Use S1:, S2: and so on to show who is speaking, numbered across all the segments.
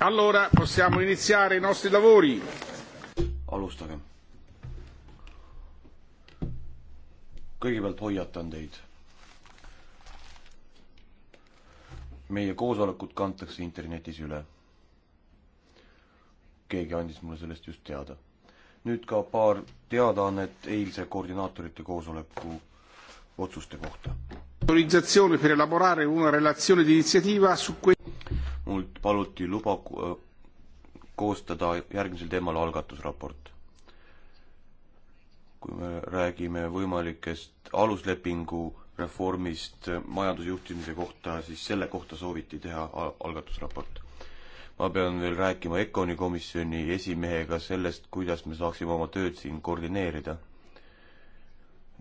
S1: Allora possiamo iniziare i nostri lavori. alustage. kõigepealt hoiatan teid. meie koosolekud kantakse internetis üle. keegi andis mulle sellest just teada. nüüd ka paar teadaannet eilse koordinaatorite koosoleku otsuste kohta. autorizzazione per elaborare una relazione di iniziativa su que- mult paluti luba äh, koostada järgmisel teemal algatusraport. kui me räägime võimalikest aluslepingu reformist majandusjuhtimise kohta, siis selle kohta sooviti teha algatusraport. ma pean veel rääkima ECONi komisjoni esimehega sellest, kuidas me saaksime oma tööd siin koordineerida.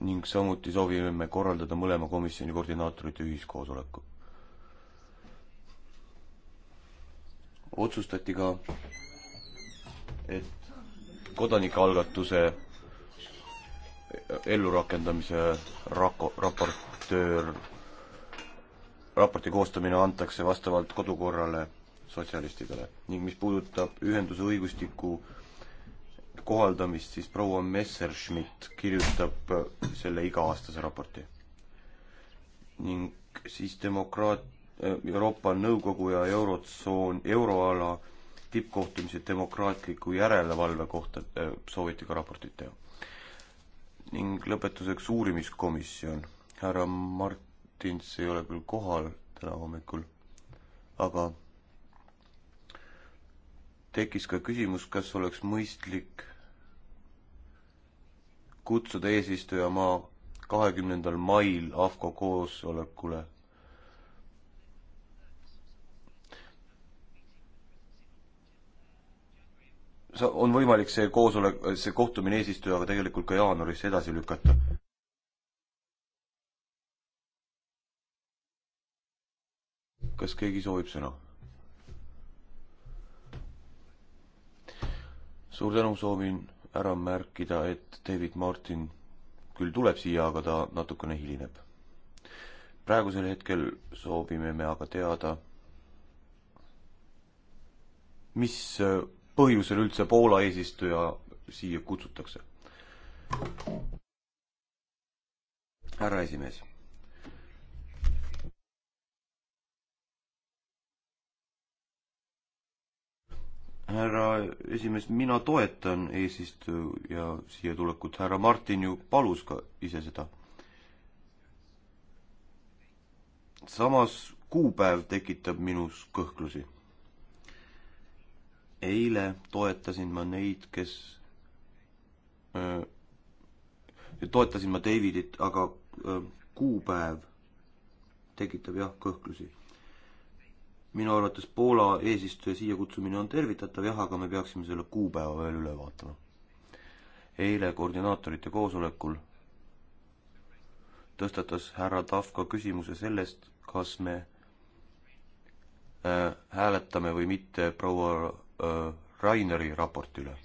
S1: ning samuti soovime me korraldada mõlema komisjoni koordinaatorite ühiskoosoleku otsustati ka, et kodanikualgatuse ellurakendamise rako-, raportöör, raporti koostamine antakse vastavalt kodukorrale sotsialistidele ning mis puudutab ühenduse õigustiku kohaldamist, siis proua Messerschmidt kirjutab selle iga-aastase raporti. ning siis demokraat-, Euroopa Nõukogu ja Eurotsoon, euroala tippkohtumise demokraatliku järelevalve kohta äh, sooviti ka raportit teha. ning lõpetuseks uurimiskomisjon. härra Martins ei ole küll kohal täna hommikul, aga tekkis ka küsimus, kas oleks mõistlik kutsuda eesistujamaa kahekümnendal mail AFCO koosolekule on võimalik see koosolek, see kohtumine eesistujaga tegelikult ka jaanuarisse edasi lükata. kas keegi soovib sõna? suur tänu, soovin ära märkida, et David Martin küll tuleb siia, aga ta natukene hilineb. praegusel hetkel soovime me aga teada, mis põhjusel üldse Poola eesistuja siia kutsutakse? härra esimees. härra esimees, mina toetan eesistuja siia tulekut, härra Martin ju palus ka ise seda. samas kuupäev tekitab minus kõhklusi eile toetasin ma neid, kes öö, toetasin ma Davidit, aga öö, kuupäev tekitab jah kõhklusi. minu arvates Poola eesistuja siia kutsumine on tervitatav jah, aga me peaksime selle kuupäeva veel üle vaatama. eile koordinaatorite koosolekul tõstatas härra Tafka küsimuse sellest, kas me äh, hääletame või mitte proua äh, Raineri raportile.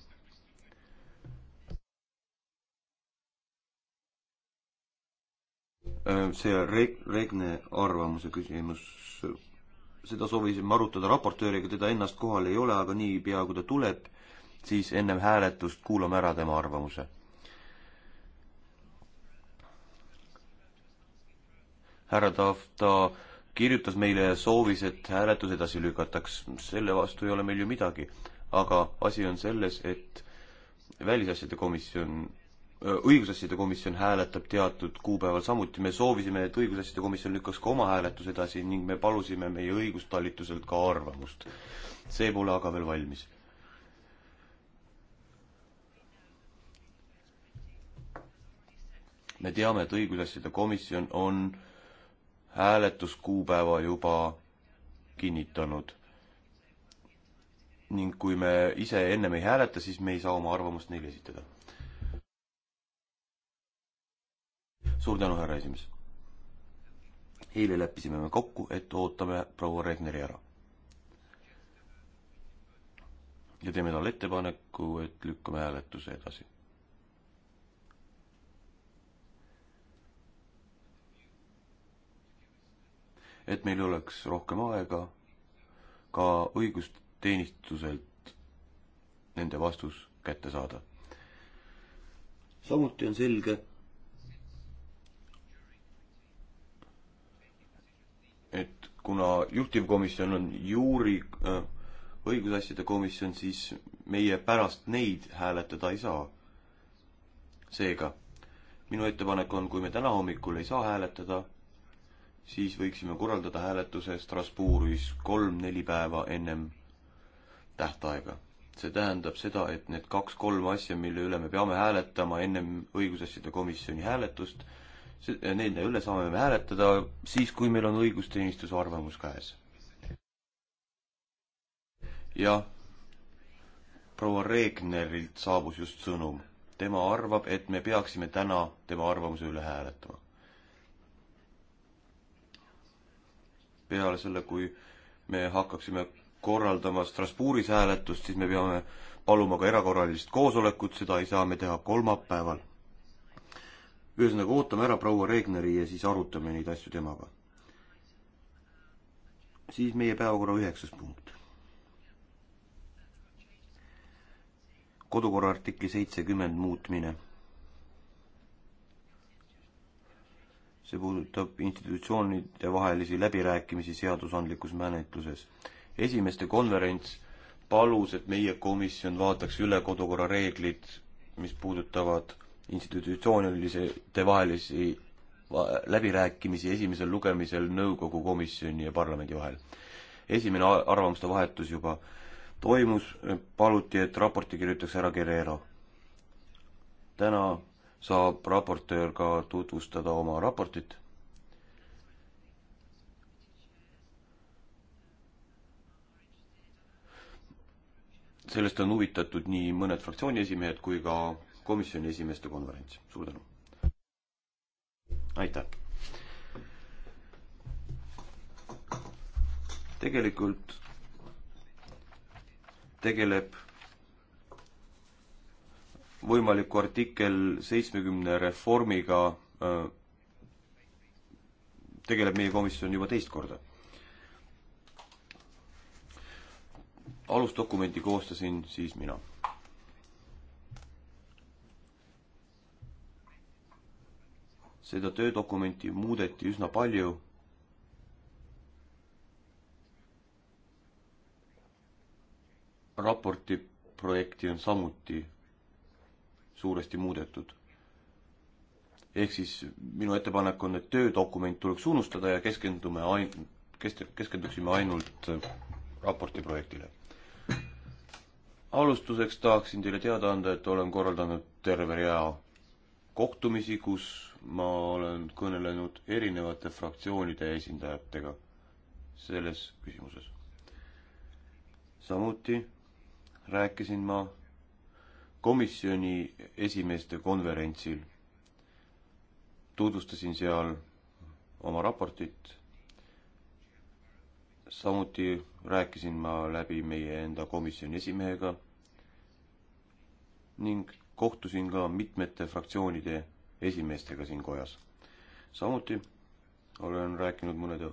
S1: Äh, see reg-, Regne arvamuse küsimus, seda soovisime arutada raportööriga, teda ennast kohal ei ole, aga niipea, kui ta tuleb, siis ennem hääletust kuulame ära tema arvamuse härra Tahv, ta kirjutas meile soovis, et hääletus edasi lükataks. selle vastu ei ole meil ju midagi. aga asi on selles, et välisasjade komisjon, õigusasjade komisjon hääletab teatud kuupäeval samuti. me soovisime, et õigusasjade komisjon lükkaks ka oma hääletuse edasi ning me palusime meie õigustalituselt ka arvamust. see pole aga veel valmis. me teame, et õigusasjade komisjon on äh, hääletuskuupäeva juba kinnitanud. ning kui me ise ennem ei hääleta, siis me ei saa oma arvamust neile esitada. suur tänu, härra esimees. eile leppisime me kokku, et ootame proua Regneri ära. ja teeme talle ettepaneku, et lükkame hääletuse edasi et meil oleks rohkem aega ka õigusteenistuselt nende vastus kätte saada. samuti on selge, et kuna juhtivkomisjon on juuri äh, õigusasjade komisjon, siis meie pärast neid hääletada ei saa. seega minu ettepanek on, kui me täna hommikul ei saa hääletada, siis võiksime korraldada hääletuse Strasbourgis kolm-neli päeva ennem tähtaega. see tähendab seda, et need kaks-kolm asja, mille üle me peame hääletama ennem õigusasjade komisjoni hääletust, nende üle saame me hääletada siis, kui meil on õigusteenistuse arvamus käes. jah, proua Regnerilt saabus just sõnum. tema arvab, et me peaksime täna tema arvamuse üle hääletama. peale selle, kui me hakkaksime korraldama Strasbourgis hääletust, siis me peame paluma ka erakorralist koosolekut, seda ei saa me teha kolmapäeval. ühesõnaga, ootame ära proua Regneri ja siis arutame neid asju temaga. siis meie päevakorra üheksas punkt. kodukorra artikli seitsekümmend muutmine see puudutab institutsioonide vahelisi läbirääkimisi seadusandlikus menetluses. esimeste konverents palus, et meie komisjon vaataks üle kodukorra reeglid, mis puudutavad institutsiooniliste vahelisi läbirääkimisi esimesel lugemisel nõukogu komisjoni ja parlamendi vahel. esimene arvamuste vahetus juba toimus, paluti, et raporti kirjutaks ära Guerrero. täna saab raportöör ka tutvustada oma raportit. sellest on huvitatud nii mõned fraktsiooni esimehed kui ka komisjoni esimeeste konverents. suur tänu! aitäh! tegelikult tegeleb võimaliku artikkel seitsmekümne reformiga äh, tegeleb meie komisjon juba teist korda. alusdokumenti koostasin siis mina. seda töödokumenti muudeti üsna palju raporti projekti on samuti suuresti muudetud. ehk siis minu ettepanek on, et töödokument tuleks unustada ja keskendume ain-, kes-, keskenduksime ainult äh, raporti projektile. alustuseks tahaksin teile teada anda, et olen korraldanud terve rea kohtumisi, kus ma olen kõnelenud erinevate fraktsioonide esindajatega selles küsimuses. samuti rääkisin ma komisjoni esimeeste konverentsil tutvustasin seal oma raportit. samuti rääkisin ma läbi meie enda komisjoni esimehega ning kohtusin ka mitmete fraktsioonide esimeestega siin kojas. samuti olen rääkinud mõnede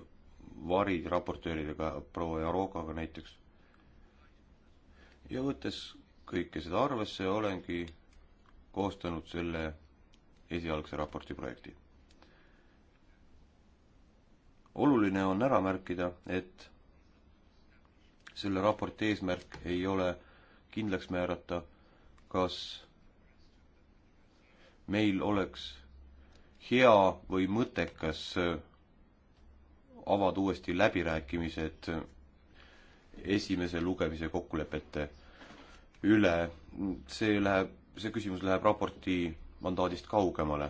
S1: variraportööridega, proua Jarokaga näiteks. ja võttes kõike seda arvesse ja olengi koostanud selle esialgse raporti projekti. oluline on ära märkida, et selle raporti eesmärk ei ole kindlaks määrata, kas meil oleks hea või mõttekas avada uuesti läbirääkimised esimese lugemise kokkulepete üle, see läheb, see küsimus läheb raporti mandaadist kaugemale.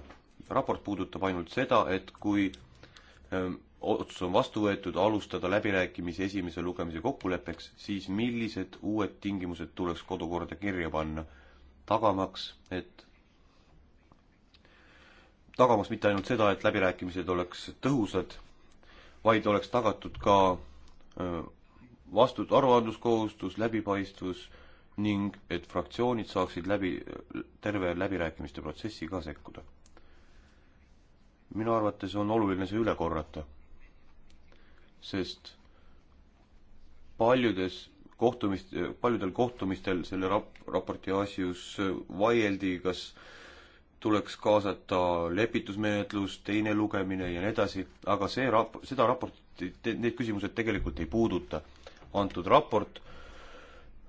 S1: raport puudutab ainult seda, et kui ähm, otsus on vastu võetud alustada läbirääkimisi esimese lugemise kokkuleppeks, siis millised uued tingimused tuleks kodukorda kirja panna, tagamaks, et tagamaks mitte ainult seda, et läbirääkimised oleks tõhusad, vaid oleks tagatud ka äh, vastu-, aruandluskohustus, läbipaistvus, ning et fraktsioonid saaksid läbi, terve läbirääkimiste protsessi ka sekkuda. minu arvates on oluline see üle korrata, sest paljudes kohtumist, paljudel kohtumistel selle rap-, raporti asjus vaieldi, kas tuleks kaasata lepitusmenetlus, teine lugemine ja nii edasi, aga see rap-, seda raportit, need küsimused tegelikult ei puuduta. antud raport äh,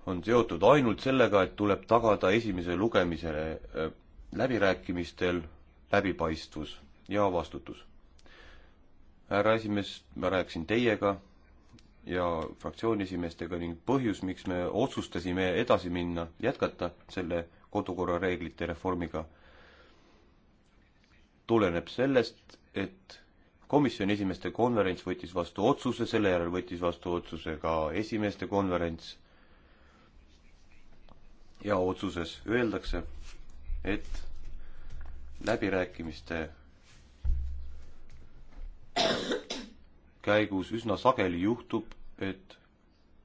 S1: on seotud ainult sellega, et tuleb tagada esimese lugemise äh, läbirääkimistel läbipaistvus ja vastutus. härra esimees, ma rääkisin teiega ja fraktsiooni esimeestega ning põhjus, miks me otsustasime edasi minna, jätkata selle kodukorra reeglite reformiga, tuleneb sellest, et komisjoni esimeeste konverents võttis vastu otsuse, selle järel võttis vastu otsuse ka esimeeste konverents ja otsuses öeldakse, et läbirääkimiste käigus üsna sageli juhtub, et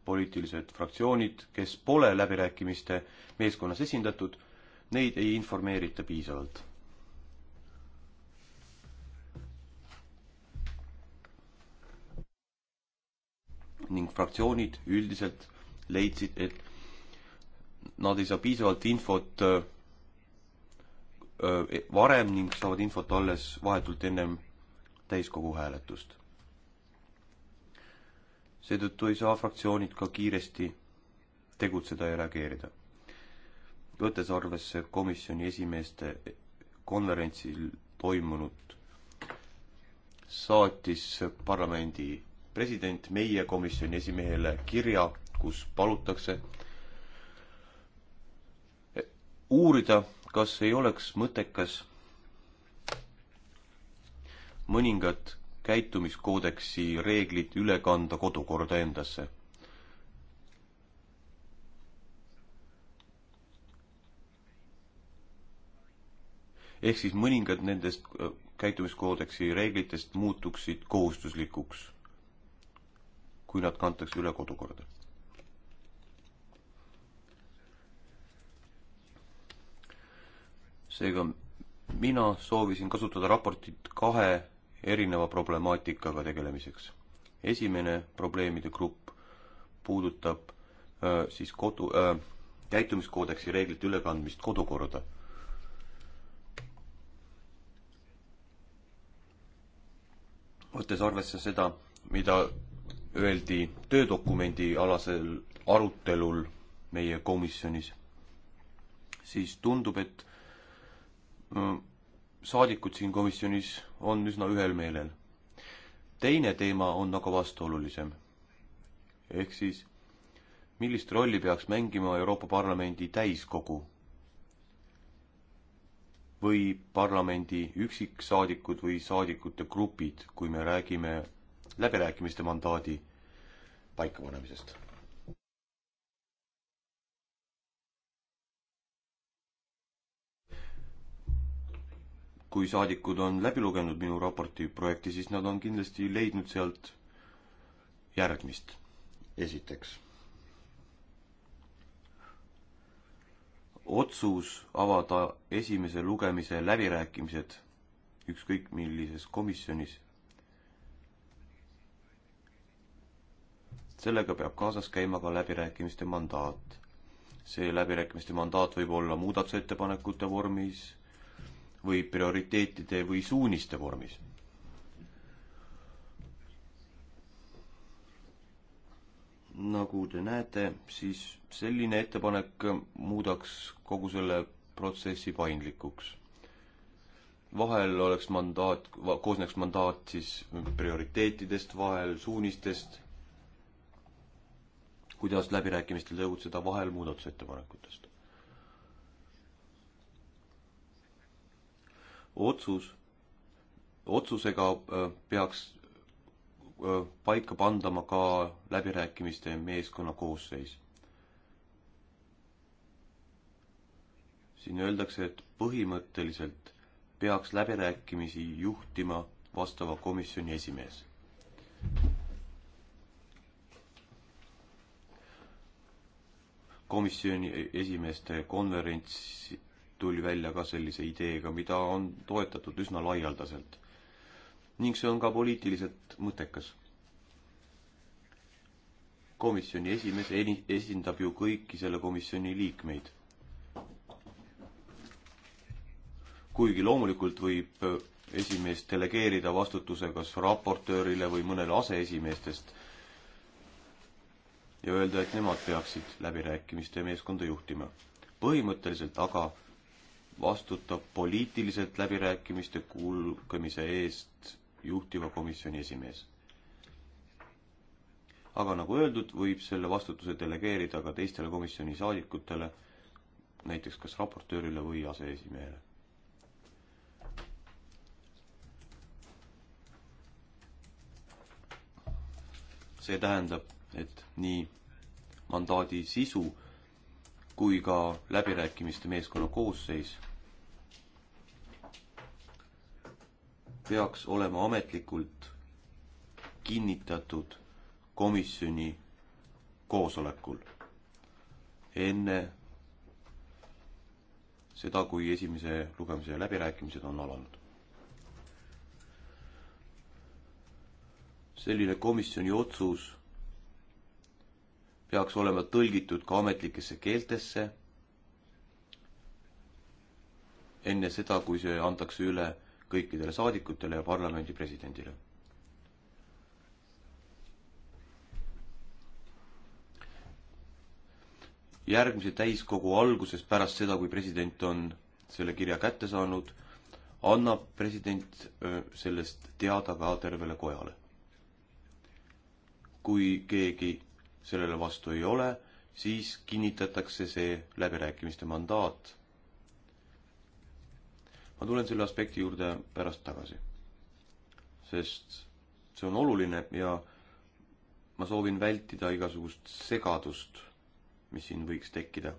S1: poliitilised fraktsioonid, kes pole läbirääkimiste meeskonnas esindatud, neid ei informeerita piisavalt. ning fraktsioonid üldiselt leidsid, et nad ei saa piisavalt infot varem ning saavad infot alles vahetult ennem täiskogu hääletust. seetõttu ei saa fraktsioonid ka kiiresti tegutseda ja reageerida. võttes arvesse komisjoni esimeeste konverentsil toimunut, saatis parlamendi president meie komisjoni esimehele kirja, kus palutakse, uurida, kas ei oleks mõttekas mõningad käitumiskoodeksi reeglid üle kanda kodukorda endasse. ehk siis mõningad nendest äh, käitumiskoodeksi reeglitest muutuksid kohustuslikuks, kui nad kantakse üle kodukorda seega mina soovisin kasutada raportit kahe erineva problemaatikaga tegelemiseks. esimene probleemide grupp puudutab äh, siis kodu äh,, käitumiskoodeksi reeglite ülekandmist kodukorda. võttes arvesse seda, mida öeldi töödokumendi alasel arutelul meie komisjonis, siis tundub, et saadikud siin komisjonis on üsna ühel meelel. teine teema on aga vastuolulisem. ehk siis, millist rolli peaks mängima Euroopa Parlamendi täiskogu või parlamendi üksiksaadikud või saadikute grupid, kui me räägime läbirääkimiste mandaadi paikapanemisest kui saadikud on läbi lugenud minu raporti projekti, siis nad on kindlasti leidnud sealt järgmist. esiteks. otsus avada esimese lugemise läbirääkimised ükskõik millises komisjonis. sellega peab kaasas käima ka läbirääkimiste mandaat. see läbirääkimiste mandaat võib olla muudatusettepanekute vormis või prioriteetide või suuniste vormis. nagu te näete, siis selline ettepanek muudaks kogu selle protsessi paindlikuks. vahel oleks mandaat, koosneks mandaat siis prioriteetidest, vahel suunistest, kuidas läbirääkimistel tegutseda, vahel muudatusettepanekutest. otsus, otsusega äh, peaks äh, paika pandama ka läbirääkimiste meeskonna koosseis. siin öeldakse, et põhimõtteliselt peaks läbirääkimisi juhtima vastava komisjoni esimees. komisjoni e-, esimeeste konverents tuli välja ka sellise ideega, mida on toetatud üsna laialdaselt. ning see on ka poliitiliselt mõttekas. komisjoni esimees esindab ju kõiki selle komisjoni liikmeid. kuigi loomulikult võib esimees delegeerida vastutuse kas raportöörile või mõnele aseesimeestest ja öelda, et nemad peaksid läbirääkimiste meeskonda juhtima. põhimõtteliselt aga vastutab poliitiliselt läbirääkimiste kulgemise eest juhtiva komisjoni esimees. aga nagu öeldud, võib selle vastutuse delegeerida ka teistele komisjoni saadikutele, näiteks kas raportöörile või aseesimehele. see tähendab, et nii mandaadi sisu kui ka läbirääkimiste meeskonna koosseis peaks olema ametlikult kinnitatud komisjoni koosolekul enne seda, kui esimese lugemise läbirääkimised on alanud. selline komisjoni otsus peaks olema tõlgitud ka ametlikesse keeltesse enne seda, kui see antakse üle kõikidele saadikutele ja parlamendi presidendile. järgmise täiskogu alguses, pärast seda, kui president on selle kirja kätte saanud, annab president sellest teada ka tervele kojale. kui keegi sellele vastu ei ole, siis kinnitatakse see läbirääkimiste mandaat. ma tulen selle aspekti juurde pärast tagasi, sest see on oluline ja ma soovin vältida igasugust segadust, mis siin võiks tekkida.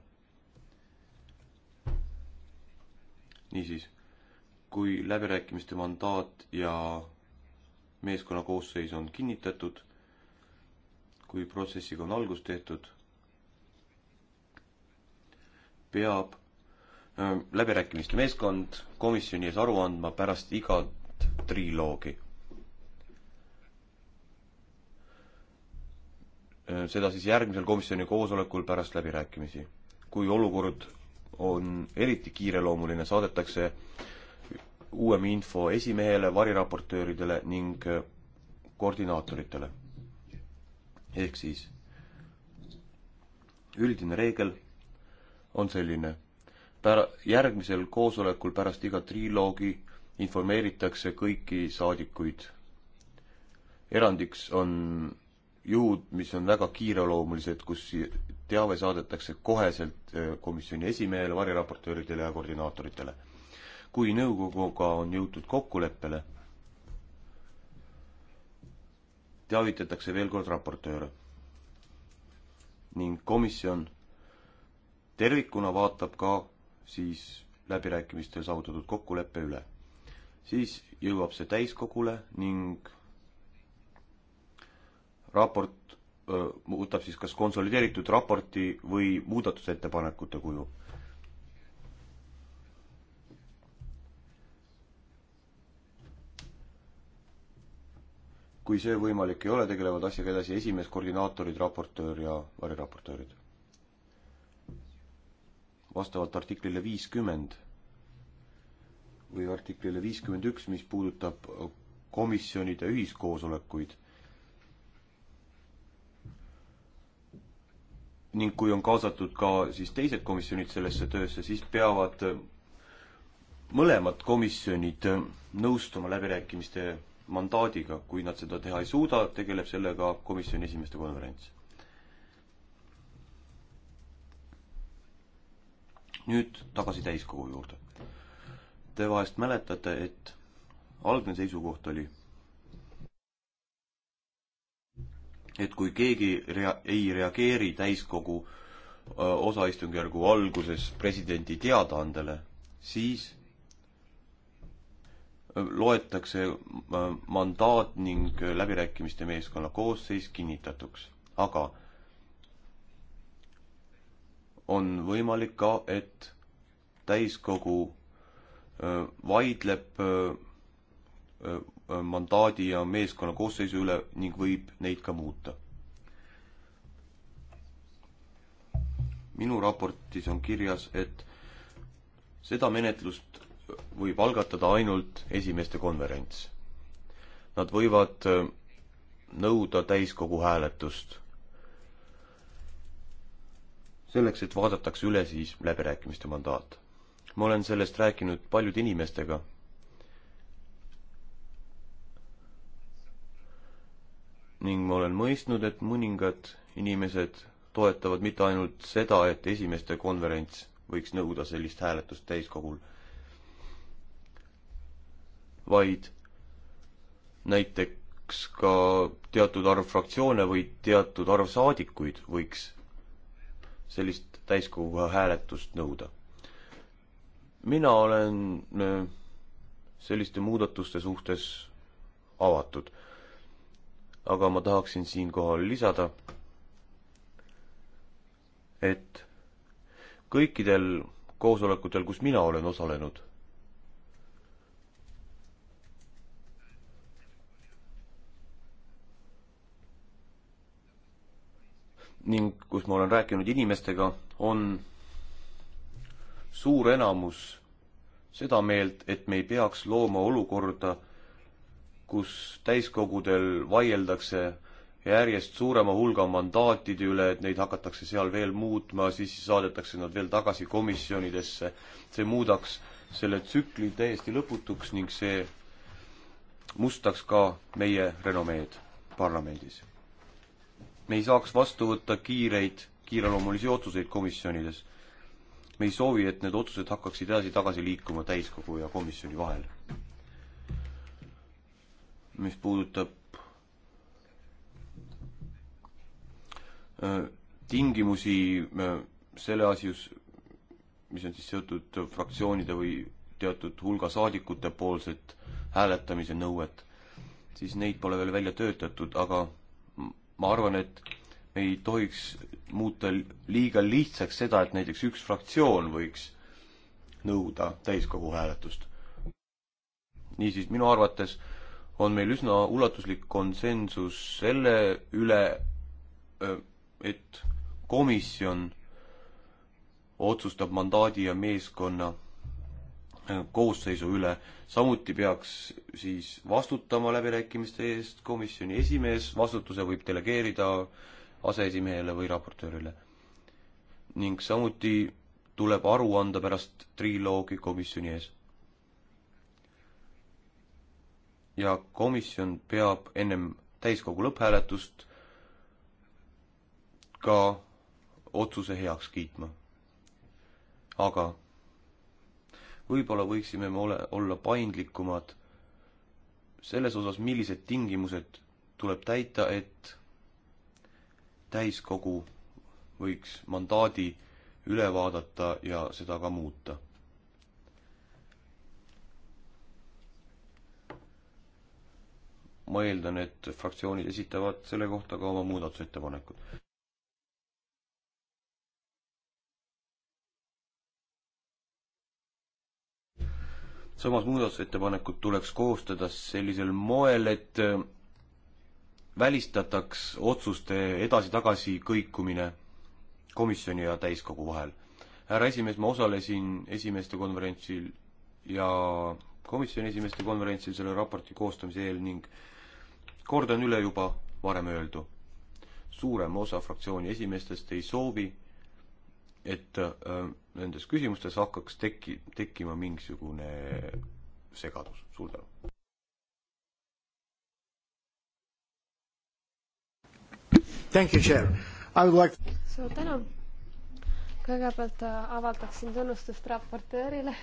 S1: niisiis, kui läbirääkimiste mandaat ja meeskonna koosseis on kinnitatud, kui protsessiga on algus tehtud, peab äh, läbirääkimiste meeskond komisjoni ees aru andma pärast igat triloogi. Äh, seda siis järgmisel komisjoni koosolekul pärast läbirääkimisi. kui olukord on eriti kiireloomuline, saadetakse uuem info esimehele, variraportööridele ning äh, koordinaatoritele ehk siis üldine reegel on selline. Pära-, järgmisel koosolekul pärast iga triloogi informeeritakse kõiki saadikuid. erandiks on juhud, mis on väga kiireloomulised, kus teave saadetakse koheselt eh, komisjoni esimehele, variraportööridele ja koordinaatoritele. kui nõukoguga on jõutud kokkuleppele teavitatakse veel kord raportööre. ning komisjon tervikuna vaatab ka siis läbirääkimistel saavutatud kokkuleppe üle. siis jõuab see täiskogule ning raport öö, võtab siis kas konsolideeritud raporti või muudatusettepanekute kuju kui see võimalik ei ole, tegelevad asjaga edasi esimees, koordinaatorid, raportöör ja variraportöörid. vastavalt artiklile viiskümmend või artiklile viiskümmend üks, mis puudutab komisjonide ühiskoosolekuid ning kui on kaasatud ka siis teised komisjonid sellesse töösse, siis peavad mõlemad komisjonid nõustuma läbirääkimiste mandaadiga, kui nad seda teha ei suuda, tegeleb sellega komisjoni esimeeste konverents. nüüd tagasi täiskogu juurde. Te vahest mäletate, et algne seisukoht oli, et kui keegi rea-, ei reageeri täiskogu äh, osaistungjärgu alguses presidendi teadaandele, siis loetakse äh, mandaat ning äh, läbirääkimiste meeskonna koosseis kinnitatuks, aga on võimalik ka, et täiskogu äh, vaidleb mandaadi ja meeskonna koosseisu üle ning võib neid ka muuta. minu raportis on kirjas, et seda menetlust võib algatada ainult esimeeste konverents. Nad võivad äh, nõuda täiskogu hääletust. selleks, et vaadatakse üle siis läbirääkimiste mandaat. ma olen sellest rääkinud paljude inimestega. ning ma olen mõistnud, et mõningad inimesed toetavad mitte ainult seda, et esimeeste konverents võiks nõuda sellist hääletust täiskogul vaid näiteks ka teatud arv fraktsioone või teatud arv saadikuid võiks sellist täiskogu hääletust nõuda. mina olen äh, selliste muudatuste suhtes avatud. aga ma tahaksin siinkohal lisada, et kõikidel koosolekutel, kus mina olen osalenud, ning kus ma olen rääkinud inimestega, on suur enamus seda meelt, et me ei peaks looma olukorda, kus täiskogudel vaieldakse järjest suurema hulga mandaatide üle, et neid hakatakse seal veel muutma, siis saadetakse nad veel tagasi komisjonidesse. see muudaks selle tsükli täiesti lõputuks ning see mustaks ka meie renomeed parlamendis me ei saaks vastu võtta kiireid, kiireloomulisi otsuseid komisjonides. me ei soovi, et need otsused hakkaksid edasi-tagasi liikuma täiskogu ja komisjoni vahel. mis puudutab äh, tingimusi äh, selle asjus, mis on siis seotud fraktsioonide või teatud hulga saadikute poolset hääletamise nõuet, siis neid pole veel välja töötatud, aga ma arvan, et me ei tohiks muuta liiga lihtsaks seda, et näiteks üks fraktsioon võiks nõuda täiskogu hääletust. niisiis, minu arvates on meil üsna ulatuslik konsensus selle üle, et komisjon otsustab mandaadi ja meeskonna Äh, koosseisu üle. samuti peaks siis vastutama läbirääkimiste eest komisjoni esimees, vastutuse võib delegeerida aseesimehele või raportöörile. ning samuti tuleb aru anda pärast triloogi komisjoni ees. ja komisjon peab ennem täiskogu lõpphääletust ka otsuse heaks kiitma. aga võib-olla võiksime me ole, olla paindlikumad selles osas, millised tingimused tuleb täita, et täiskogu võiks mandaadi üle vaadata ja seda ka muuta. ma eeldan, et fraktsioonid esitavad selle kohta ka oma muudatusettepanekud. samas muudatusettepanekud tuleks koostada sellisel moel, et äh, välistataks otsuste edasi-tagasi kõikumine komisjoni ja täiskogu vahel. härra esimees, ma osalesin esimeeste konverentsil ja komisjoni esimeeste konverentsil selle raporti koostamise eel ning kordan üle juba varem öeldu. suurem osa fraktsiooni esimeestest ei soovi et äh, nendes küsimustes hakkaks teki-, tekkima mingisugune segadus. suur tänu. Thank you, Chair. I would like
S2: suur tänu. kõigepealt äh, avaldaksin tunnustust raportöörile.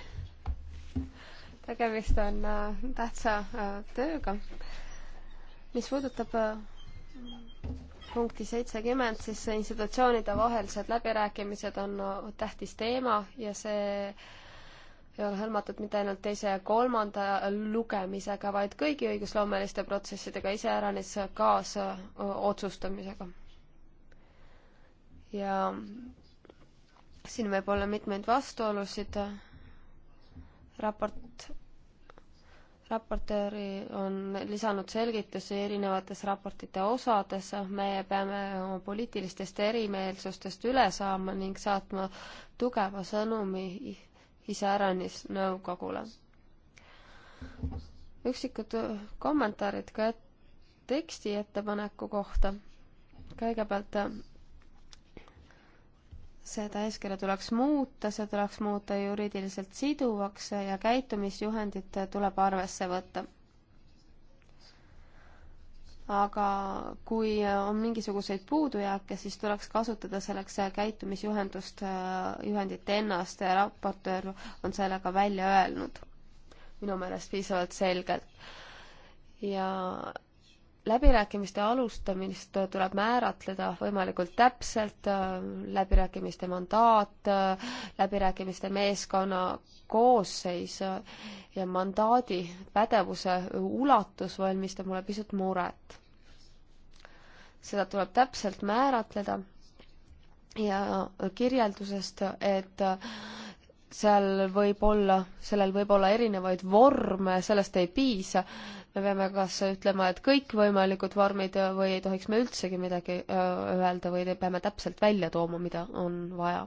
S2: tegemist on äh, tähtsa äh, tööga. mis puudutab punkti seitsekümmend, siis institutsioonide vahelised läbirääkimised on tähtis teema ja see ei ole hõlmatud mitte ainult teise ja kolmanda lugemisega, vaid kõigi õigusloomeliste protsessidega, iseäranis kaasotsustamisega. ja siin võib olla mitmeid vastuolusid, raport raportööri on lisanud selgitusi erinevates raportite osades, meie peame oma poliitilistest erimeelsustest üle saama ning saatma tugeva sõnumi iseäranis nõukogule. üksikud kommentaarid ka teksti ettepaneku kohta. kõigepealt seda eeskirja tuleks muuta, see tuleks muuta juriidiliselt siduvaks ja käitumisjuhendit tuleb arvesse võtta. aga kui on mingisuguseid puudujääke, siis tuleks kasutada selleks käitumisjuhendust, juhendit ennast ja raportöör on selle ka välja öelnud minu meelest piisavalt selgelt. ja läbirääkimiste alustamist tuleb määratleda võimalikult täpselt, läbirääkimiste mandaat, läbirääkimiste meeskonna koosseis ja mandaadi pädevuse ulatus valmistab mulle pisut muret. seda tuleb täpselt määratleda ja kirjeldusest, et seal võib olla, sellel võib olla erinevaid vorme, sellest ei piisa me peame kas ütlema, et kõikvõimalikud vormid äh, või ei tohiks me üldsegi midagi äh, öelda või peame täpselt välja tooma, mida on vaja.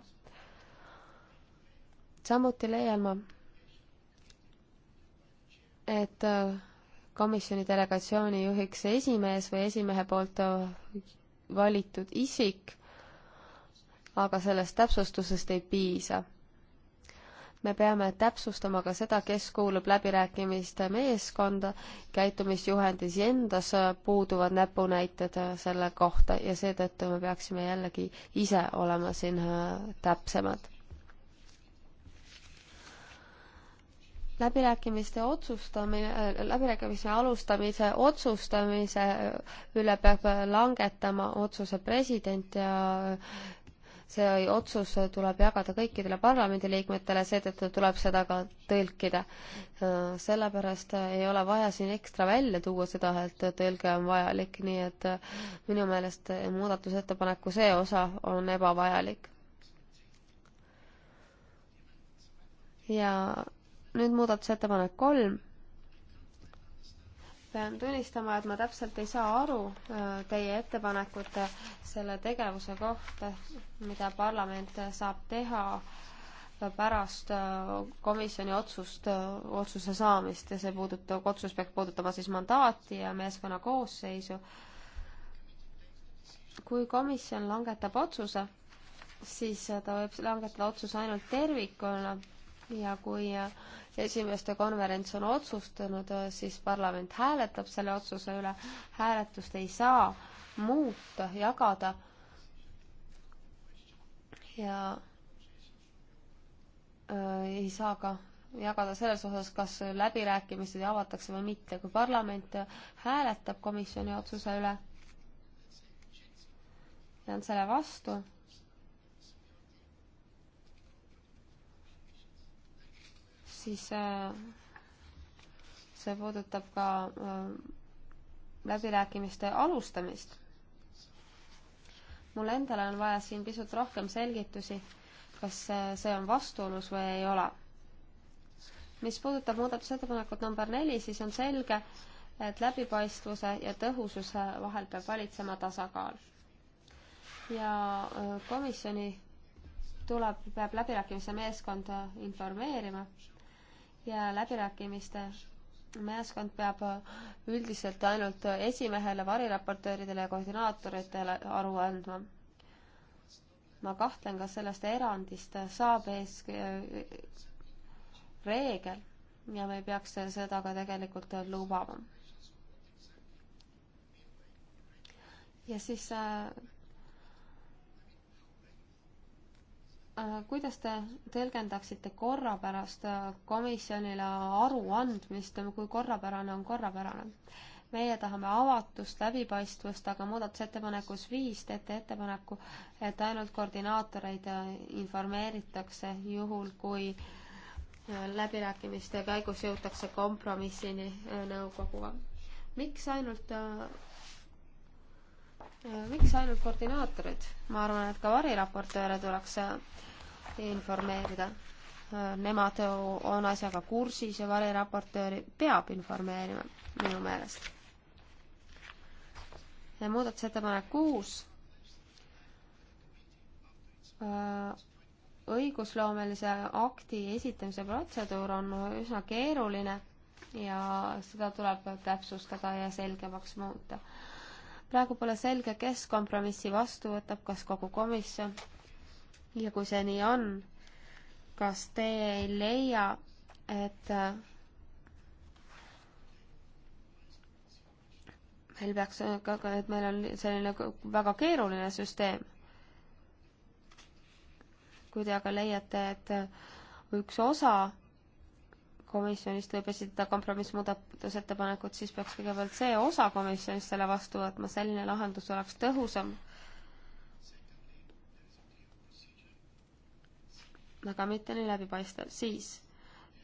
S2: samuti leian ma, et äh, komisjoni delegatsiooni juhiks esimees või esimehe poolt valitud isik, aga sellest täpsustusest ei piisa me peame täpsustama ka seda, kes kuulub läbirääkimiste meeskonda, käitumisjuhendis endas puuduvad näpunäited selle kohta ja seetõttu me peaksime jällegi ise olema siin äh, täpsemad. läbirääkimiste otsustamine, äh, läbirääkimise alustamise otsustamise üle peab langetama otsuse president ja see otsus tuleb jagada kõikidele parlamendiliikmetele, seetõttu tuleb seda ka tõlkida. sellepärast ei ole vaja siin ekstra välja tuua seda, et tõlge on vajalik, nii et minu meelest muudatusettepaneku see osa on ebavajalik. ja nüüd muudatusettepanek kolm pean tunnistama, et ma täpselt ei saa aru äh, teie ettepanekute selle tegevuse kohta, mida parlament saab teha pärast äh, komisjoni otsust, äh, otsuse saamist ja see puudutab, otsus peaks puudutama siis mandaati ja meeskonna koosseisu. kui komisjon langetab otsuse, siis ta võib langetada otsuse ainult tervikuna ja kui esimeste konverents on otsustanud, siis parlament hääletab selle otsuse üle, hääletust ei saa muuta, jagada ja äh, ei saa ka jagada selles osas, kas läbirääkimised avatakse või mitte, kui parlament hääletab komisjoni otsuse üle ja on selle vastu siis äh, see puudutab ka äh, läbirääkimiste alustamist. mul endal on vaja siin pisut rohkem selgitusi, kas äh, see on vastuolus või ei ole. mis puudutab muudatusettepanekut number neli, siis on selge, et läbipaistvuse ja tõhususe vahel peab valitsema tasakaal. ja komisjoni tuleb, peab läbirääkimise meeskond informeerima ja läbirääkimiste meeskond peab üldiselt ainult esimehele, variraportööridele ja koordinaatoritele aru andma. ma kahtlen, kas sellest erandist saab ees äh, reegel ja me ei peaks seda ka tegelikult lubama. ja siis äh, Äh, kuidas te tõlgendaksite korrapärast äh, komisjonile aruandmist, kui korrapärane on korrapärane? meie tahame avatust, läbipaistvust, aga muudatusettepanekus viis teete ettepaneku, et ainult koordinaatoreid äh, informeeritakse juhul, kui läbirääkimiste käigus jõutakse kompromissini nõukoguga. miks ainult Äh, miks ainult koordinaatorid? ma arvan, et ka variraportööre tuleks äh, informeerida. Äh, nemad on asjaga kursis ja variraportööri peab informeerima minu meelest. ja muudatusettepanek kuus. õigusloomelise akti esitamise protseduur on üsna keeruline ja seda tuleb täpsustada ja selgemaks muuta praegu pole selge, kes kompromissi vastu võtab, kas kogu komisjon. ja kui see nii on, kas te ei leia, et meil peaks, et meil on selline väga keeruline süsteem. kui te aga leiate, et üks osa komisjonist võib esitada kompromissmuudatusettepanekud, siis peaks kõigepealt see osa komisjonist selle vastu võtma, selline lahendus oleks tõhusam. aga mitte nii läbipaistev, siis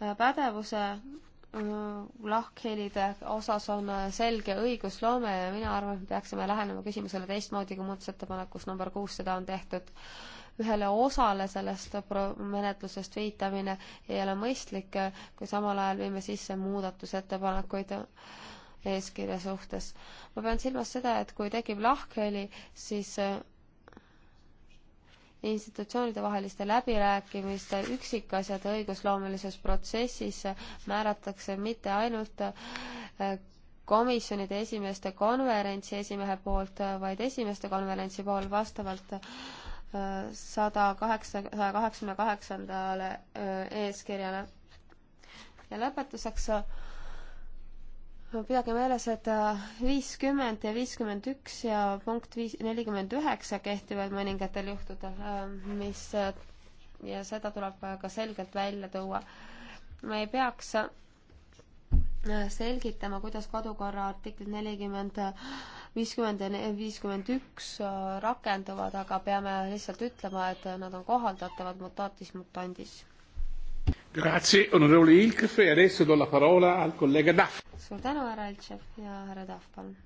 S2: äh, pädevuse äh, lahkhelide osas on äh, selge õigusloome ja mina arvan, et me peaksime lähenema küsimusele teistmoodi, kui muudatusettepanekus number kuus seda on tehtud ühele osale sellest menetlusest viitamine ei ole mõistlik, kui samal ajal viime sisse muudatusettepanekuid eeskirja suhtes. ma pean silmas seda, et kui tekib lahkheli, siis äh, institutsioonide vaheliste läbirääkimiste üksikasjad õigusloomelises protsessis määratakse mitte ainult äh, komisjonide esimeeste konverentsi esimehe poolt, vaid esimeeste konverentsi pool vastavalt sada kaheksa, saja kaheksakümne kaheksandale äh, eeskirjale. ja lõpetuseks äh, pidage meeles, et äh, viiskümmend ja viiskümmend üks ja punkt viis, nelikümmend üheksa kehtivad mõningatel juhtudel, mis ja seda tuleb ka selgelt välja tuua. me ei peaks selgitama, kuidas kodukorra artiklit nelikümmend 40 viiskümmend ja viiskümmend üks äh, rakenduvad, aga peame lihtsalt ütlema, et nad on kohaldatavad mutatis mutandis. Grazie, onorevole Ilkef ja e adesso do la parola al kolleeg Tahv. suur tänu, härra Iltšev ja härra Tahv, palun.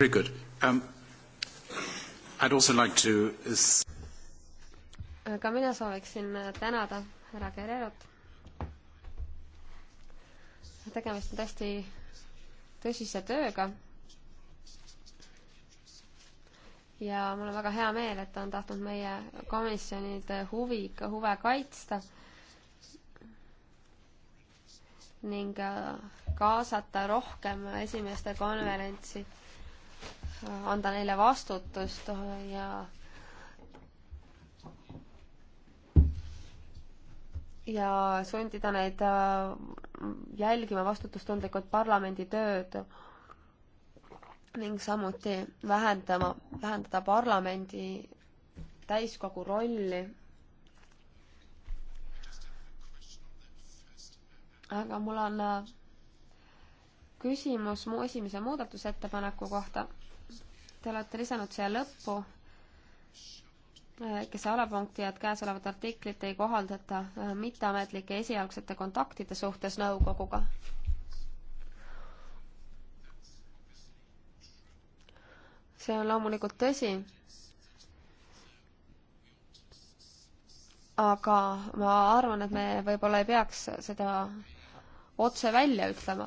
S1: Very good um,. I'd also
S3: like to.
S2: ka mina sooviksin tänada härra Gererot tegemist on täiesti tõsise tööga. ja mul on väga hea meel, et ta on tahtnud meie komisjonide huvi, huve kaitsta ning äh, kaasata rohkem esimeste konverentsi, äh, anda neile vastutust äh, ja ja sundida neid äh, jälgima vastutustundlikult parlamendi tööd ning samuti vähendama, vähendada parlamendi täiskogu rolli. aga mul on äh, küsimus mu esimese muudatusettepaneku kohta. Te olete lisanud siia lõppu kes alapunkti, et käesolevat artiklit ei kohaldata äh, mitteametlike esialgsete kontaktide suhtes nõukoguga. see on loomulikult tõsi, aga ma arvan, et me võib-olla ei peaks seda otse välja ütlema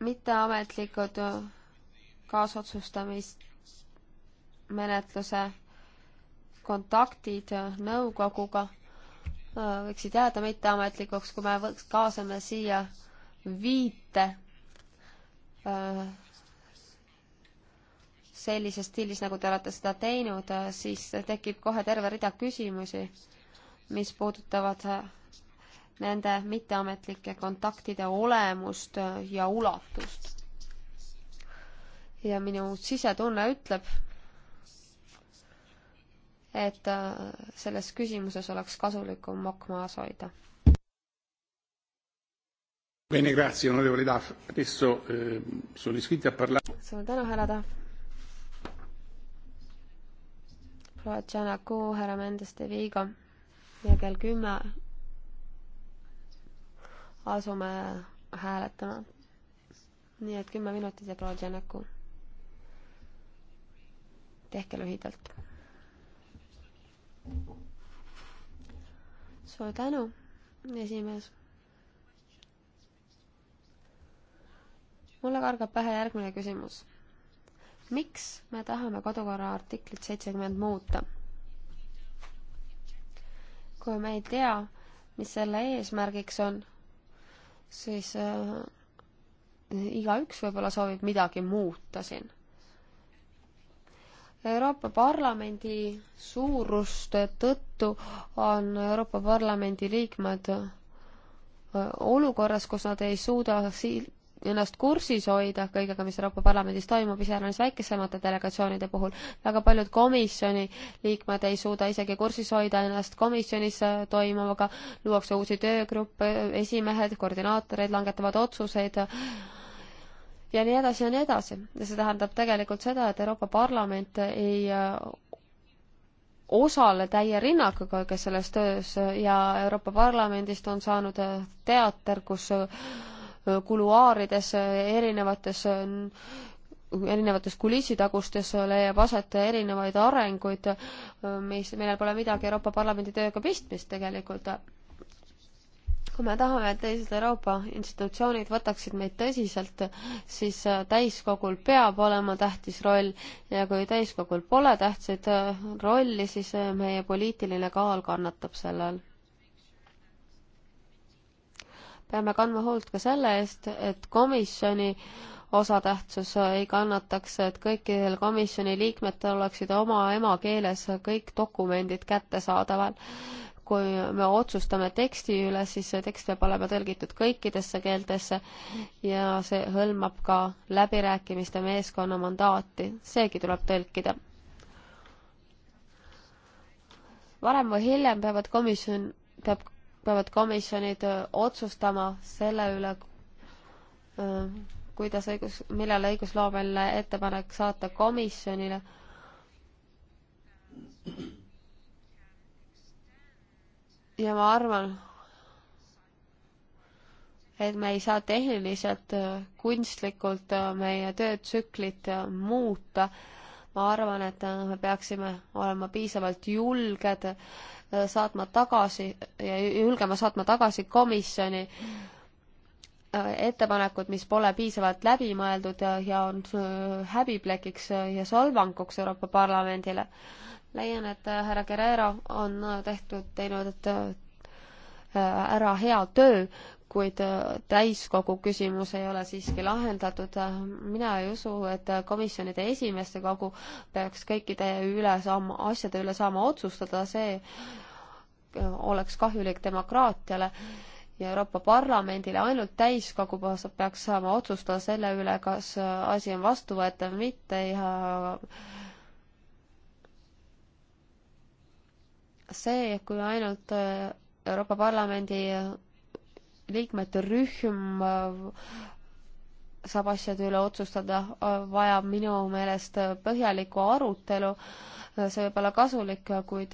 S2: mitteametlikud äh, kaasotsustamismenetluse kontaktid äh, nõukoguga äh, võiksid jääda mitteametlikuks, kui me võiks, kaasame siia viite sellises stiilis, nagu te olete seda teinud, siis tekib kohe terve rida küsimusi, mis puudutavad nende mitteametlike kontaktide olemust ja ulatust. ja minu sisetunne ütleb, et äh, selles küsimuses oleks kasulikum mokk maas hoida.
S1: Bene, grazie, onorevole Daff. Adesso eh, sono iscritti a parlare.
S2: Sono tänu, härra Daff. proua Tšanaku, härra Mendes de Vigo ja kell kümme 10 asume hääletama. nii et kümme minutit ja proua Tšenaku. tehke lühidalt. suur tänu, esimees. mulle kargab pähe järgmine küsimus. miks me tahame kodukorra artiklit seitsekümmend muuta? kui me ei tea, mis selle eesmärgiks on, siis äh, igaüks võib-olla soovib midagi muuta siin. Euroopa Parlamendi suuruste tõttu on Euroopa Parlamendi liikmed äh, olukorras, kus nad ei suuda si-, ennast kursis hoida kõigega, mis Euroopa Parlamendis toimub, iseäranis väikesemate delegatsioonide puhul. väga paljud komisjoni liikmed ei suuda isegi kursis hoida ennast komisjonis äh, toimuvaga, luuakse uusi töögruppe, esimehed, koordinaatorid langetavad otsuseid äh, ja nii edasi ja nii edasi. ja see tähendab tegelikult seda, et Euroopa Parlament ei äh, osale täie rinnaga ka selles töös ja Euroopa Parlamendist on saanud teater, kus kuluaarides, erinevates erinevates kulissitagustes leiab aset erinevaid arenguid, mis, millel pole midagi Euroopa Parlamendi tööga pistmist tegelikult. kui me tahame, et teised Euroopa institutsioonid võtaksid meid tõsiselt, siis täiskogul peab olema tähtis roll ja kui täiskogul pole tähtsaid rolli, siis meie poliitiline kaal kannatab selle all peame kandma hoolt ka selle eest, et komisjoni osatähtsus ei kannataks, et kõikidel komisjoni liikmetel oleksid oma emakeeles kõik dokumendid kättesaadaval. kui me otsustame teksti üle, siis see tekst peab olema tõlgitud kõikidesse keeltesse ja see hõlmab ka läbirääkimiste meeskonna mandaati, seegi tuleb tõlkida. varem või hiljem peavad komisjon, peab peavad komisjonid äh, otsustama selle üle, äh, kuidas õigus, millal õigusloomeline ettepanek saata komisjonile. ja ma arvan, et me ei saa tehniliselt äh, kunstlikult meie töötsüklit muuta. ma arvan, et me peaksime olema piisavalt julged Äh, saatma tagasi ja julgema saatma tagasi komisjoni äh, ettepanekud, mis pole piisavalt läbi mõeldud ja, ja on äh, häbiplekiks ja solvanguks Euroopa Parlamendile. leian, et härra Guerrero on tehtud, teinud ära hea töö, kuid äh, täiskogu küsimus ei ole siiski lahendatud. Äh, mina ei usu, et äh, komisjonide esimeeste kogu peaks kõikide üle saama, asjade üle saama otsustada, see oleks kahjulik demokraatiale ja Euroopa Parlamendile, ainult täiskogu peaks saama otsustada selle üle, kas asi on vastuvõetav või mitte ja see, kui ainult Euroopa Parlamendi liikmete rühm äh, saab asjade üle otsustada, äh, vajab minu meelest äh, põhjalikku arutelu. see võib olla kasulik, kuid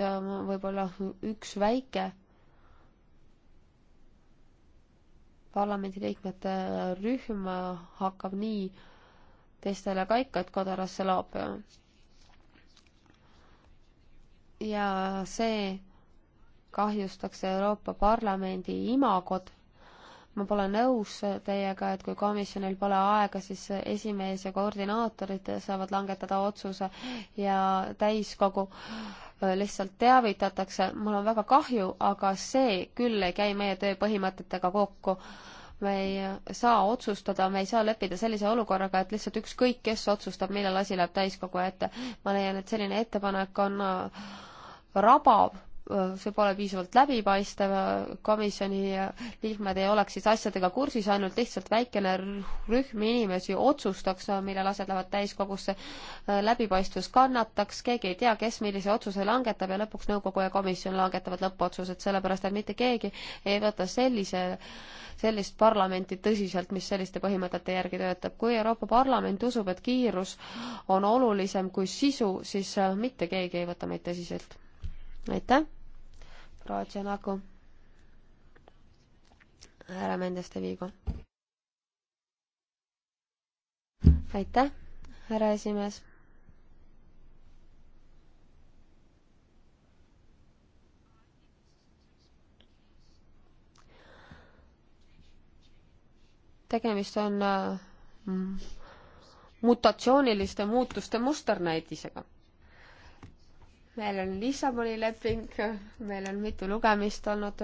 S2: võib-olla üks väike parlamendiliikmete rühm hakkab nii teistele ka ikka, et kodarasse laobima. ja see kahjustaks Euroopa Parlamendi imagot ma pole nõus teiega, et kui komisjonil pole aega, siis esimees ja koordinaatorid saavad langetada otsuse ja täiskogu lihtsalt teavitatakse. mul on väga kahju, aga see küll ei käi meie töö põhimõtetega kokku. me ei saa otsustada, me ei saa leppida sellise olukorraga, et lihtsalt ükskõik, kes otsustab, millal asi läheb täiskogu ette. ma leian, et selline ettepanek on rabav see pole piisavalt läbipaistev, komisjoni liikmed ei oleks siis asjadega kursis, ainult lihtsalt väikene rühm inimesi otsustaks, millal asjad lähevad täiskogusse, läbipaistvus kannataks, keegi ei tea, kes millise otsuse langetab ja lõpuks nõukogu ja komisjon langetavad lõppotsused, sellepärast et mitte keegi ei võta sellise, sellist parlamenti tõsiselt, mis selliste põhimõtete järgi töötab. kui Euroopa Parlament usub, et kiirus on olulisem kui sisu, siis mitte keegi ei võta meid tõsiselt. aitäh! proua Tšenaku. härra Mendes de Vigo. aitäh, härra esimees tegemist on äh, mutatsiooniliste muutuste musternäidisega meil on Lissaboni leping, meil on mitu lugemist olnud,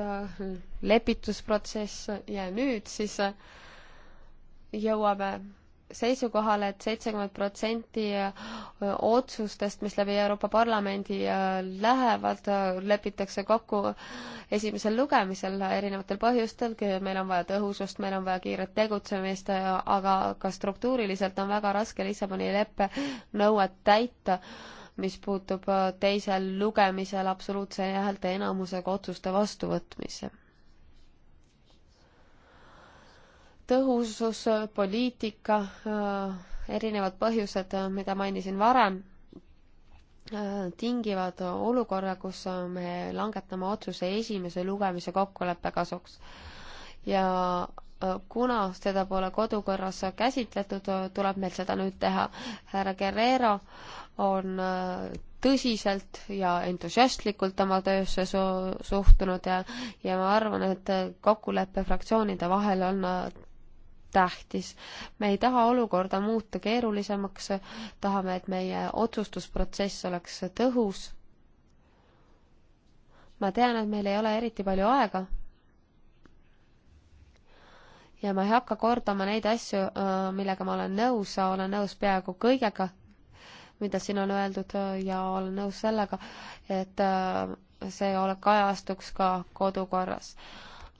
S2: lepitusprotsess ja nüüd siis jõuame seisukohale et, et seitsekümmend protsenti otsustest, mis läbi Euroopa Parlamendi lähevad, lepitakse kokku esimesel lugemisel erinevatel põhjustel, meil on vaja tõhusust, meil on vaja kiiret tegutsemist, aga ka struktuuriliselt on väga raske Lissaboni leppe nõuet täita mis puutub äh, teisel lugemisel absoluutse häälte enamusega otsuste vastuvõtmisse. tõhusus, poliitika, äh, erinevad põhjused, äh, mida mainisin varem, tingivad olukorra, kus me langetame otsuse esimese lugemise kokkuleppe kasuks. ja kuna seda pole kodukorras käsitletud, tuleb meil seda nüüd teha. härra Guerrero on äh, tõsiselt ja entusiastlikult oma töösse su-, suhtunud ja ja ma arvan, et äh, kokkulepe fraktsioonide vahel on äh, tähtis. me ei taha olukorda muuta keerulisemaks, tahame, et meie otsustusprotsess oleks tõhus. ma tean, et meil ei ole eriti palju aega, ja ma ei hakka kordama neid asju, millega ma olen nõus, olen nõus peaaegu kõigega mida siin on öeldud äh, ja olen nõus sellega, et äh, see ole-, kajastuks ka kodukorras.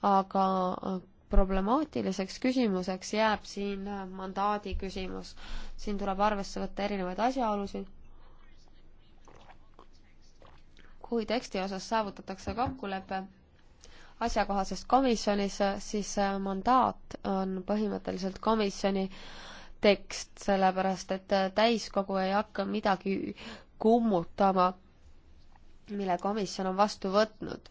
S2: aga äh, problemaatiliseks küsimuseks jääb siin mandaadi küsimus. siin tuleb arvesse võtta erinevaid asjaolusid, kui teksti osas saavutatakse kokkulepe asjakohases komisjonis, siis mandaat on põhimõtteliselt komisjoni äh, tekst, sellepärast et äh, täiskogu ei hakka midagi kummutama, mille komisjon on vastu võtnud.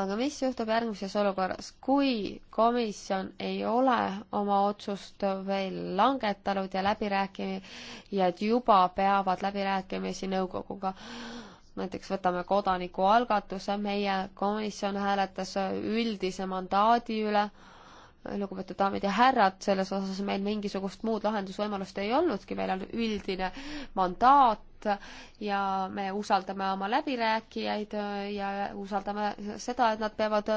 S2: aga mis juhtub järgmises olukorras, kui komisjon ei ole oma otsust veel langetanud ja läbirääkimijad juba peavad läbirääkimisi nõukoguga? näiteks võtame kodanikualgatuse, meie komisjon hääletas üldise mandaadi üle lugupeetud daamid ja härrad, selles osas meil mingisugust muud lahendusvõimalust ei olnudki, meil on üldine mandaat ja me usaldame oma läbirääkijaid ja usaldame seda, et nad peavad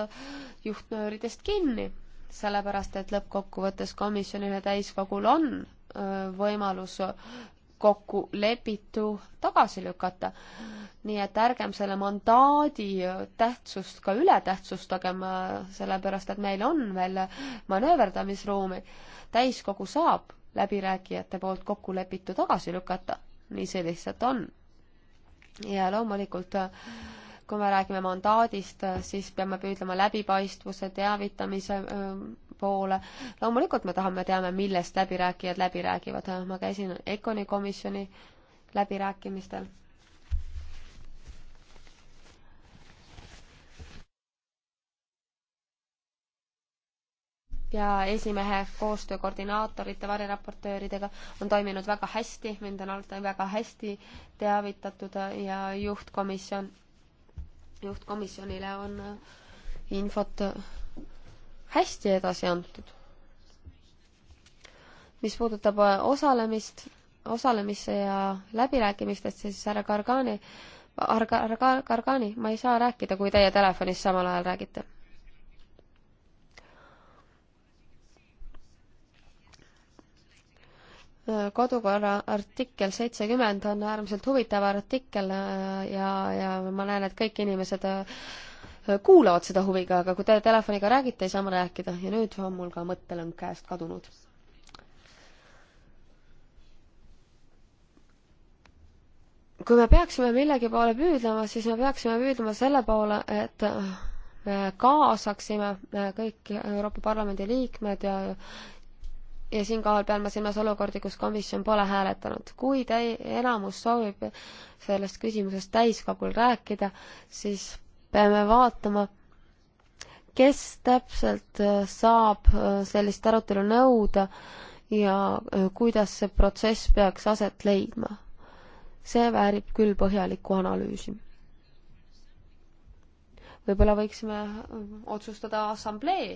S2: juhtnööridest kinni. sellepärast, et lõppkokkuvõttes komisjonil ja täiskogul on äh, võimalus kokku lepitu tagasi lükata. nii et ärgem selle mandaadi tähtsust ka ületähtsustagem, sellepärast et meil on veel manööverdamisruumi. täiskogu saab läbirääkijate poolt kokku lepitu tagasi lükata, nii see lihtsalt on. ja loomulikult kui me räägime mandaadist, siis peame püüdlema läbipaistvuse, teavitamise öö, poole. loomulikult me tahame, teame, millest läbirääkijad läbi räägivad. ma käisin Econi komisjoni läbirääkimistel. ja esimehe koostöö koordinaatorite, variraportööridega on toiminud väga hästi, mind on alati väga hästi teavitatud ja juhtkomisjon, juhtkomisjonile on infot hästi edasi antud. mis puudutab äh, osalemist, osalemisse ja läbirääkimistest, siis härra Gargani, härra Gargani, ma ei saa rääkida, kui teie telefonis samal ajal räägite äh, kodukorra artikkel seitsekümmend on äärmiselt huvitav artikkel äh, ja, ja ma näen, et kõik inimesed kuulavad seda huviga, aga kui te telefoniga räägite, ei saa ma rääkida ja nüüd on mul ka mõttelõng käest kadunud. kui me peaksime millegi poole püüdlema, siis me peaksime püüdlema selle poole, et me kaasaksime kõik Euroopa Parlamendi liikmed ja ja siinkohal pean ma silmas olukordi, kus komisjon pole hääletanud. kui täi-, enamus soovib sellest küsimusest täiskogul rääkida, siis peame vaatama, kes täpselt äh, saab äh, sellist arutelu nõuda ja äh, kuidas see protsess peaks aset leidma. see väärib küll põhjalikku analüüsi. võib-olla võiksime otsustada assamblee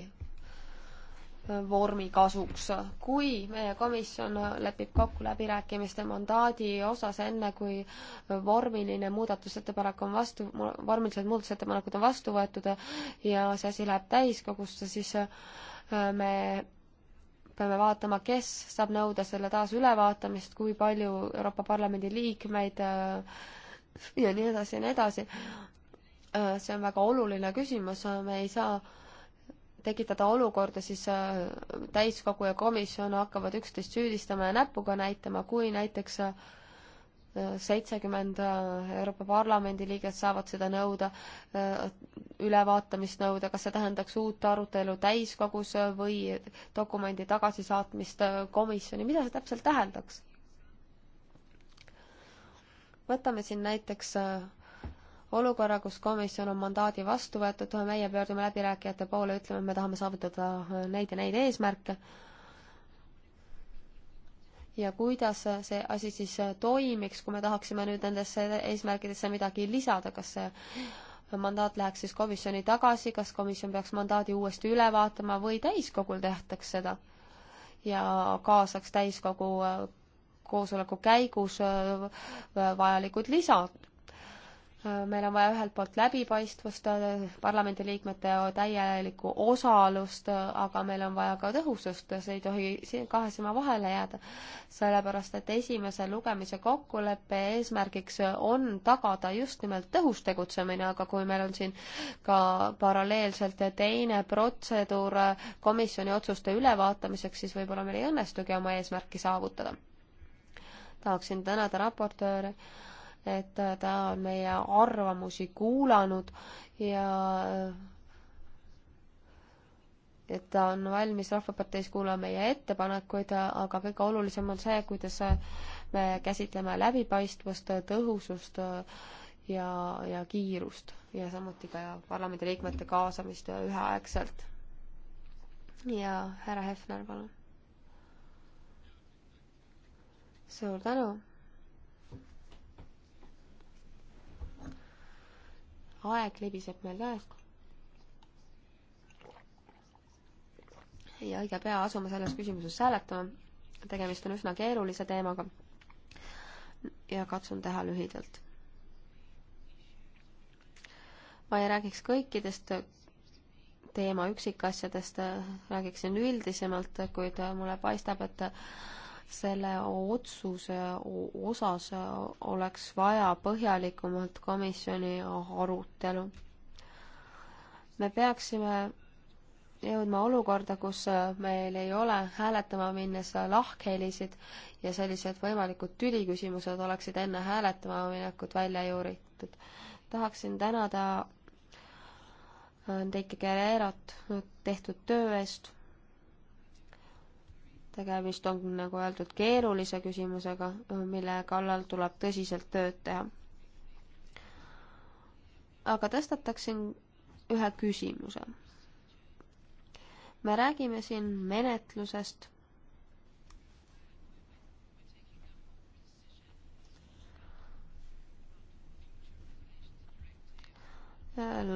S2: vormi kasuks. kui meie komisjon lepib kokku läbirääkimiste mandaadi osas, enne kui vormiline muudatusettepanek on vastu, vormilised muudatusettepanekud on vastu võetud ja see asi läheb täiskogusse, siis äh, me peame vaatama, kes saab nõuda selle taas ülevaatamist, kui palju Euroopa Parlamendi liikmeid äh, ja nii edasi ja nii edasi. Äh, see on väga oluline küsimus, me ei saa tekitada olukorda, siis äh, täiskogu ja komisjon hakkavad üksteist süüdistama ja näpuga näitama, kui näiteks äh, seitsekümmend äh, Euroopa Parlamendi liiget saavad seda nõuda, ülevaatamist nõuda, kas see tähendaks uut arutelu täiskogus või dokumendi tagasisaatmist komisjoni, mida see täpselt tähendaks? võtame siin näiteks äh, olukorra, kus komisjon on mandaadi vastu võetud, meie pöördume läbirääkijate poole, ütleme, et me tahame saavutada äh, neid ja neid eesmärke. ja kuidas see asi siis äh, toimiks, kui me tahaksime nüüd nendesse eesmärkidesse midagi lisada, kas see mandaat läheks siis komisjoni tagasi, kas komisjon peaks mandaadi uuesti üle vaatama või täiskogul tehtaks seda ja kaasaks täiskogu äh, koosoleku käigus vajalikud lisad, meil on vaja ühelt poolt läbipaistvust, parlamendiliikmete täielikku osalust, aga meil on vaja ka tõhusust, see ei tohi kahe silma vahele jääda. sellepärast, et esimese lugemise kokkuleppe eesmärgiks on tagada just nimelt tõhus tegutsemine, aga kui meil on siin ka paralleelselt teine protseduur komisjoni otsuste ülevaatamiseks, siis võib-olla meil ei õnnestugi oma eesmärki saavutada. tahaksin tänada raportööri et äh, ta on meie arvamusi kuulanud ja äh, et ta on valmis Rahvaparteis kuulama meie ettepanekuid, äh, aga kõige olulisem on see, kuidas me käsitleme läbipaistvust, tõhusust ja, ja kiirust ja samuti ka parlamendiliikmete kaasamist üheaegselt. ja härra Hefner, palun. suur tänu aeg libiseb meil käest. ja õige pea asume selles küsimuses hääletama. tegemist on üsna keerulise teemaga. ja katsun teha lühidalt. ma ei räägiks kõikidest teema üksikasjadest, räägiksin üldisemalt, kuid mulle paistab, et selle otsuse osas oleks vaja põhjalikumat komisjoni arutelu. me peaksime jõudma olukorda, kus meil ei ole hääletama minnes lahkhelisid ja sellised võimalikud tüliküsimused oleksid enne hääletama minekut välja juuritud. tahaksin tänada Enrique Guerrerot tehtud töö eest tegemist on, nagu öeldud, keerulise küsimusega, mille kallal tuleb tõsiselt tööd teha. aga tõstataksin ühe küsimuse. me räägime siin menetlusest.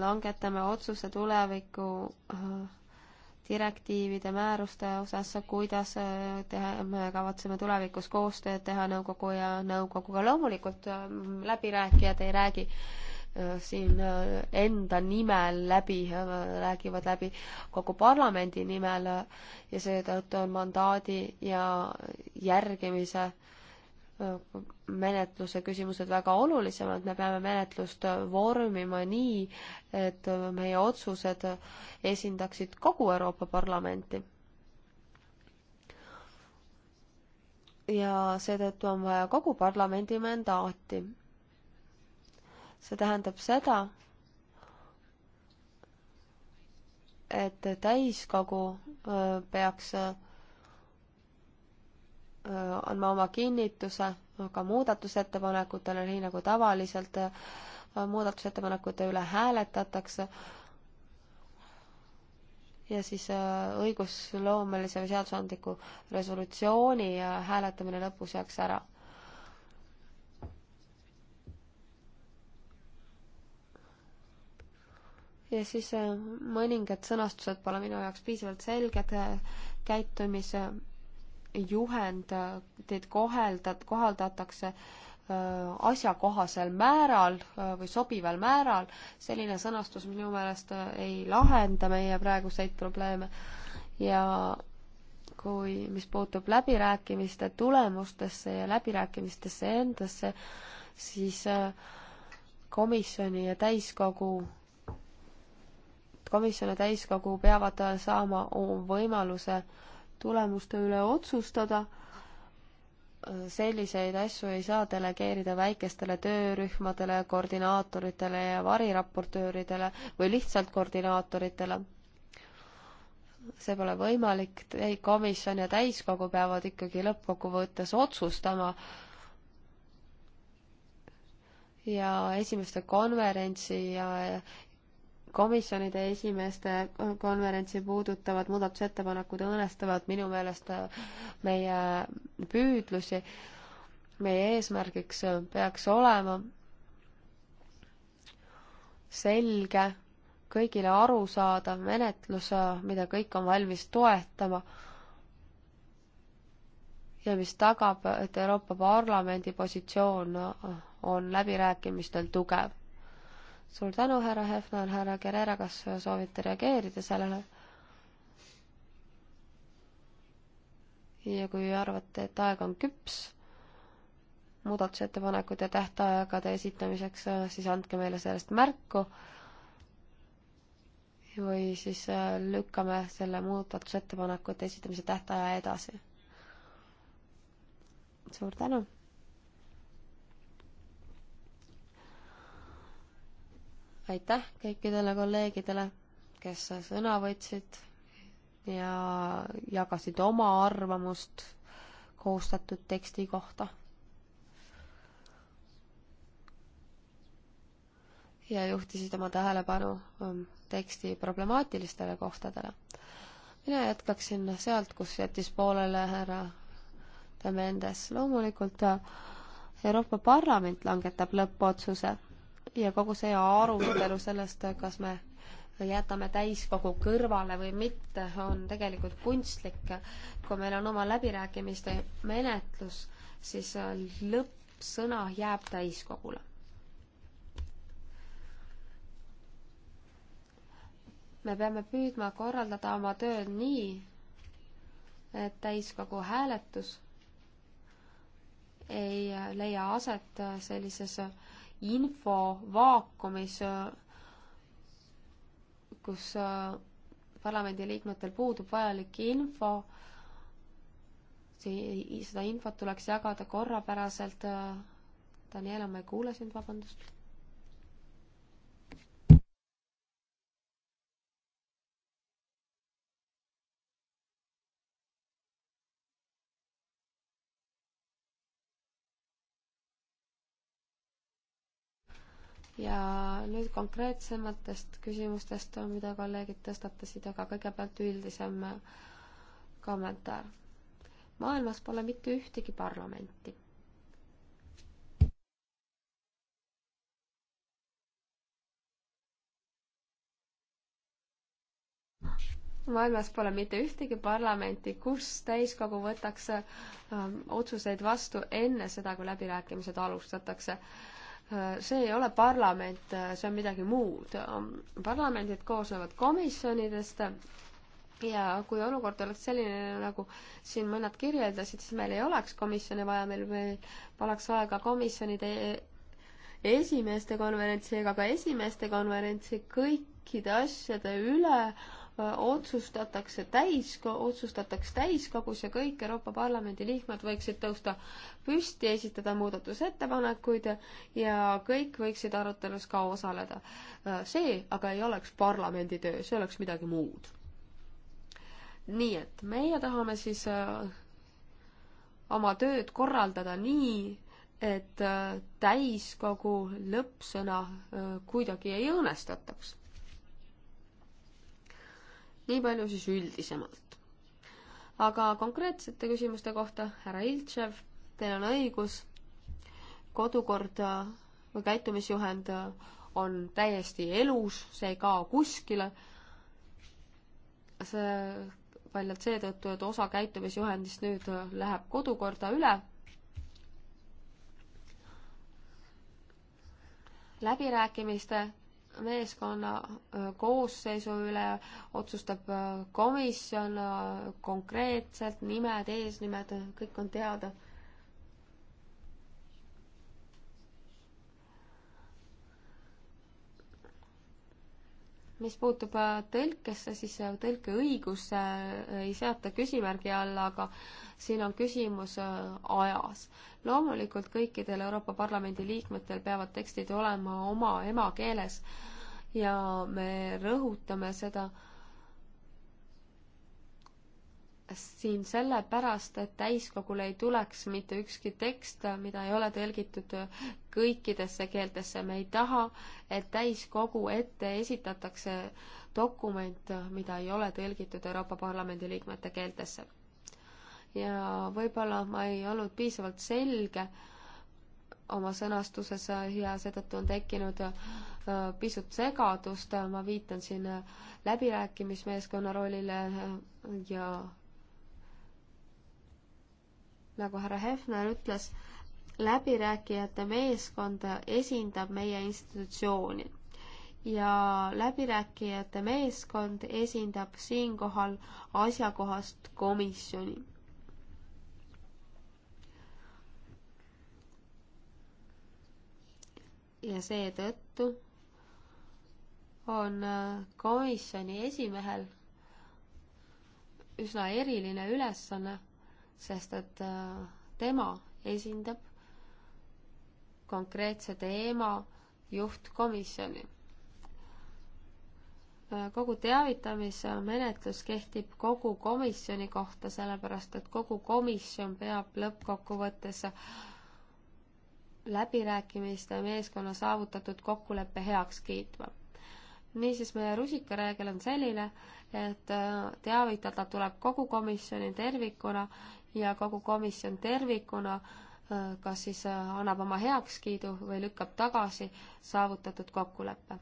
S2: langetame otsuse tuleviku äh, direktiivide, määruste osas, kuidas äh, teha, me kavatseme tulevikus koostööd teha nõukogu ja nõukoguga. loomulikult äh, läbirääkijad ei räägi äh, siin enda nimel läbi, räägivad läbi kogu parlamendi nimel ja seetõttu on mandaadi ja järgimise äh, menetluse küsimused väga olulisemad, me peame menetlust vormima nii, et meie otsused esindaksid kogu Euroopa Parlamenti. ja seetõttu on vaja kogu parlamendi mandaati. see tähendab seda, et täiskogu äh, peaks äh, Äh, andma oma kinnituse ka muudatusettepanekutele, nii nagu tavaliselt äh, muudatusettepanekute üle hääletatakse ja siis äh, õigusloomelise või seadusandliku resolutsiooni hääletamine lõpus jääks ära. ja siis mõningad sõnastused pole minu jaoks piisavalt selged, käitumise juhend, teid koheldad, kohaldatakse äh, asjakohasel määral äh, või sobival määral, selline sõnastus minu meelest äh, ei lahenda meie praeguseid probleeme ja kui, mis puutub läbirääkimiste tulemustesse ja läbirääkimistesse endasse, siis komisjoni ja täiskogu, komisjon ja täiskogu peavad saama võimaluse äh, tulemuste üle otsustada. selliseid asju ei saa delegeerida väikestele töörühmadele, koordinaatoritele ja variraportööridele või lihtsalt koordinaatoritele. see pole võimalik, ei komisjon ja täiskogu peavad ikkagi lõppkokkuvõttes otsustama ja esimeste konverentsi ja komisjonide esimeeste konverentsi puudutavad muudatusettepanekud õõnestavad minu meelest äh, meie püüdlusi. meie eesmärgiks peaks olema selge, kõigile arusaadav menetlus, mida kõik on valmis toetama ja mis tagab, et Euroopa Parlamendi positsioon on läbirääkimistel tugev suur tänu, härra Hefner, härra Guerrero, kas soovite reageerida sellele? ja kui arvate, et aeg on küps muudatusettepanekute tähtaegade esitamiseks, siis andke meile sellest märku või siis äh, lükkame selle muudatusettepanekute esitamise tähtaja edasi. suur tänu! aitäh kõikidele kolleegidele, kes sõna võtsid ja jagasid oma arvamust koostatud teksti kohta. ja juhtisid oma tähelepanu um, teksti problemaatilistele kohtadele. mina jätkaksin sealt, kus jättis poolele härra Demendes. loomulikult uh, Euroopa Parlament langetab lõppotsuse ja kogu see arutelu sellest, kas me jätame täiskogu kõrvale või mitte, on tegelikult kunstlik. kui meil on oma läbirääkimiste menetlus, siis lõppsõna jääb täiskogule. me peame püüdma korraldada oma tööd nii, et täiskogu hääletus ei leia aset sellises äh, infovaakumis, kus äh, parlamendiliikmetel puudub vajalik info, see, seda infot tuleks jagada korrapäraselt. Äh, Daniela, ma ei kuule sind, vabandust ja nüüd konkreetsematest küsimustest, mida kolleegid tõstatasid, aga kõigepealt üldisem kommentaar. maailmas pole mitte ühtegi parlamenti. maailmas pole mitte ühtegi parlamenti, kus täiskogu võtaks öö, ähm, otsuseid vastu enne seda, kui läbirääkimised alustatakse Äh, see ei ole parlament, äh, see on midagi muud. Ähm, parlamendid koosnevad komisjonidest äh, ja kui olukord oleks selline, nagu siin mõned kirjeldasid, siis meil ei oleks komisjone vaja, meil, meil poleks vaja ka komisjonide e-, esimeeste konverentsi ega ka esimeeste konverentsi kõikide asjade üle otsustatakse täis, otsustatakse täiskogus ja kõik Euroopa Parlamendi liikmed võiksid tõusta püsti, esitada muudatusettepanekuid ja kõik võiksid arutelus ka osaleda. see aga ei oleks parlamendi töö, see oleks midagi muud. nii et meie tahame siis oma tööd korraldada nii, et täiskogu lõppsõna kuidagi ei õõnestataks nii palju siis üldisemalt. aga konkreetsete küsimuste kohta, härra Iltšev, teil on õigus, kodukord või käitumisjuhend on täiesti elus, see ei kao kuskile, see paljalt seetõttu, et osa käitumisjuhendist nüüd läheb kodukorda üle läbirääkimiste meeskonna äh, koosseisu üle otsustab äh, komisjon äh, konkreetselt, nimed, eesnimed, kõik on teada mis puutub äh, tõlkesse, siis äh, tõlkeõigus äh, ei seata küsimärgi alla, aga siin on küsimus ajas. loomulikult kõikidel Euroopa Parlamendi liikmetel peavad tekstid olema oma emakeeles ja me rõhutame seda äh, siin sellepärast, et täiskogule ei tuleks mitte ükski tekst, mida ei ole tõlgitud kõikidesse keeltesse. me ei taha, et täiskogu ette esitatakse dokument, mida ei ole tõlgitud Euroopa Parlamendi liikmete keeltesse. ja võib-olla ma ei olnud piisavalt selge oma sõnastuses ja seetõttu on tekkinud äh, pisut segadust, ma viitan siin läbirääkimismeeskonna rollile ja nagu härra Hefner ütles, läbirääkijate meeskond esindab meie institutsiooni ja läbirääkijate meeskond esindab siinkohal asjakohast komisjoni. ja seetõttu on äh, komisjoni esimehel üsna eriline ülesanne sest et äh, tema esindab konkreetse teema juhtkomisjoni. Äh, kogu teavitamismenetlus kehtib kogu komisjoni kohta, sellepärast et kogu komisjon peab lõppkokkuvõttes läbirääkimiste meeskonna saavutatud kokkuleppe heaks kiitma niisiis, meie rusikareegel on selline, et äh, teavitada tuleb kogu komisjoni tervikuna ja kogu komisjon tervikuna äh, kas siis äh, annab oma heakskiidu või lükkab tagasi saavutatud kokkuleppe.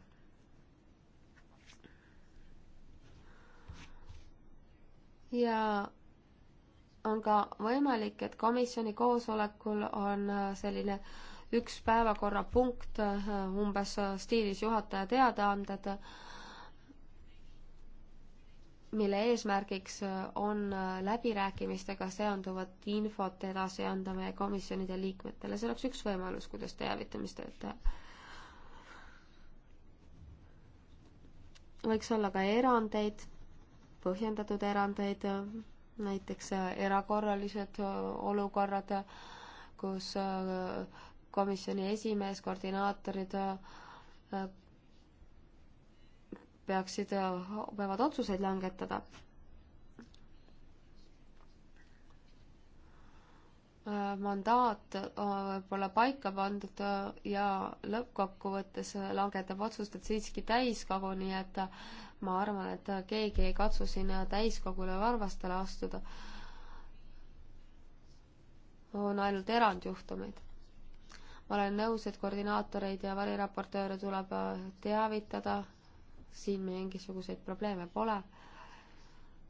S2: ja on ka võimalik, et komisjoni koosolekul on äh, selline üks päevakorrapunkt umbes stiilis juhataja teadaanded mille eesmärgiks äh, on äh, läbirääkimistega seonduvat infot edasi anda meie komisjonide liikmetele. see oleks üks võimalus, kuidas teavitamistööd teha. võiks olla ka erandeid, põhjendatud erandeid, äh, näiteks erakorralised olukorrad, kus komisjoni esimees, koordinaatorid peaksid, äh, peavad otsuseid langetada. Äh, mandaat äh, pole paika pandud ja lõppkokkuvõttes langetab otsused siiski täiskogu, nii et ma arvan, et keegi ei katsu siin täiskogule varvastele astuda. on ainult erandjuhtumeid ma olen nõus, et koordinaatoreid ja variraportööre tuleb teavitada siin mingisuguseid probleeme pole.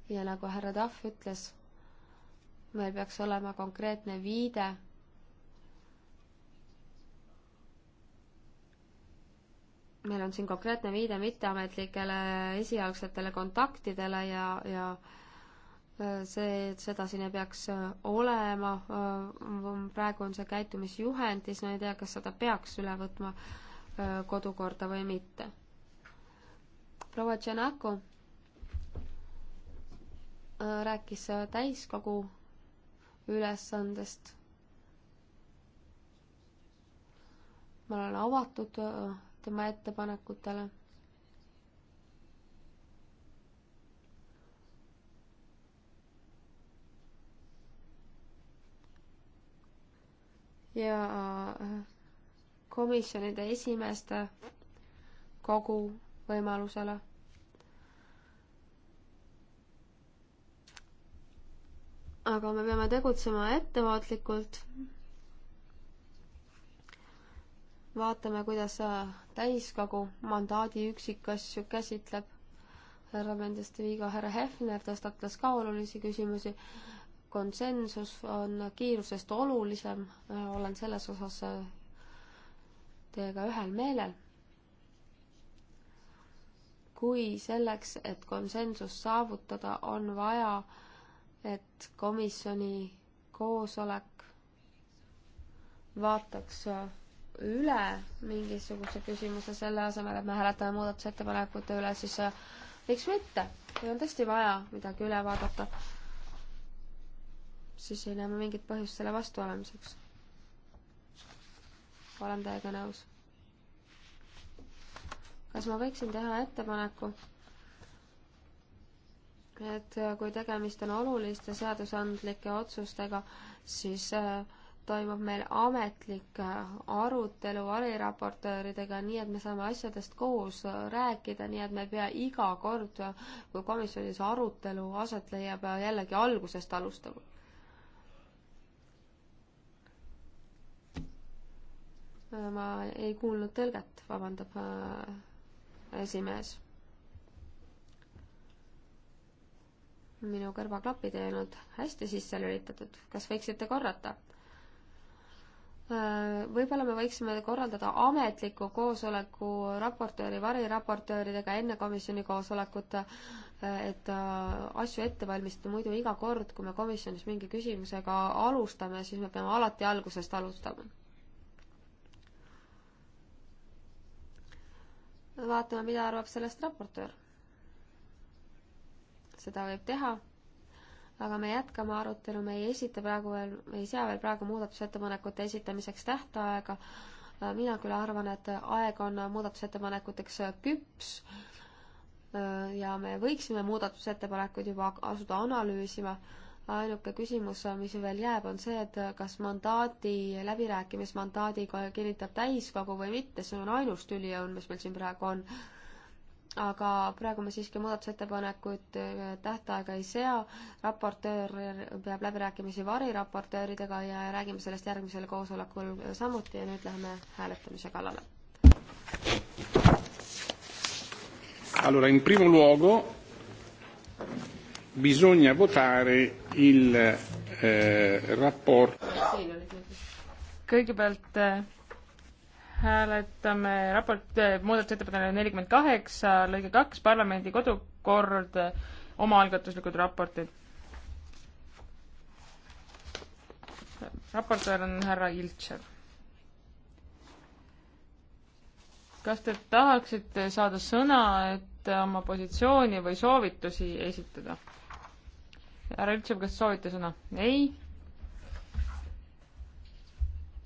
S2: ja nagu härra Tahv ütles, meil peaks olema konkreetne viide meil on siin konkreetne viide mitteametlikele esialgsetele kontaktidele ja, ja e, see, et seda siin ei peaks e, olema, e, praegu on see käitumisjuhendis, ma ei tea, kas seda peaks üle võtma kodukorda või mitte proua Tšenako äh, rääkis äh, täiskogu ülesandest. ma olen avatud äh, tema ettepanekutele. ja komisjonide esimeeste kogu võimalusele aga me peame tegutsema ettevaatlikult. vaatame, kuidas täiskogu mandaadi üksikasju käsitleb. härra Mendestiviga, härra Hefner tõstatas ka olulisi küsimusi. konsensus on kiirusest olulisem, olen selles osas teiega ühel meelel kui selleks, et konsensus saavutada, on vaja et komisjoni koosolek vaataks üle mingisuguse küsimuse selle asemel, et me hääletame muudatusettepanekute üle, siis äh, miks mitte, kui on tõesti vaja midagi üle vaadata, siis ei näe ma mingit põhjust selle vastu olemiseks. olen teiega nõus. kas ma võiksin teha ettepaneku? et äh, kui tegemist on oluliste seadusandlike otsustega, siis äh, toimub meil ametlik äh, arutelu variraportööridega, nii et me saame asjadest koos rääkida, nii et me ei pea iga kord, kui komisjonis arutelu aset leiab, jällegi algusest alustama. ma ei kuulnud tõlget, vabandab esimees minu kõrvaklapid ei olnud hästi sisse lülitatud, kas võiksite korrata? Äh, võib-olla me võiksime korraldada ametliku koosoleku raportööri, variraportööridega enne komisjoni koosolekut, äh, et äh, asju ette valmistada, muidu iga kord, kui me komisjonis mingi küsimusega alustame, siis me peame alati algusest alustama. vaatame, mida arvab sellest raportöör seda võib teha, aga me jätkame arutelu, me ei esita praegu veel, me ei sea veel praegu muudatusettepanekute esitamiseks tähtaega, mina küll arvan, et aeg on muudatusettepanekuteks küps ja me võiksime muudatusettepanekuid juba asuda analüüsima, ainuke küsimus, mis veel jääb, on see, et kas mandaadi, läbirääkimismandaadi kinnitab täiskogu või mitte, see on ainus tüliõun, mis meil siin praegu on aga praegu me siiski muudatusettepanekuid äh, tähtaega ei sea, raportöör peab läbirääkimisi variraportööridega ja räägime sellest järgmisel koosolekul samuti ja nüüd läheme hääletamise kallale.
S1: Allora, in primo luogo bisogna votare il eh, rapporto.
S3: kõigepealt eh, hääletame raport, eh, muudatusettepanek nelikümmend kaheksa, lõige kaks, parlamendi kodukord, eh, omaalgatuslikud raportid. raportöör on härra Iltšev. kas te tahaksite saada sõna, et oma positsiooni või soovitusi esitada? härra Iltšev, kas soovite sõna? ei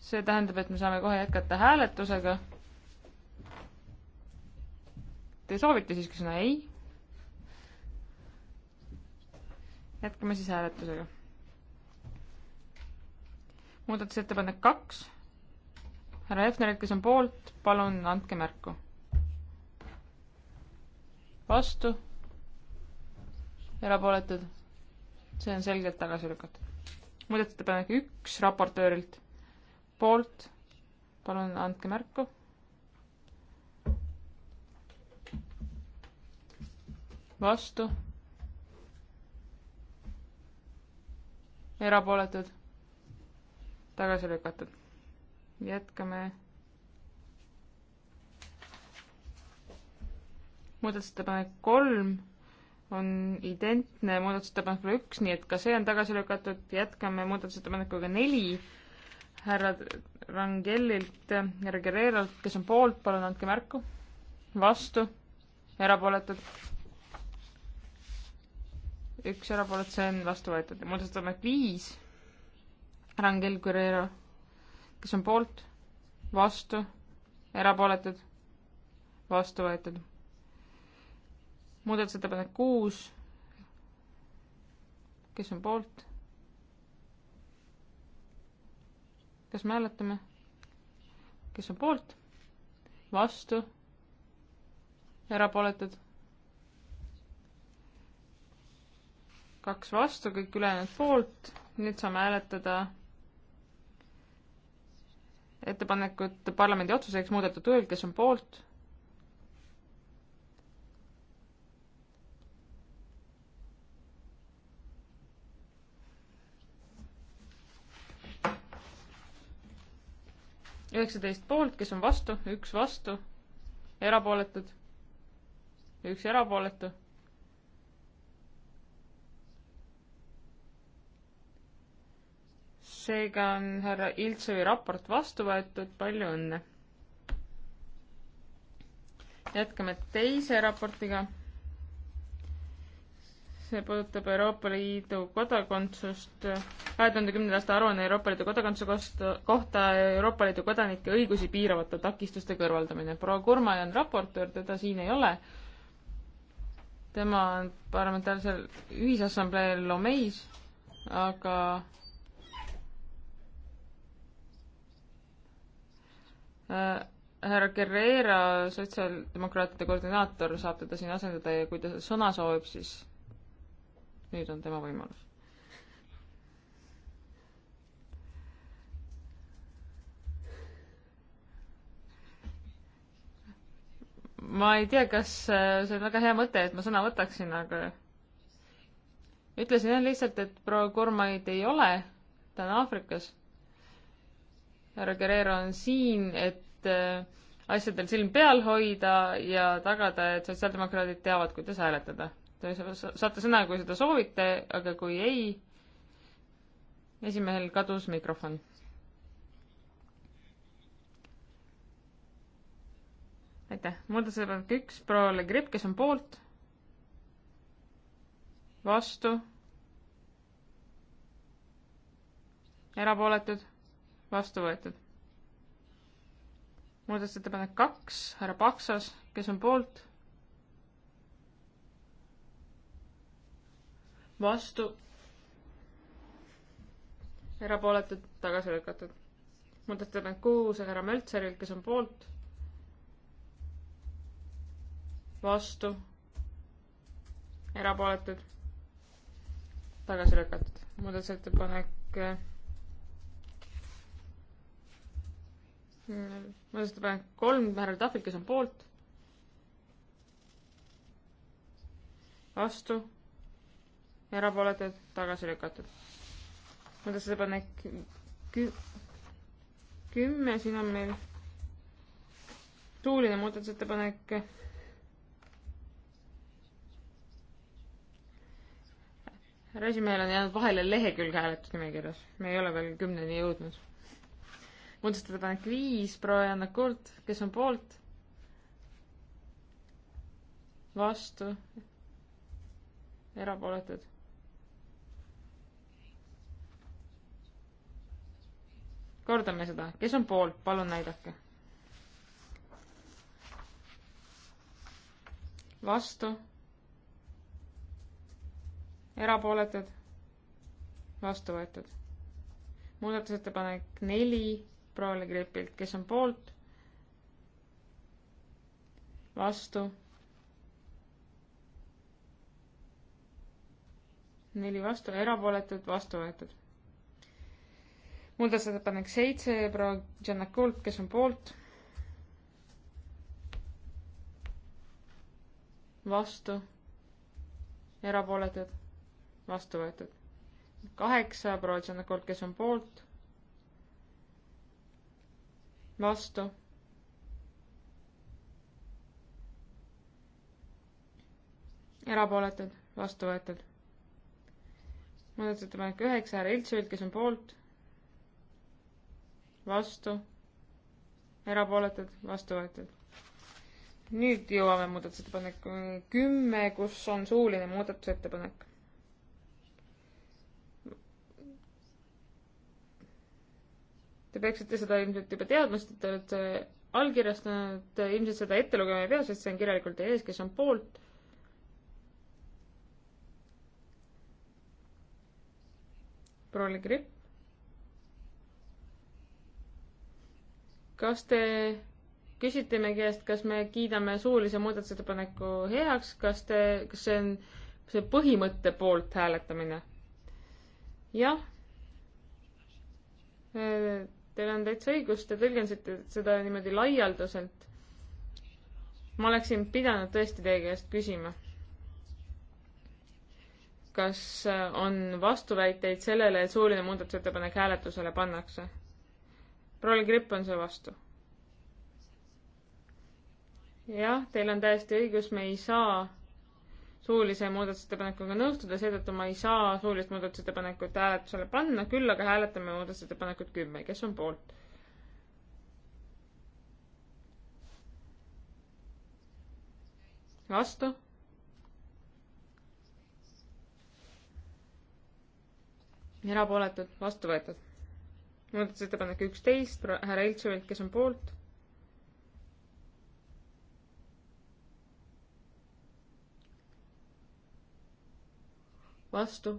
S3: see tähendab, et me saame kohe jätkata hääletusega. Te soovite siiski sõna ei? jätkame siis hääletusega. muudatusettepanek kaks. härra Hefnerilt, kes on poolt, palun andke märku. vastu. erapooletud. see on selgelt tagasi lükatud. muudatusettepanek üks raportöörilt poolt, palun andke märku. vastu. erapooletud, tagasi lükatud. jätkame. muudatusettepanek kolm on identne muudatusettepanekule üks, nii et ka see on tagasi lükatud, jätkame muudatusettepanekuga neli härra Rangelilt, härra Guerrerolt, kes on poolt, palun andke märku. vastu, erapooletud. üks erapooletu, see on vastu võetud. muudatusettepanek viis, Rangel Guerrero, kes on poolt, vastu, erapooletud, vastu võetud. muudatusettepanek kuus, kes on poolt kas me hääletame? kes on poolt? vastu? erapooletud? kaks vastu, kõik ülejäänud poolt. nüüd saame hääletada ettepanekut parlamendi otsuseks muudetud kujul, kes on poolt üheksateist poolt, kes on vastu, üks vastu, erapooletud, üks erapooletu. seega on härra Iltsevi raport vastu võetud, palju õnne! jätkame teise raportiga see puudutab Euroopa Liidu kodakondsust, kahe tuhande kümnenda aasta aruanne Euroopa Liidu kodakondsuse kohta, kohta Euroopa Liidu kodanike õigusi piiravate takistuste kõrvaldamine. proua Kurmai on raportöör, teda siin ei ole. tema on parlamentaarsel ühisassambleel Lomeis, aga äh, härra Guerrera, sotsiaaldemokraatide koordinaator, saab teda siin asendada ja kui ta sõna soovib, siis nüüd on tema võimalus. ma ei tea, kas äh, see on väga hea mõte, et ma sõna võtaksin, aga ütlesin jah lihtsalt, et proua Kormaid ei ole, ta on Aafrikas. härra Guerrero on siin, et äh, asjadel silm peal hoida ja tagada, et sotsiaaldemokraadid teavad, kuidas hääletada te saate sõna, kui seda soovite, aga kui ei, esimehel kadus mikrofon. aitäh, muudatusettepanek üks, proua Le Grip, kes on poolt? vastu? erapooletud? vastu võetud. muudatusettepanek kaks, härra Paksas, kes on poolt? vastu, erapooletud, tagasi lükatud. muudatusettepanek kuus härra Möltserilt, kes on poolt, vastu, erapooletud, tagasi lükatud. muudatusettepanek äh, muudatusettepanek kolm härra Tahvil, kes on poolt vastu, erapooletud, tagasi lükatud. muudatusettepanek kü-, kümme, siin on meil suuline muudatusettepanek. härra esimehel on jäänud vahele lehekülg hääletusnimekirjas, me ei ole veel kümneni jõudnud. muudatusettepanek viis, proua Janna Kurt, kes on poolt? vastu? erapooletud? kordame seda, kes on poolt, palun näidake. vastu. erapooletud. vastu võetud. muudatusettepanek neli, proovile gripilt, kes on poolt? vastu. neli vastu, erapooletud, vastu võetud muudatusettepanek seitse, proua Janakult, kes on poolt? vastu, erapooletud, vastu võetud. kaheksa, proua Janakult, kes on poolt? vastu erapooletud, vastu võetud. muudatusettepanek üheksa, härra Iltsuilt, kes on poolt, vastu, erapooletud, vastu võetud. nüüd jõuame muudatusettepaneku kümme, kus on suuline muudatusettepanek. Te peaksite seda ilmselt juba teadma, sest te olete allkirjastanud, ilmselt seda ette lugema ei pea, sest see on kirjalikult teie ees, kes on poolt proua Legripp, kas te küsite meie käest, kas me kiidame suulise muudatusettepaneku heaks, kas te, kas see on see põhimõtte poolt hääletamine? jah. Teil on täitsa õigus, te tõlgendasite seda niimoodi laialdaselt. ma oleksin pidanud tõesti teie käest küsima. kas on vastuväiteid sellele, et suuline muudatusettepanek hääletusele pannakse? rollgripp on see vastu. jah, teil on täiesti õigus, me ei saa suulise muudatusettepanekuga nõustuda, seetõttu ma ei saa suulist muudatusettepanekut hääletusele panna, küll aga hääletame muudatusettepanekut kümme, kes on poolt? vastu? erapooletud, vastu võetud muudatusettepanek üksteist, härra Iltševilt, kes on poolt? vastu.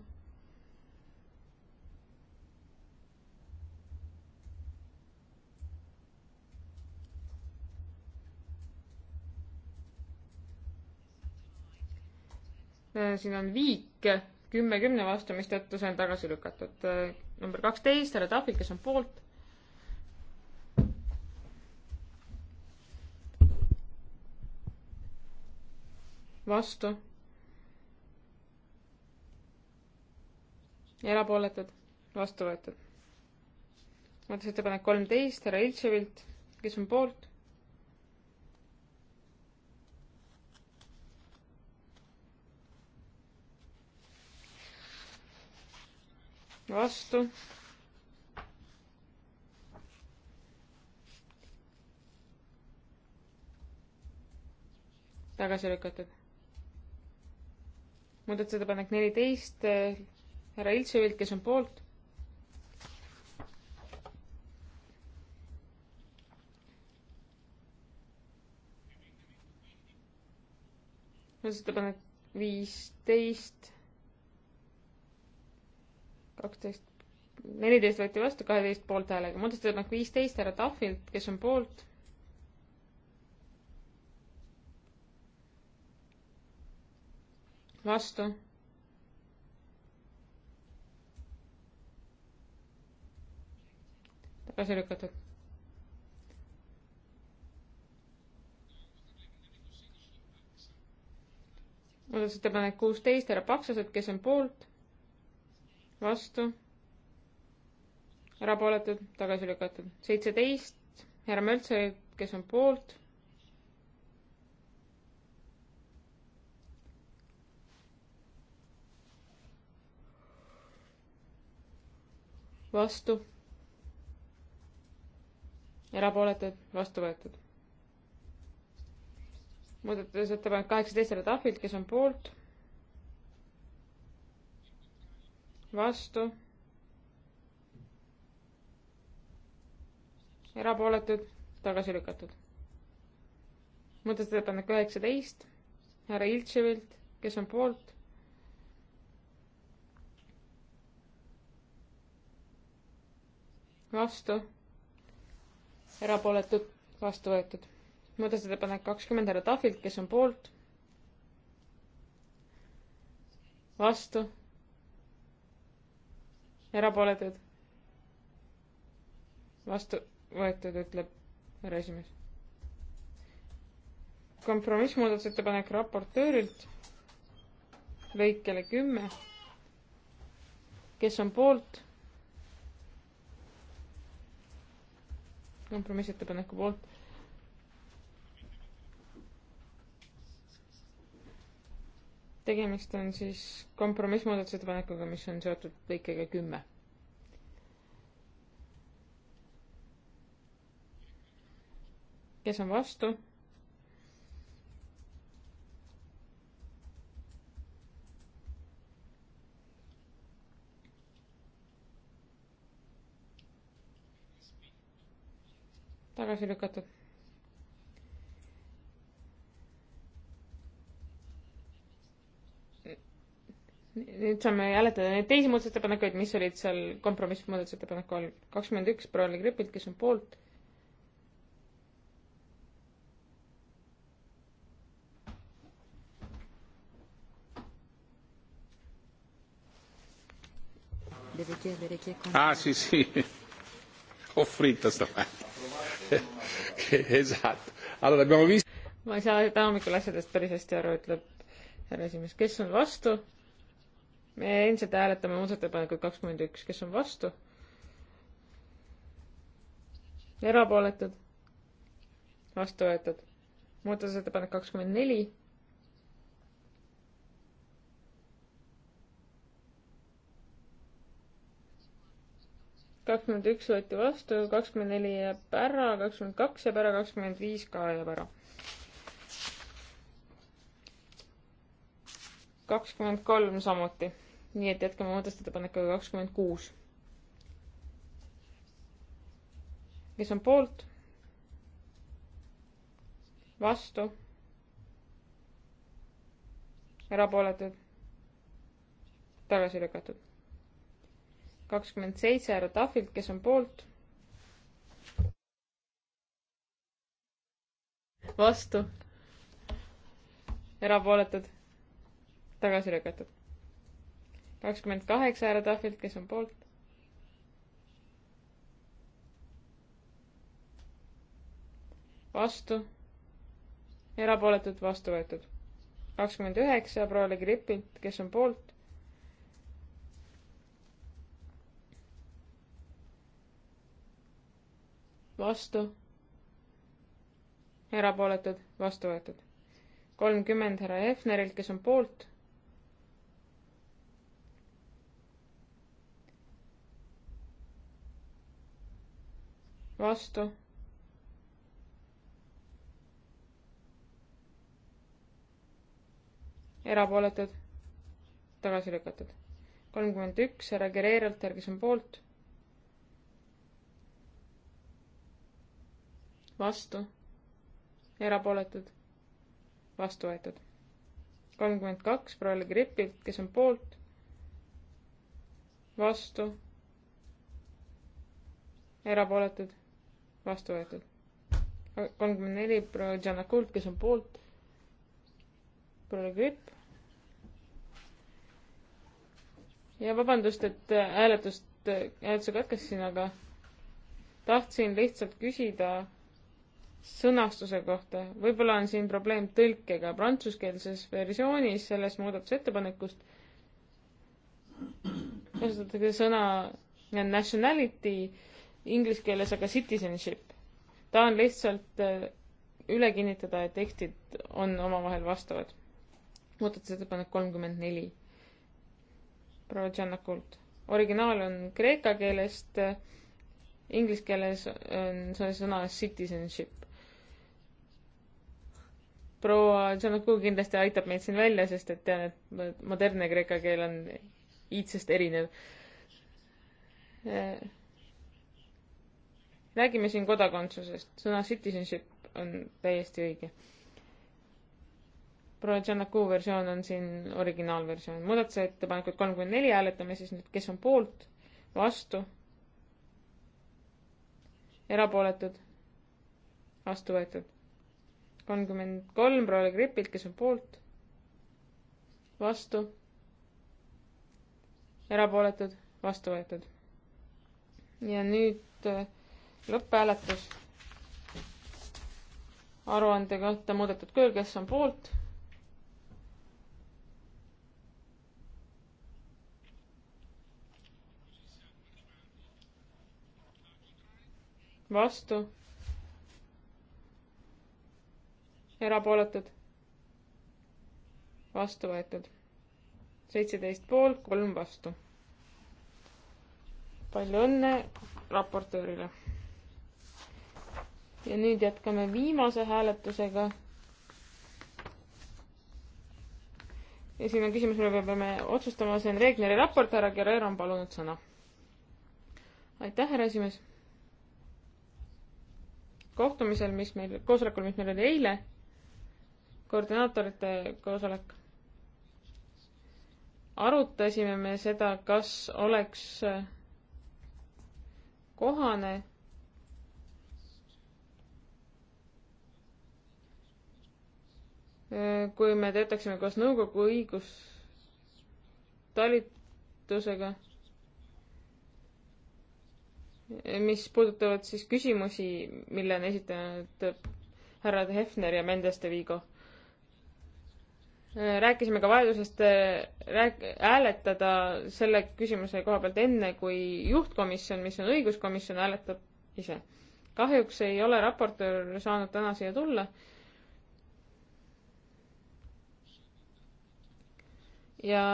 S3: Äh, siin on viik kümme kümne vastu, mistõttu see on tagasi lükatud äh, number kaksteist, härra Tahvil, kes on poolt. vastu. erapooletud, vastu võetud. muudatusettepanek kolmteist, härra Iltševilt, kes on poolt vastu. tagasi lükatud. muudatusettepanek neliteist eh, härra Iltsevilt, kes on poolt. muudatusettepanek viisteist kaksteist, neliteist võeti vastu, kaheteist poolthäälega. muudatusettepanek viisteist härra Tahvilt, kes on poolt? vastu tagasi lükatud. muudatusettepanek kuusteist, härra Paksasepp, kes on poolt? vastu, erapooletud, tagasi lükatud. seitseteist, härra Möltser, kes on poolt. vastu, erapooletud, vastu võetud. muudatusettepanek kaheksateist, härra Tahvilt, kes on poolt vastu, erapooletud, tagasi lükatud. muudatusettepanek üheksateist härra Iltševilt, kes on poolt. vastu, erapooletud, vastu võetud. muudatusettepanek kakskümmend härra Tahvilt, kes on poolt. vastu erapooletud, vastu võetud, ütleb härra esimees. kompromissmuudatusettepanek raportöörilt lõikele kümme. kes on poolt? kompromissettepaneku poolt tegemist on siis kompromissmuudatusettepanekuga, mis on seotud lõikega kümme. kes on vastu? tagasi lükatud nüüd saame hääletada neid teisi muudatusettepanekuid, mis olid seal kompromissmuudatusettepanek kolm. kakskümmend üks Brown'i gripilt, kes on poolt. Ah sì sì, ho fritto stamattina. esatto, allora abbiamo visto. ma ei saa täna hommikul asjadest päris hästi aru, ütleb härra esimees, kes on vastu? me ilmselt hääletame muudatusettepanekut kakskümmend üks, kes on vastu? erapooletud? vastu võetud. muudatusettepanek kakskümmend neli. kakskümmend üks võeti vastu, kakskümmend neli jääb ära, kakskümmend kaks jääb ära, kakskümmend viis ka jääb ära kakskümmend kolm samuti nii et jätkame muudatusettepanekuga kakskümmend kuus. kes on poolt? vastu? erapooletud? tagasi lükatud. kakskümmend seitse härra Tahvilt, kes on poolt? vastu? erapooletud? tagasi lükatud kakskümmend kaheksa härra Tahvilt, kes on poolt? vastu, erapooletult vastu võetud. kakskümmend üheksa proua Grippilt, kes on poolt? vastu, erapooletud, vastu võetud. kolmkümmend härra Hefnerilt, kes on poolt vastu. erapooletud, tagasi lükatud. kolmkümmend üks härra Gereeralt, kes on poolt. vastu, erapooletud, vastu võetud. kolmkümmend kaks proua Gripilt, kes on poolt, vastu erapooletud vastu võetud. kolmkümmend neli proua Janakult, kes on poolt, proua Gripp. ja vabandust, et äh, hääletust, äh, hääletuse katkestasin, aga tahtsin lihtsalt küsida sõnastuse kohta. võib-olla on siin probleem tõlkega prantsuskeelses versioonis sellest muudatusettepanekust kasutatakse sõna nationality inglise keeles aga citizenship. tahan lihtsalt äh, üle kinnitada, et tekstid on omavahel vastavad. muudatusettepanek kolmkümmend neli. proua Tšannakult. originaal on kreeka keelest, äh, inglise keeles on see sõna citizenship. proua Tšannakul kindlasti aitab meid siin välja, sest et tean, et modernne kreeka keel on iidsest erinev äh, räägime siin kodakondsusest, sõna citizenship on täiesti õige. Projanaku versioon on siin originaalversioon. muudatusettepanekud kolm kuni neli hääletame siis nüüd, kes on poolt, vastu, erapooletud, vastu võetud. kolmkümmend kolm Proole Gripilt, kes on poolt, vastu, erapooletud, vastu võetud. ja nüüd äh, lõpphääletus aruande kohta muudetud kujul, kes on poolt? vastu? erapooletud? vastu võetud. seitseteist poolt, kolm vastu. palju õnne raportöörile ja nüüd jätkame viimase hääletusega. esimene küsimus, mille peale peame otsustama, see on Regneri raport, härra Guerrero on palunud sõna. aitäh, härra esimees. kohtumisel, mis meil, koosolekul, mis meil oli eile, koordinaatorite koosolek, arutasime me seda, kas oleks kohane kui me töötaksime koos nõukogu õigustalitusega, mis puudutavad siis küsimusi, mille on esitanud härrad Hefner ja Mendes de Vigo. rääkisime ka vajadusest rääk-, hääletada selle küsimuse koha pealt enne, kui juhtkomisjon, mis on õiguskomisjon, hääletab ise. kahjuks ei ole raportöör saanud täna siia tulla ja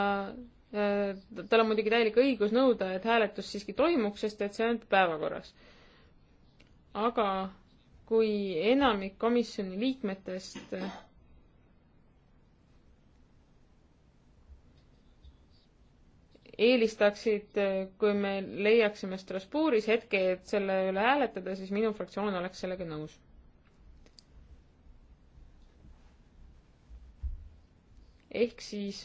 S3: tal on muidugi täielik õigus nõuda, et hääletus siiski toimuks, sest et see on päevakorras. aga kui enamik komisjoni liikmetest eelistaksid, kui me leiaksime Strasbourgis hetke, et selle üle hääletada, siis minu fraktsioon oleks sellega nõus. ehk siis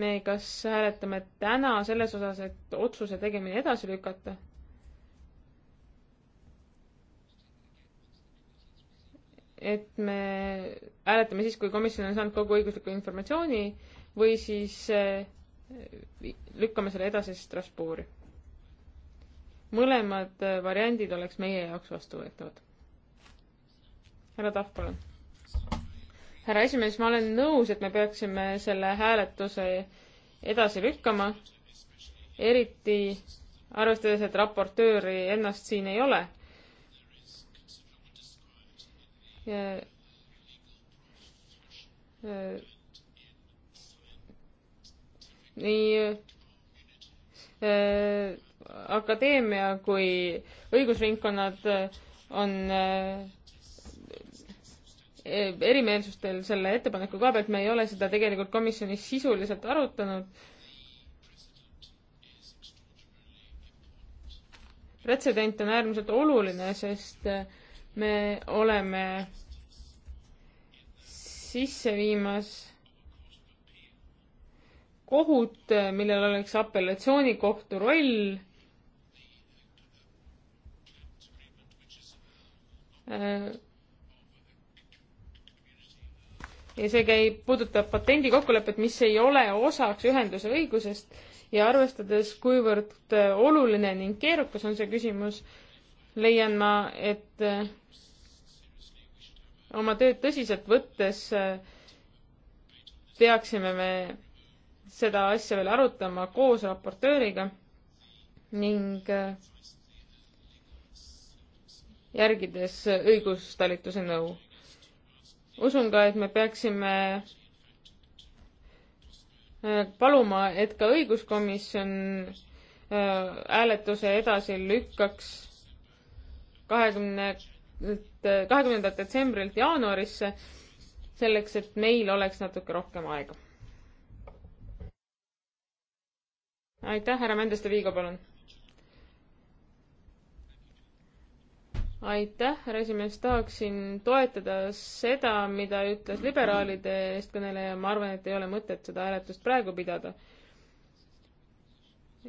S3: me kas hääletame täna selles osas, et otsuse tegemine edasi lükata et me hääletame siis, kui komisjon on saanud kogu õigusliku informatsiooni või siis eh, lükkame selle edasi Strasbourgi. mõlemad variandid oleks meie jaoks vastuvõetavad. härra Tahv, palun härra esimees, ma olen nõus, et me peaksime selle hääletuse edasi lükkama, eriti arvestades, et raportööri ennast siin ei ole. nii akadeemia kui õigusringkonnad on äh, erimeelsustel selle ettepaneku koha pealt, me ei ole seda tegelikult komisjonis sisuliselt arutanud. pretsedent on äärmiselt oluline, sest me oleme sisse viimas kohut, millel oleks apellatsioonikohtu roll äh, ja see käib, puudutab patendikokkulepet, mis ei ole osaks ühenduse õigusest ja arvestades, kuivõrd äh, oluline ning keerukas on see küsimus, leian ma, et äh, oma tööd tõsiselt võttes äh, peaksime me seda asja veel arutama koos raportööriga ning järgides õigustalituse nõu usun ka, et me peaksime äh, paluma, et ka õiguskomisjon äh, hääletuse edasi lükkaks kahekümne, kahekümnendalt detsembrilt jaanuarisse, selleks et meil oleks natuke rohkem aega. aitäh, härra Mändeste Viigo, palun aitäh, härra esimees, tahaksin toetada seda, mida ütles liberaalide eestkõneleja, ma arvan, et ei ole mõtet seda hääletust praegu pidada.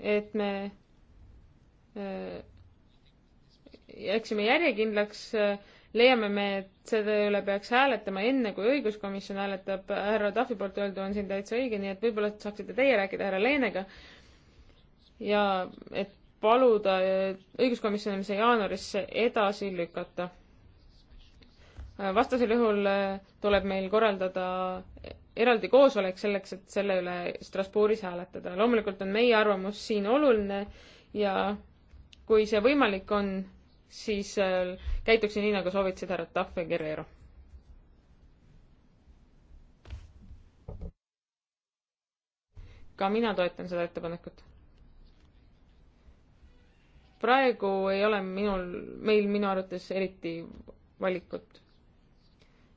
S3: et me äh, jääksime järjekindlaks äh,, leiame me, et selle üle peaks hääletama enne, kui õiguskomisjon hääletab, härra Tahvi poolt öeldu on siin täitsa õige, nii et võib-olla saaksite teie rääkida härra Leenega ja et paluda õiguskomisjonile jaanuarisse edasi lükata. vastasel juhul eh, tuleb meil korraldada eraldi koosolek selleks, et selle üle Strasbourgis hääletada. loomulikult on meie arvamus siin oluline ja kui see võimalik on, siis eh, käituksin nii, nagu soovitasid härra Tahv ja Guerrero. ka mina toetan seda ettepanekut praegu ei ole minul, meil minu arvates eriti valikut.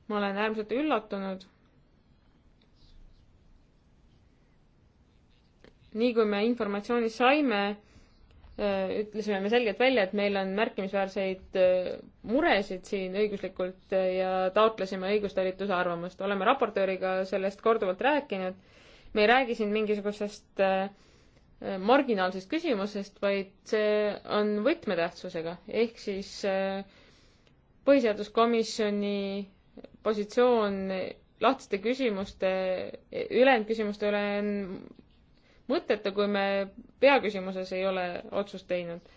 S3: ma olen äärmiselt üllatunud. nii kui me informatsiooni saime, äh, ütlesime me selgelt välja, et meil on märkimisväärseid äh, muresid siin õiguslikult äh, ja taotlesime õigustalituse arvamust. oleme raportööriga sellest korduvalt rääkinud. me ei räägi siin mingisugusest äh, Äh, marginaalsest küsimusest, vaid see on võtmetähtsusega, ehk siis äh, põhiseaduskomisjoni positsioon lahtiste küsimuste, ülejäänud küsimuste üle on mõttetu, kui me peaküsimuses ei ole otsust teinud.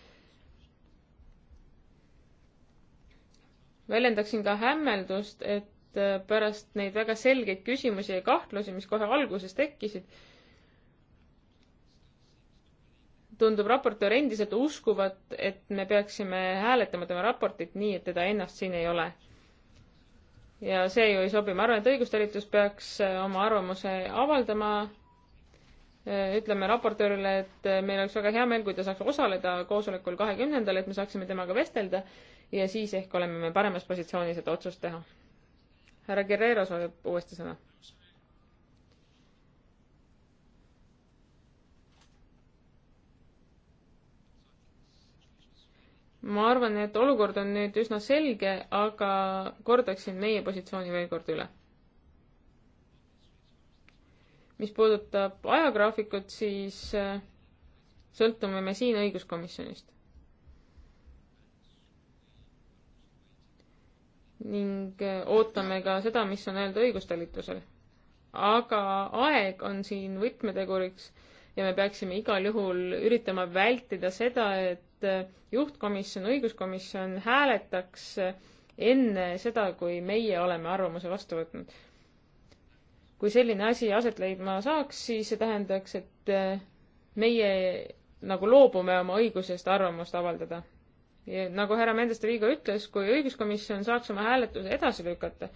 S3: väljendaksin ka hämmeldust, et äh, pärast neid väga selgeid küsimusi ja kahtlusi, mis kohe alguses tekkisid, tundub raportöör endiselt uskuvat, et me peaksime hääletama tema raportit nii, et teda ennast siin ei ole. ja see ju ei sobi, ma arvan, et õigustalitus peaks äh, oma arvamuse avaldama, äh, ütleme raportöörile, et äh, meil oleks väga hea meel, kui ta saaks osaleda koosolekul kahekümnendal, et me saaksime temaga vestelda ja siis ehk oleme me paremas positsioonis, et otsust teha. härra Guerrero soovib uuesti sõna ma arvan, et olukord on nüüd üsna selge, aga kordaksin meie positsiooni veel kord üle. mis puudutab ajagraafikut, siis äh, sõltume me siin õiguskomisjonist. ning äh, ootame ka seda, mis on öelda õigustalitusel. aga aeg on siin võtmeteguriks ja me peaksime igal juhul üritama vältida seda, et et äh, juhtkomisjon, õiguskomisjon hääletaks äh, enne seda, kui meie oleme arvamuse vastu võtnud. kui selline asi aset leidma saaks, siis see tähendaks, et äh, meie nagu loobume oma õigusest arvamust avaldada. nagu härra Mendeste Viigo ütles, kui õiguskomisjon saaks oma hääletuse edasi lükata,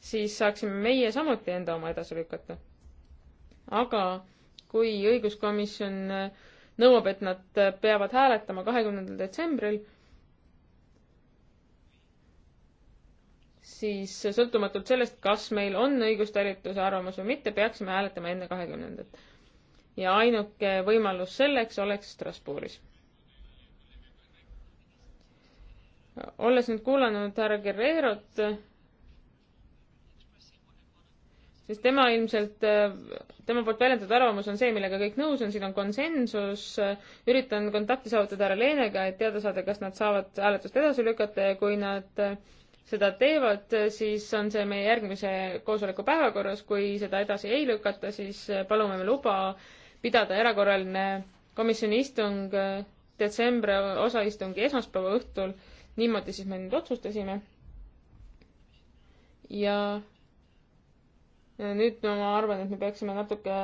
S3: siis saaksime meie samuti enda oma edasi lükata. aga kui õiguskomisjon äh, nõuab, et nad peavad hääletama kahekümnendal detsembril, siis sõltumatult sellest, kas meil on õigustalituse arvamus või mitte, peaksime hääletama enne kahekümnendat. ja ainuke võimalus selleks oleks Strasbourgis. olles nüüd kuulanud härra Guerrerot, siis tema ilmselt, tema poolt väljendatud arvamus on see, millega kõik nõus on, siin on konsensus, üritan kontakti saavutada härra Leenega, et teada saada, kas nad saavad hääletust edasi lükata ja kui nad seda teevad, siis on see meie järgmise koosoleku päevakorras, kui seda edasi ei lükata, siis palume me luba pidada erakorraline komisjoni istung detsembri osaistungi esmaspäeva õhtul, niimoodi siis me nüüd otsustasime. ja nüüd no ma arvan, et me peaksime natuke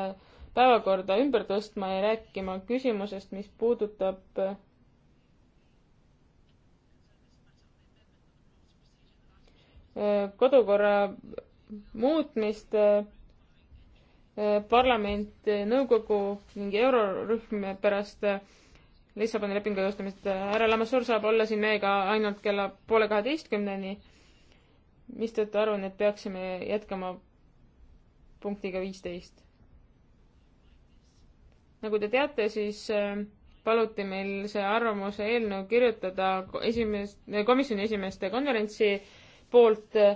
S3: päevakorda ümber tõstma ja rääkima küsimusest, mis puudutab äh, kodukorra muutmist. Äh, parlament, äh, nõukogu ning eurorühm pärast Lissaboni lepingu jõustumist. härra Lamassoor saab olla siin meiega ainult kella poole kaheteistkümneni, mistõttu arvan, et peaksime jätkama punktiga viisteist. nagu te teate, siis äh, paluti meil see arvamuse eelnõu kirjutada esimees, komisjoni esimeeste konverentsi poolt äh,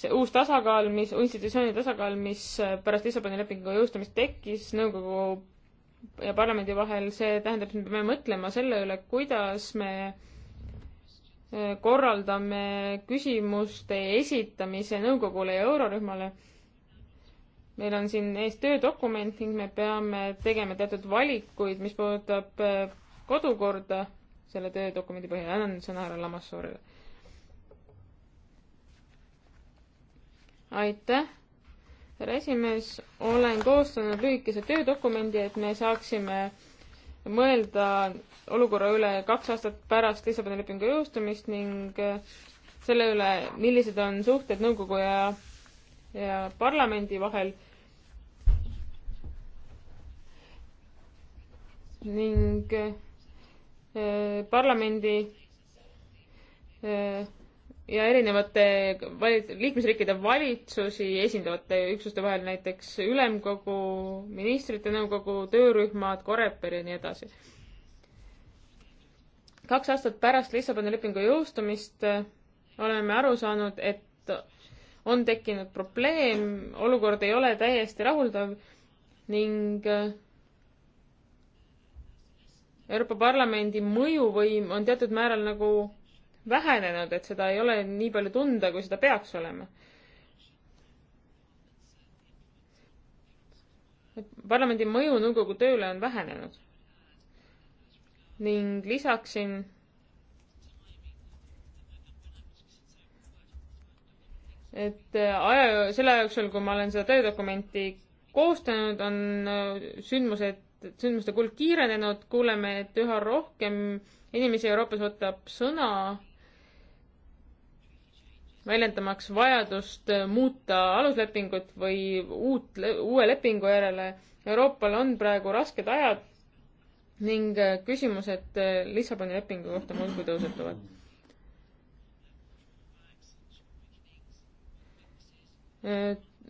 S3: see uus tasakaal, mis, institutsiooni tasakaal, mis äh, pärast Lissaboni lepingu jõustumist tekkis nõukogu ja parlamendi vahel, see tähendab, et me peame mõtlema selle üle, kuidas me korraldame küsimuste esitamise nõukogule ja eurorühmale meil on siin ees töödokument ning me peame tegema teatud valikuid, mis puudutab äh, kodukorda selle töödokumendi põhjal. annan sõna härra Lamassoorile. aitäh, härra esimees, olen koostanud lühikese töödokumendi, et me saaksime mõelda olukorra üle kaks aastat pärast Lissaboni lepingu jõustumist ning äh, selle üle, millised on suhted nõukogu ja, ja parlamendi vahel ning äh, parlamendi äh, ja erinevate liikmesriikide valitsusi esindavate üksuste vahel, näiteks ülemkogu, ministrite nõukogu, töörühmad, Coreper ja nii edasi. kaks aastat pärast Lissaboni lepingu jõustumist äh, oleme aru saanud, et on tekkinud probleem, olukord ei ole täiesti rahuldav ning Euroopa Parlamendi mõjuvõim on teatud määral nagu vähenenud, et seda ei ole nii palju tunda, kui seda peaks olema. parlamendi mõju nõukogu tööle on vähenenud. ning lisaksin et aja, selle aja jooksul, kui ma olen seda töödokumenti koostanud, on sündmused sündmuste kulg kiirenenud, kuuleme, et üha rohkem inimesi Euroopas võtab sõna väljendamaks vajadust muuta aluslepingut või uut, uue lepingu järele. Euroopal on praegu rasked ajad ning küsimused Lissaboni lepingu kohta muudkui tõusetuvad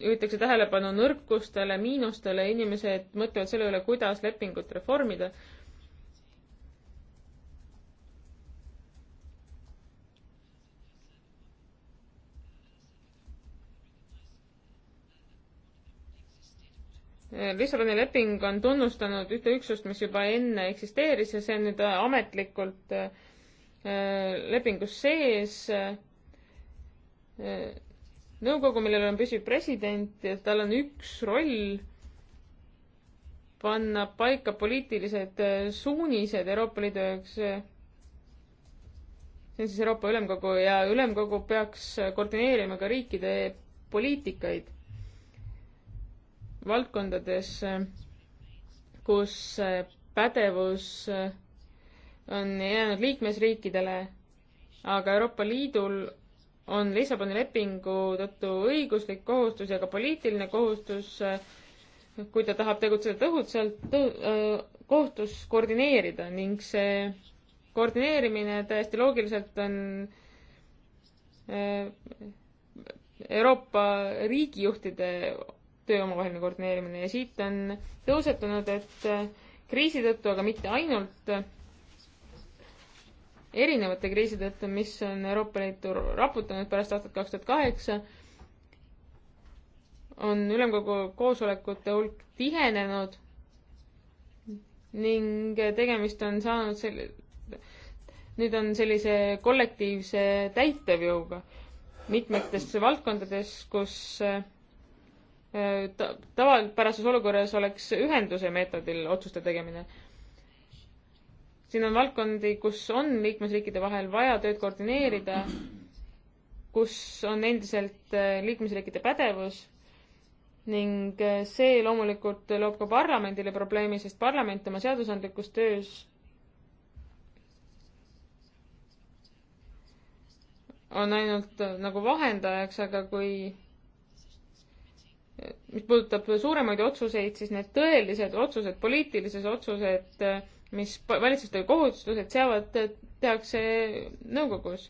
S3: juhitakse tähelepanu nõrkustele, miinustele, inimesed mõtlevad selle üle, kuidas lepingut reformida. Lissaboni leping on tunnustanud ühte üksust, mis juba enne eksisteeris ja see on nüüd ametlikult äh, lepingus sees äh, nõukogu, millel on püsiv president ja tal on üks roll panna paika poliitilised äh, suunised Euroopa Liidu jaoks. Äh, see on siis Euroopa Ülemkogu ja Ülemkogu peaks äh, koordineerima ka riikide poliitikaid valdkondades, kus pädevus on jäänud liikmesriikidele, aga Euroopa Liidul on Lissaboni lepingu tõttu õiguslik kohustus ja ka poliitiline kohustus, kui ta tahab tegutseda tõhusalt tõ,, äh, kohustus koordineerida ning see koordineerimine täiesti loogiliselt on äh, Euroopa riigijuhtide töö omavaheline koordineerimine ja siit on tõusetunud, et äh, kriisi tõttu, aga mitte ainult, erinevate kriiside tõttu, mis on Euroopa Liitu raputanud pärast aastat kaks tuhat kaheksa, on ülemkogu koosolekute hulk tihenenud ning tegemist on saanud selle, nüüd on sellise kollektiivse täitevjõuga mitmetes valdkondades, kus äh, ta-, tavapärases olukorras oleks ühenduse meetodil otsuste tegemine siin on valdkondi, kus on liikmesriikide vahel vaja tööd koordineerida, kus on endiselt äh, liikmesriikide pädevus ning äh, see loomulikult loob ka parlamendile probleemi, sest parlament oma seadusandlikus töös on ainult äh, nagu vahendajaks, aga kui mis puudutab suuremaid otsuseid, siis need tõelised otsused, poliitilised otsused mis valitsustele kohustused seavad, tehakse nõukogus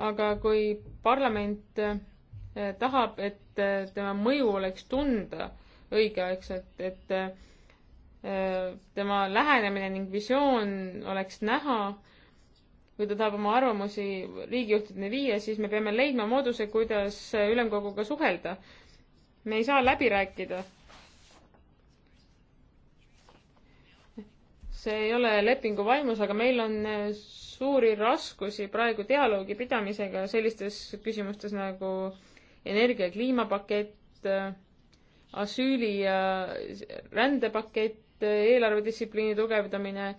S3: aga kui parlament eh, tahab, et eh, tema mõju oleks tunda õigeaegselt, et eh, tema lähenemine ning visioon oleks näha, kui ta tahab oma arvamusi riigijuhtideni viia, siis me peame leidma mooduse, kuidas ülemkoguga suhelda me ei saa läbi rääkida. see ei ole lepingu vaimus, aga meil on äh, suuri raskusi praegu dialoogi pidamisega sellistes küsimustes nagu energia- ja kliimapakett, äh, asüüli ja rändepakett, äh, eelarvedistsipliini tugevdamine.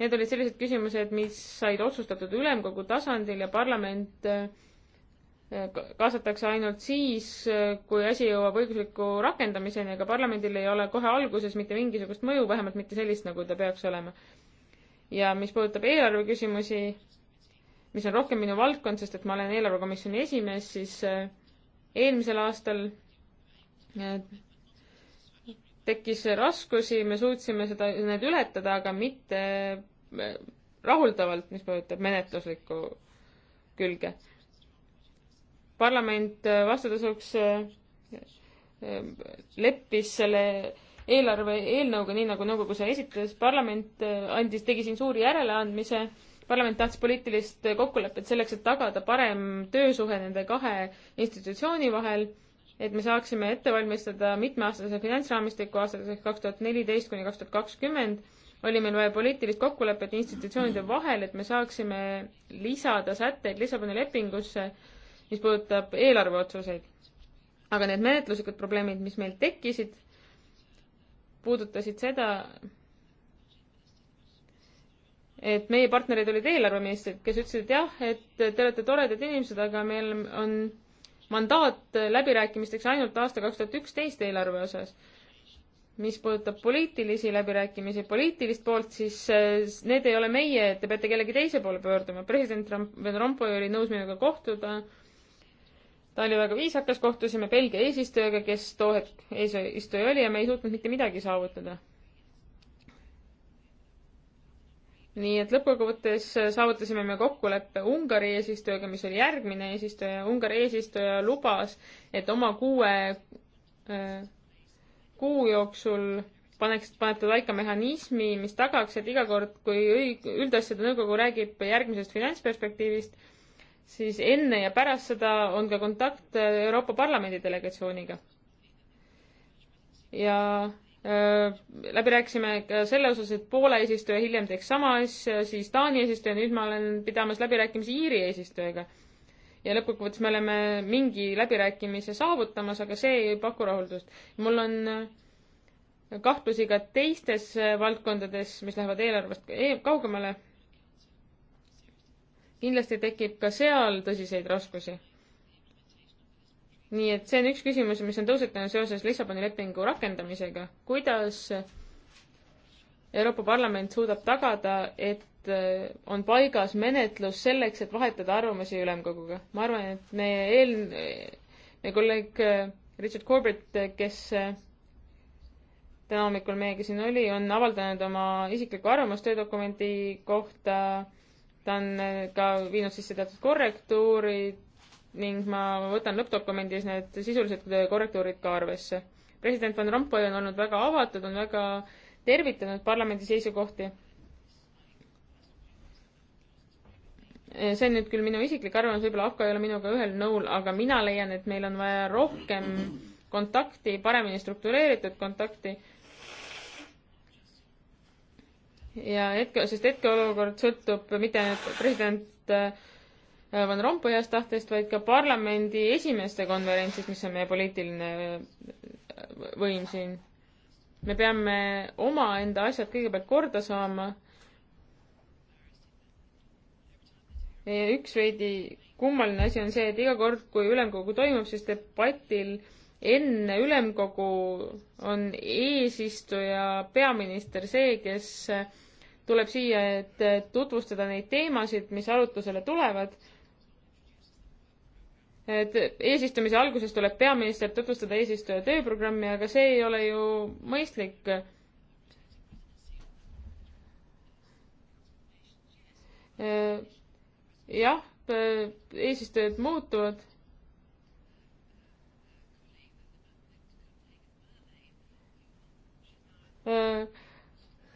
S3: Need olid sellised küsimused, mis said otsustatud ülemkogu tasandil ja parlament äh, kaasatakse ainult siis, kui asi jõuab õigusliku rakendamiseni, aga parlamendil ei ole kohe alguses mitte mingisugust mõju, vähemalt mitte sellist, nagu ta peaks olema. ja mis puudutab eelarve küsimusi, mis on rohkem minu valdkond, sest et ma olen eelarvekomisjoni esimees, siis äh, eelmisel aastal äh, tekkis raskusi, me suutsime seda, need ületada, aga mitte äh, rahuldavalt, mis puudutab menetluslikku külge parlament äh, vastutasuks äh, äh, leppis selle eelarve eelnõuga, nii nagu nõukogu seda esitas, parlament andis, tegi siin suuri järeleandmise, parlament tahtis poliitilist kokkulepet selleks, et tagada parem töösuhe nende kahe institutsiooni vahel, et me saaksime ette valmistada mitmeaastase finantsraamistiku aastateks kaks tuhat neliteist kuni kaks tuhat kakskümmend, oli meil vaja poliitilist kokkulepet institutsioonide vahel, et me saaksime lisada sätteid Lissaboni lepingusse mis puudutab eelarveotsuseid. aga need menetluslikud probleemid, mis meil tekkisid, puudutasid seda, et meie partnerid olid eelarveministrid, kes ütlesid, et jah, et te olete toredad inimesed, aga meil on mandaat läbirääkimisteks ainult aasta kaks tuhat üksteist eelarve osas. mis puudutab poliitilisi läbirääkimisi, poliitilist poolt, siis eh, need ei ole meie, te peate kellegi teise poole pöörduma. president Trump, Rompuy oli nõus minuga kohtuda ta oli väga viisakas, kohtusime Belgia eesistujaga, kes too hetk eesistuja oli ja me ei suutnud mitte midagi saavutada. nii et lõppkokkuvõttes saavutasime me kokkuleppe Ungari eesistujaga, mis oli järgmine eesistuja. Ungari eesistuja lubas, et oma kuue äh, kuu jooksul paneks, paneb ta paika mehhanismi, mis tagaks, et iga kord, kui õig-, üldasjade nõukogu räägib järgmisest finantsperspektiivist, siis enne ja pärast seda on ka kontakt Euroopa Parlamendi delegatsiooniga. ja äh, läbi rääkisime ka selle osas, et Poola eesistuja hiljem teeks sama asja, siis Taani eesistuja, nüüd ma olen pidamas läbirääkimisi Iiri eesistujaga. ja lõppkokkuvõttes me oleme mingi läbirääkimise saavutamas, aga see ei paku rahuldust. mul on äh, kahtlusi ka teistes valdkondades, mis lähevad eelarvest e-, kaugemale kindlasti tekib ka seal tõsiseid raskusi. nii et see on üks küsimus, mis on tõusetunud seoses Lissaboni lepingu rakendamisega. kuidas Euroopa Parlament suudab tagada, et äh, on paigas menetlus selleks, et vahetada arvamusi ülemkoguga? ma arvan, et meie eel-, meie kolleeg äh, Richard Corbett, kes äh, täna hommikul meiega siin oli, on avaldanud oma isiklikku arvamust töödokumendi kohta ta on äh, ka viinud sisse teatud korrektuurid ning ma võtan lõppdokumendis need sisulised korrektuurid ka arvesse. president Van Rompuy on olnud väga avatud, on väga tervitanud parlamendi seisukohti. see on nüüd küll minu isiklik arvamus, võib-olla Afka ei ole minuga ühel nõul, aga mina leian, et meil on vaja rohkem kontakti, paremini struktureeritud kontakti ja hetke, sest hetkeolukord sõltub mitte ainult president äh, Van Rompuy heast tahtest, vaid ka parlamendi esimeeste konverentsist, mis on meie poliitiline äh, võim siin. me peame omaenda asjad kõigepealt korda saama. üks veidi kummaline asi on see, et iga kord, kui ülemkogu toimub, siis debatil enne ülemkogu on eesistuja peaminister see, kes äh, tuleb siia, et tutvustada neid teemasid, mis arutlusele tulevad. et eesistumise alguses tuleb peaminister tutvustada eesistuja tööprogrammi, aga see ei ole ju mõistlik. jah, eesistujad muutuvad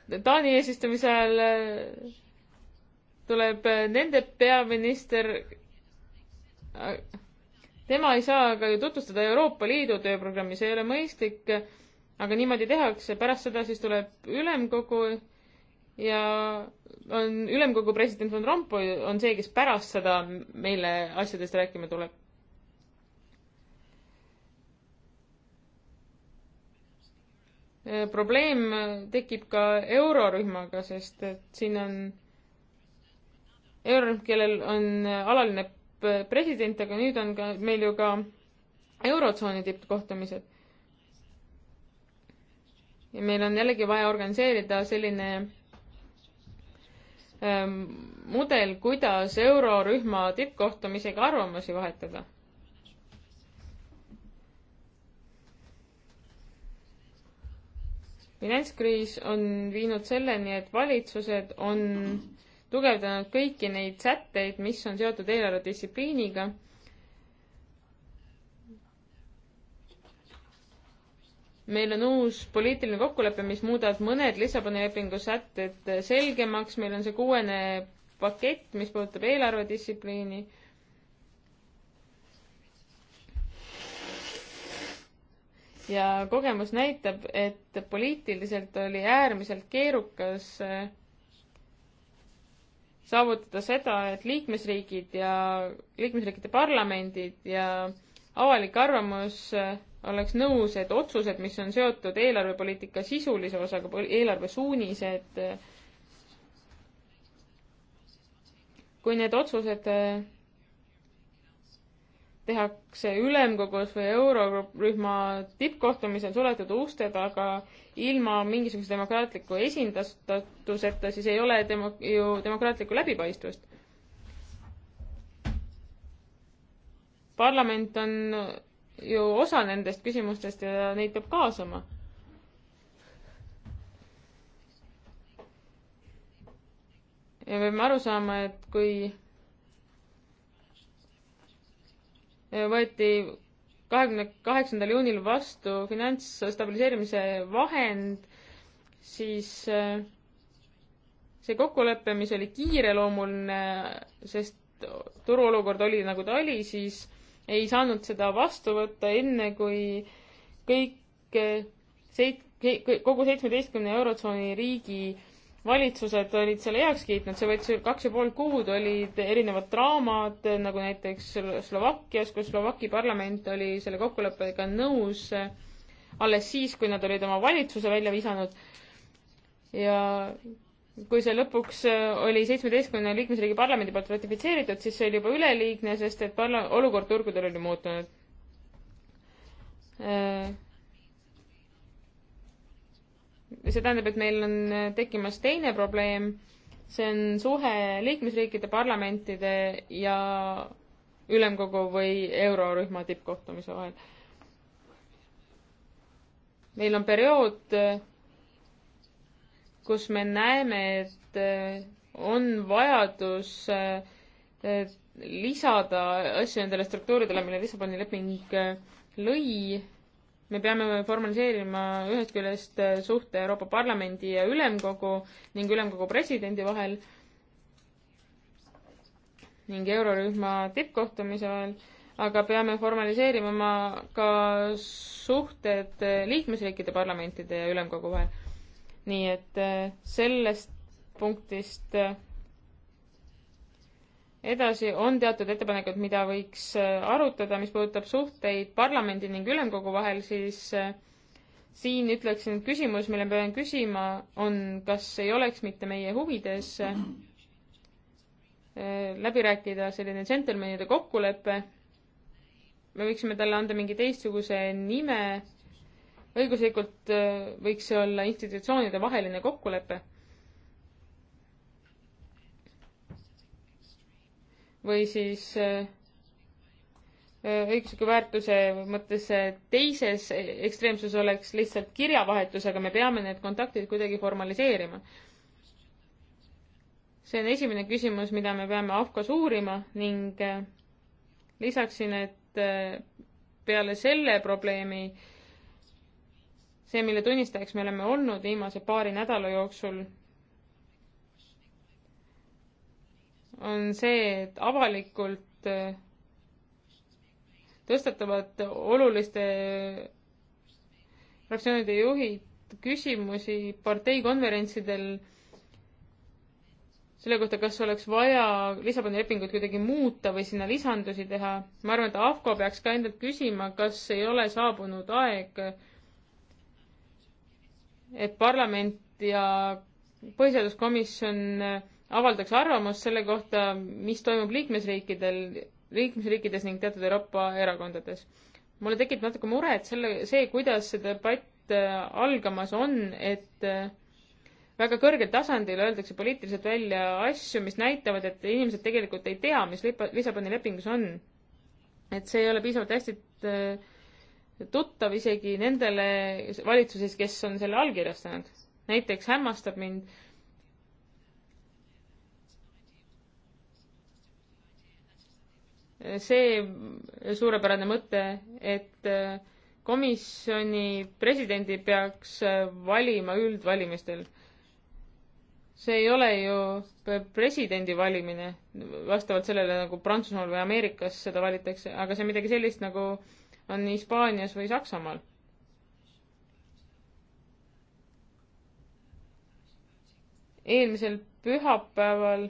S3: Taani eesistumise ajal äh, tuleb äh, nende peaminister, äh, tema ei saa aga ju tutvustada Euroopa Liidu tööprogrammi, see ei ole mõistlik, aga niimoodi tehakse, pärast seda siis tuleb ülemkogu ja on ülemkogu president Van Rompuy on see, kes pärast seda meile asjadest rääkima tuleb Äh, probleem äh, tekib ka eurorühmaga, sest et siin on eurorühm, kellel on äh, alaline president, aga nüüd on ka meil ju ka eurotsooni tippkohtumised. ja meil on jällegi vaja organiseerida selline ähm, mudel, kuidas eurorühma tippkohtumisega arvamusi vahetada finantskriis on viinud selleni, et valitsused on tugevdanud kõiki neid sätteid, mis on seotud eelarvedistsipliiniga. meil on uus poliitiline kokkulepe, mis muudab mõned Lissaboni lepingu sätted selgemaks, meil on see kuuene pakett, mis puudutab eelarvedistsipliini ja kogemus näitab, et poliitiliselt oli äärmiselt keerukas äh, saavutada seda, et liikmesriigid ja liikmesriikide parlamendid ja avalik arvamus äh, oleks nõus, et otsused, mis on seotud eelarvepoliitika sisulise osaga, eelarvesuunised, äh, kui need otsused tehakse ülemkogus või eurorühma tippkohtumisel suletud uste taga ilma mingisuguse demokraatliku esindatuseta, siis ei ole demo-, ju demokraatlikku läbipaistvust. parlament on ju osa nendest küsimustest ja neid peab kaasama. ja peame aru saama, et kui võeti kahekümne kaheksandal juunil vastu finantsstabiliseerimise vahend, siis äh, see kokkulepe, mis oli kiireloomuline, sest turuolukord oli nagu ta oli, siis ei saanud seda vastu võtta enne, kui kõik äh, seit-, kogu seitsmeteistkümne eurotsooni riigi valitsused olid selle heaks kiitnud, see võttis kaks ja pool kuud, olid erinevad draamad, nagu näiteks Slovakkias, kus Slovaki parlament oli selle kokkuleppega nõus alles siis, kui nad olid oma valitsuse välja visanud. ja kui see lõpuks äh, oli seitsmeteistkümne liikmesriigi parlamendi poolt ratifitseeritud, siis see oli juba üleliigne, sest et parla-, olukord turgudel oli muutunud äh, see tähendab, et meil on äh, tekkimas teine probleem, see on suhe liikmesriikide parlamentide ja ülemkogu või eurorühma tippkohtumise vahel. meil on periood, äh, kus me näeme, et äh, on vajadus lisada asju nendele struktuuridele, mille Lissaboni leping lõi me peame formaliseerima ühest küljest äh, suhte Euroopa Parlamendi ja Ülemkogu ning Ülemkogu presidendi vahel ning eurorühma tippkohtumise vahel, aga peame formaliseerima oma ka suhted äh, liikmesriikide parlamentide ja Ülemkogu vahel. nii et äh, sellest punktist edasi on teatud ettepanekud, mida võiks äh, arutada, mis puudutab suhteid parlamendi ning ülemkogu vahel, siis äh, siin ütleksin, et küsimus, mille pean küsima, on, kas ei oleks mitte meie huvides äh, läbi rääkida selline džentelmenide kokkulepe. me võiksime talle anda mingi teistsuguse nime. õiguslikult võiks see olla institutsioonide vaheline kokkulepe või siis äh, äh, õigusliku väärtuse mõttes äh, teises ekstreemsus oleks lihtsalt kirjavahetus, aga me peame need kontaktid kuidagi formaliseerima. see on esimene küsimus, mida me peame AFCOs uurima ning lisaksin, et peale selle probleemi, see, mille tunnistajaks me oleme olnud viimase paari nädala jooksul, on see, et avalikult äh, tõstatavad oluliste fraktsioonide juhid küsimusi parteikonverentsidel selle kohta, kas oleks vaja Lissaboni lepingut kuidagi muuta või sinna lisandusi teha. ma arvan, et AFCO peaks ka endalt küsima, kas ei ole saabunud aeg, et parlament ja põhiseaduskomisjon avaldaks arvamust selle kohta, mis toimub liikmesriikidel, liikmesriikides ning teatud Euroopa erakondades. mulle tekib natuke mure, et selle, see, kuidas see debatt äh, algamas on, et äh, väga kõrgel tasandil öeldakse poliitiliselt välja asju, mis näitavad, et inimesed tegelikult ei tea, mis Lissaboni lepingus on. et see ei ole piisavalt hästi äh, tuttav isegi nendele valitsuses, kes on selle allkirjastanud. näiteks hämmastab mind see suurepärane mõte, et äh, komisjoni presidendi peaks äh, valima üldvalimistel. see ei ole ju presidendi valimine, vastavalt sellele nagu Prantsusmaal või Ameerikas seda valitakse, aga see on midagi sellist, nagu on Hispaanias või Saksamaal eelmisel pühapäeval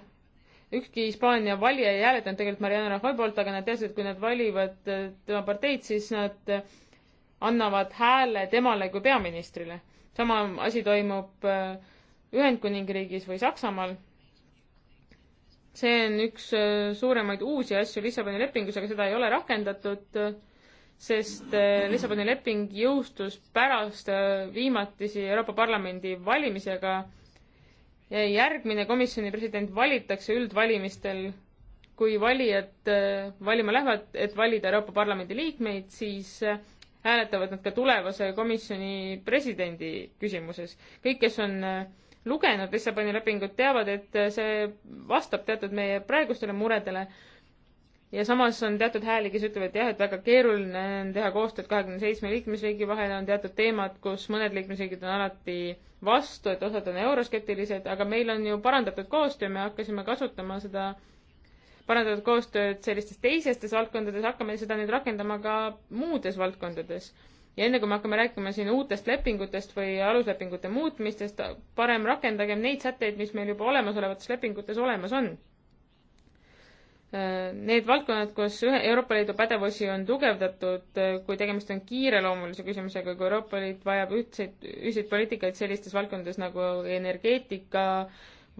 S3: ükski Hispaania valija ei hääletanud tegelikult Mariano Rajoy poolt, aga nad teadsid, et kui nad valivad äh, tema parteid, siis nad äh, annavad hääle temale kui peaministrile. sama asi toimub äh, Ühendkuningriigis või Saksamaal. see on üks suuremaid uusi asju Lissaboni lepingus, aga seda ei ole rakendatud, sest Lissaboni leping jõustus pärast viimatisi Euroopa Parlamendi valimisi, aga järgmine komisjoni president valitakse üldvalimistel, kui valijad äh, valima lähevad, et valida Euroopa Parlamendi liikmeid, siis äh, hääletavad nad ka tulevase komisjoni presidendi küsimuses. kõik, kes on äh, lugenud Lissaboni lepingut, teavad, et see vastab teatud meie praegustele muredele ja samas on teatud hääli, kes ütlevad, et jah, et väga keeruline on teha koostööd kahekümne seitsme liikmesriigi vahel, on teatud teemad, kus mõned liikmesriigid on alati vastu, et osad on euroskeptilised, aga meil on ju parandatud koostöö, me hakkasime kasutama seda parandatud koostööd sellistes teistes valdkondades, hakkame seda nüüd rakendama ka muudes valdkondades. ja enne kui me hakkame rääkima siin uutest lepingutest või aluslepingute muutmistest, parem rakendagem neid sätteid, mis meil juba olemasolevates lepingutes olemas on Need valdkonnad, kus ühe Euroopa Liidu pädevusi on tugevdatud, kui tegemist on kiireloomulise küsimusega, kui Euroopa Liit vajab ühtseid, ühiseid poliitikaid sellistes valdkondades nagu energeetika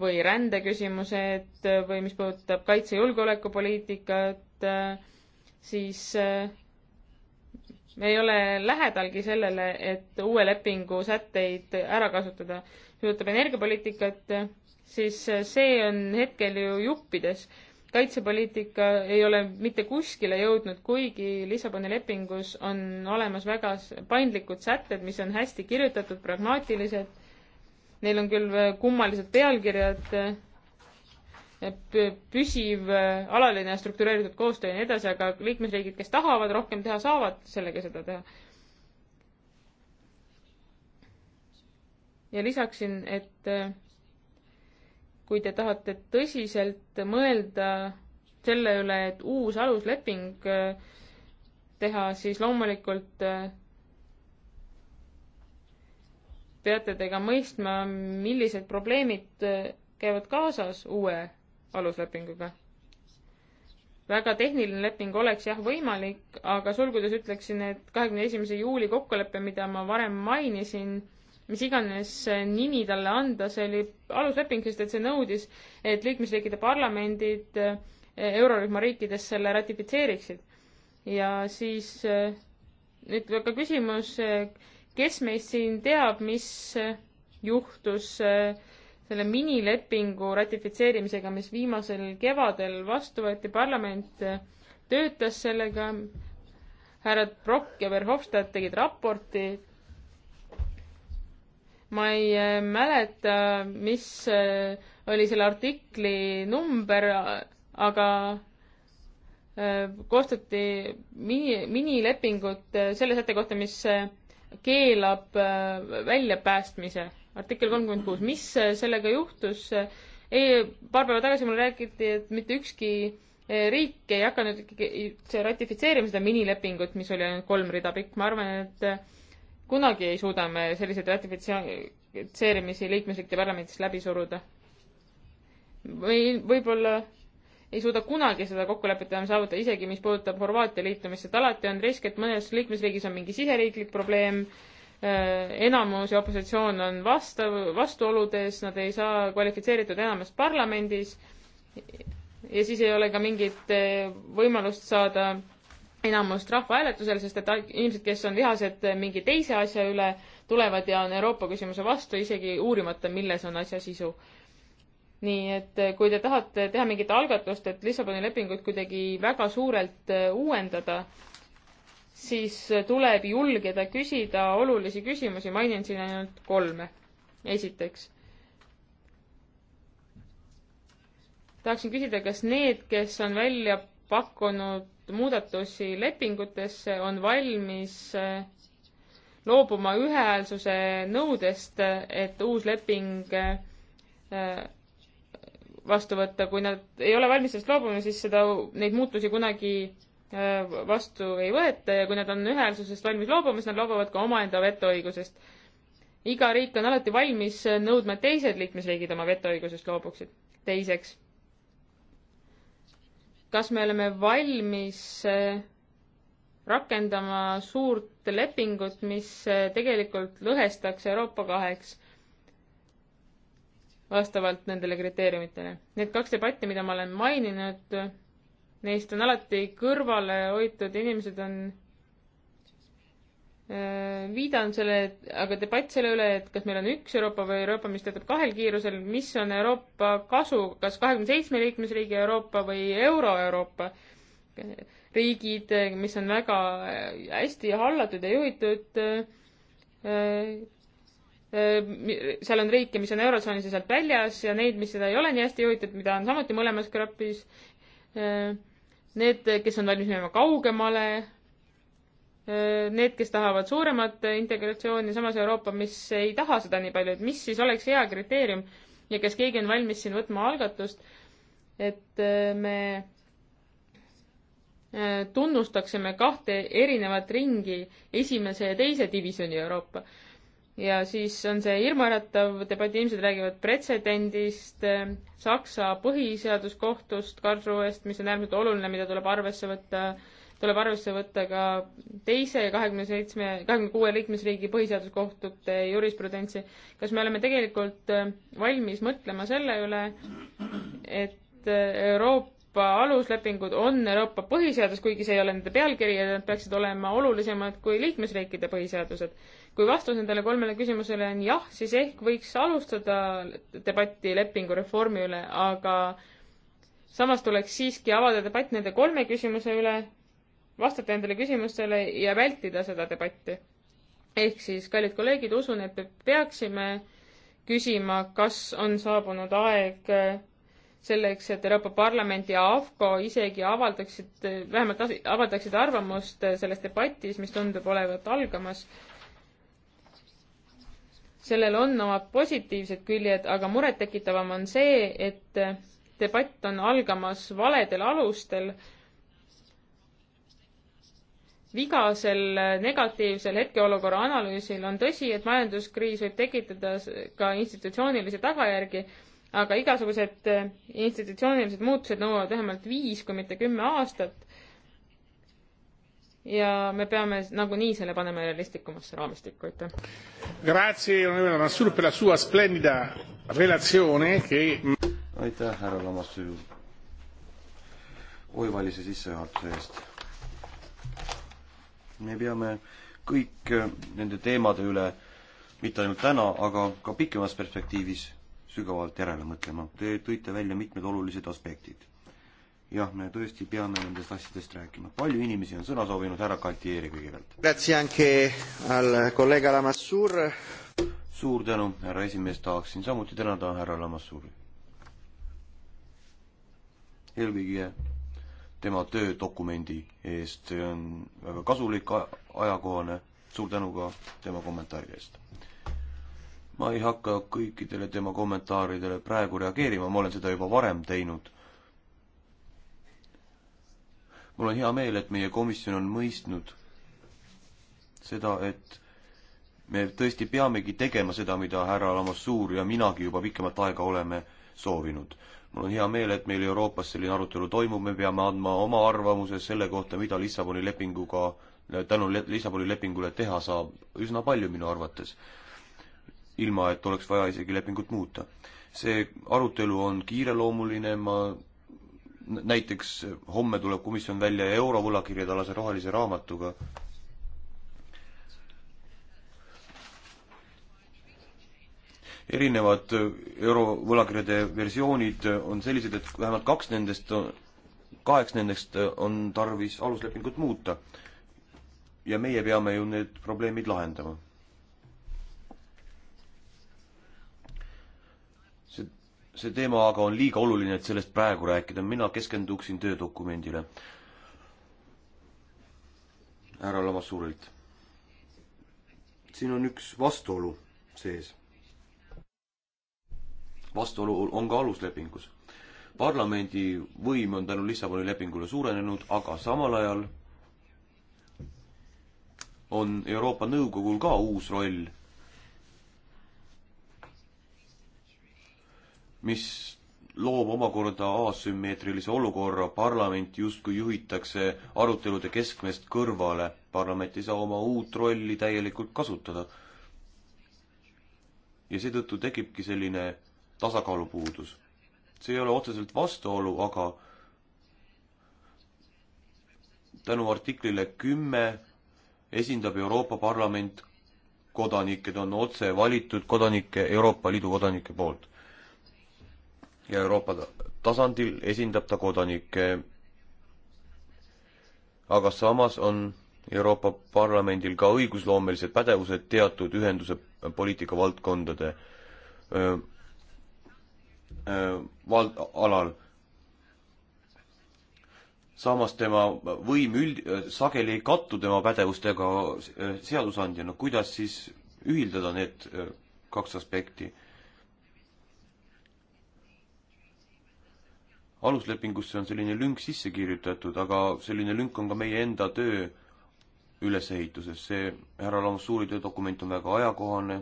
S3: või rändeküsimused või mis puudutab kaitse- ja julgeolekupoliitikat, siis me ei ole lähedalgi sellele, et uue lepingu sätteid ära kasutada. mis puudutab energiapoliitikat, siis see on hetkel ju juppides kaitsepoliitika ei ole mitte kuskile jõudnud, kuigi Lissaboni lepingus on olemas väga paindlikud sätted, mis on hästi kirjutatud, pragmaatilised. Neil on küll kummalised pealkirjad, eh, püsiv eh, alaline struktureeritud koostöö ja nii edasi, aga liikmesriigid, kes tahavad rohkem teha, saavad sellega seda teha. ja lisaksin, et eh, kui te tahate tõsiselt mõelda selle üle, et uus alusleping äh, teha, siis loomulikult äh, peate te ka mõistma, millised probleemid äh, käivad kaasas uue aluslepinguga. väga tehniline leping oleks jah võimalik, aga sulgudes ütleksin, et kahekümne esimese juuli kokkulepe, mida ma varem mainisin, mis iganes nimi talle anda, see oli alusleping, sest et see nõudis, et liikmesriikide parlamendid eh, eurorühma riikides selle ratifitseeriksid. ja siis eh, nüüd ka küsimus, eh, kes meist siin teab, mis juhtus selle minilepingu ratifitseerimisega, mis viimasel kevadel vastu võeti, parlament töötas sellega, härrad Brock ja Verhofstadt tegid raporti, ma ei äh, mäleta, mis äh, oli selle artikli number, aga äh, koostati mini, minilepingut selle sätte kohta, mis keelab väljapäästmise. artikkel kolmkümmend kuus, mis sellega juhtus? ei, paar päeva tagasi mulle räägiti, et mitte ükski riik ei hakanud see ratifitseerima seda minilepingut, mis oli ainult kolm rida pikk, ma arvan, et kunagi ei suuda me selliseid ratifitseerimisi liikmesriikide parlamendis läbi suruda. või võib-olla ei suuda kunagi seda kokkulepet enam saavutada, isegi mis puudutab Horvaatia liitumist, et alati on risk, et mõnes liikmesriigis on mingi siseriiklik probleem, äh, enamus ja opositsioon on vastu, vastuoludes, nad ei saa kvalifitseeritud enamust parlamendis ja siis ei ole ka mingit äh, võimalust saada enamust rahvahääletusel, sest et inimesed, kes on vihased mingi teise asja üle, tulevad ja on Euroopa küsimuse vastu, isegi uurimata, milles on asja sisu. nii et eh, kui te tahate teha mingit algatust, et Lissaboni lepingut kuidagi väga suurelt eh, uuendada, siis eh, tuleb julgeda küsida olulisi küsimusi, mainin siin ainult kolme. esiteks tahaksin küsida, kas need, kes on välja pakkunud muudatusi lepingutesse, on valmis äh, loobuma ühehäälsuse nõudest, et uus leping äh, vastu võtta, kui nad ei ole valmis sellest loobuma, siis seda, neid muutusi kunagi äh, vastu ei võeta ja kui nad on ühehäälsusest valmis loobuma, siis nad loobuvad ka omaenda vetoõigusest. iga riik on alati valmis nõudma, et teised liikmesriigid oma vetoõigusest loobuksid. teiseks kas me oleme valmis eh, rakendama suurt lepingut, mis eh, tegelikult lõhestaks Euroopa kaheks vastavalt nendele kriteeriumitele. Need kaks debatti, mida ma olen maininud, neist on alati kõrvale hoitud, inimesed on Äh, viidan selle, aga debatt selle üle, et kas meil on üks Euroopa või Euroopa, mis töötab kahel kiirusel, mis on Euroopa kasu, kas kahekümne seitsme liikmesriigi Euroopa või Euro-Euroopa riigid, mis on väga äh, hästi hallatud ja juhitud. Äh, seal on riike, mis on eurotsoonis ja sealt väljas ja neid, mis seda ei ole nii hästi juhitud, mida on samuti mõlemas krapis. Need, kes on valmis minema kaugemale need, kes tahavad suuremat integratsiooni, samas Euroopa, mis ei taha seda nii palju, et mis siis oleks hea kriteerium ja kas keegi on valmis siin võtma algatust, et äh, me äh, tunnustaksime kahte erinevat ringi, esimese ja teise divisjoni Euroopa. ja siis on see hirmuäratav debatt, inimesed räägivad pretsedendist, äh, Saksa põhiseaduskohtust, Karlsruhest, mis on äärmiselt oluline, mida tuleb arvesse võtta tuleb arvesse võtta ka teise kahekümne seitsme, kahekümne kuue liikmesriigi põhiseaduskohtute jurisprudentsi. kas me oleme tegelikult äh, valmis mõtlema selle üle, et äh, Euroopa aluslepingud on Euroopa põhiseadus, kuigi see ei ole nende pealkiri ja nad peaksid olema olulisemad kui liikmesriikide põhiseadused. kui vastus nendele kolmele küsimusele on jah, siis ehk võiks alustada debatti lepingu reformi üle, aga samas tuleks siiski avada debatt nende kolme küsimuse üle, vastata endale küsimustele ja vältida seda debatti. ehk siis, kallid kolleegid, usun, et me peaksime küsima, kas on saabunud aeg äh, selleks, et Euroopa Parlament ja AFCO isegi avaldaksid, äh, vähemalt avaldaksid arvamust äh, selles debatis, mis tundub olevat algamas. sellel on omad positiivsed küljed, aga murettekitavam on see, et debatt on algamas valedel alustel vigasel negatiivsel hetkeolukorra analüüsil on tõsi, et majanduskriis võib tekitada ka institutsioonilisi tagajärgi, aga igasugused eh, institutsioonilised muutused nõuavad vähemalt viis, kui mitte kümme aastat. ja me peame nagunii selle panema realistlikumasse raamistikku, aitäh.
S1: Grazie, onorevole Massur, per la sua splendida relatsioone che.... aitäh, härra Lamassu, oivalise sissejuhatuse eest me peame kõik äh, nende teemade üle mitte ainult täna, aga ka pikemas perspektiivis sügavalt järele mõtlema. Te tõite välja mitmed olulised aspektid. jah, me tõesti peame nendest asjadest rääkima. palju inimesi on sõna soovinud, härra Galtieri kõigepealt. suur tänu, härra esimees, tahaksin samuti tänada härra Lamassuri. eelkõige tema töödokumendi eest, see on väga kasulik, ajakohane, suur tänu ka tema kommentaari eest. ma ei hakka kõikidele tema kommentaaridele praegu reageerima, ma olen seda juba varem teinud. mul on hea meel, et meie komisjon on mõistnud seda, et me tõesti peamegi tegema seda, mida härra Lamassuur ja minagi juba pikemat aega oleme soovinud mul on hea meel, et meil Euroopas selline arutelu toimub, me peame andma oma arvamuse selle kohta, mida Lissaboni lepinguga, tänu Lissaboni lepingule teha saab, üsna palju minu arvates. ilma, et oleks vaja isegi lepingut muuta. see arutelu on kiireloomuline, ma näiteks homme tuleb komisjon välja eurovõlakirjade alase rohelise raamatuga, erinevad äh, eurovõlakirjade versioonid äh, on sellised, et vähemalt kaks nendest, kaheks nendest äh, on tarvis aluslepingut muuta. ja meie peame ju need probleemid lahendama. see, see teema aga on liiga oluline, et sellest praegu rääkida, mina keskenduksin töödokumendile. härra Lamassuurilt. siin on üks vastuolu sees vastuolu on ka aluslepingus. parlamendi võim on tänu Lissaboni lepingule suurenenud, aga samal ajal on Euroopa Nõukogul ka uus roll, mis loob omakorda asümmeetrilise olukorra, parlament justkui juhitakse arutelude keskmest kõrvale, parlament ei saa oma uut rolli täielikult kasutada. ja seetõttu tekibki selline tasakaalu puudus. see ei ole otseselt vastuolu, aga tänu artiklile kümme esindab Euroopa Parlament kodanikke, ta on otse valitud kodanike, Euroopa Liidu kodanike poolt. ja Euroopa tasandil esindab ta kodanikke. aga samas on Euroopa Parlamendil ka õigusloomelised pädevused teatud ühenduse poliitikavaldkondade Äh, vald-, alal. samas tema võim üld-, äh, sageli ei kattu tema pädevustega äh, seadusandjana, kuidas siis ühildada need kaks aspekti? aluslepingusse on selline lünk sisse kirjutatud, aga selline lünk on ka meie enda töö ülesehituses, see härra Lamssuuri töödokument on väga ajakohane,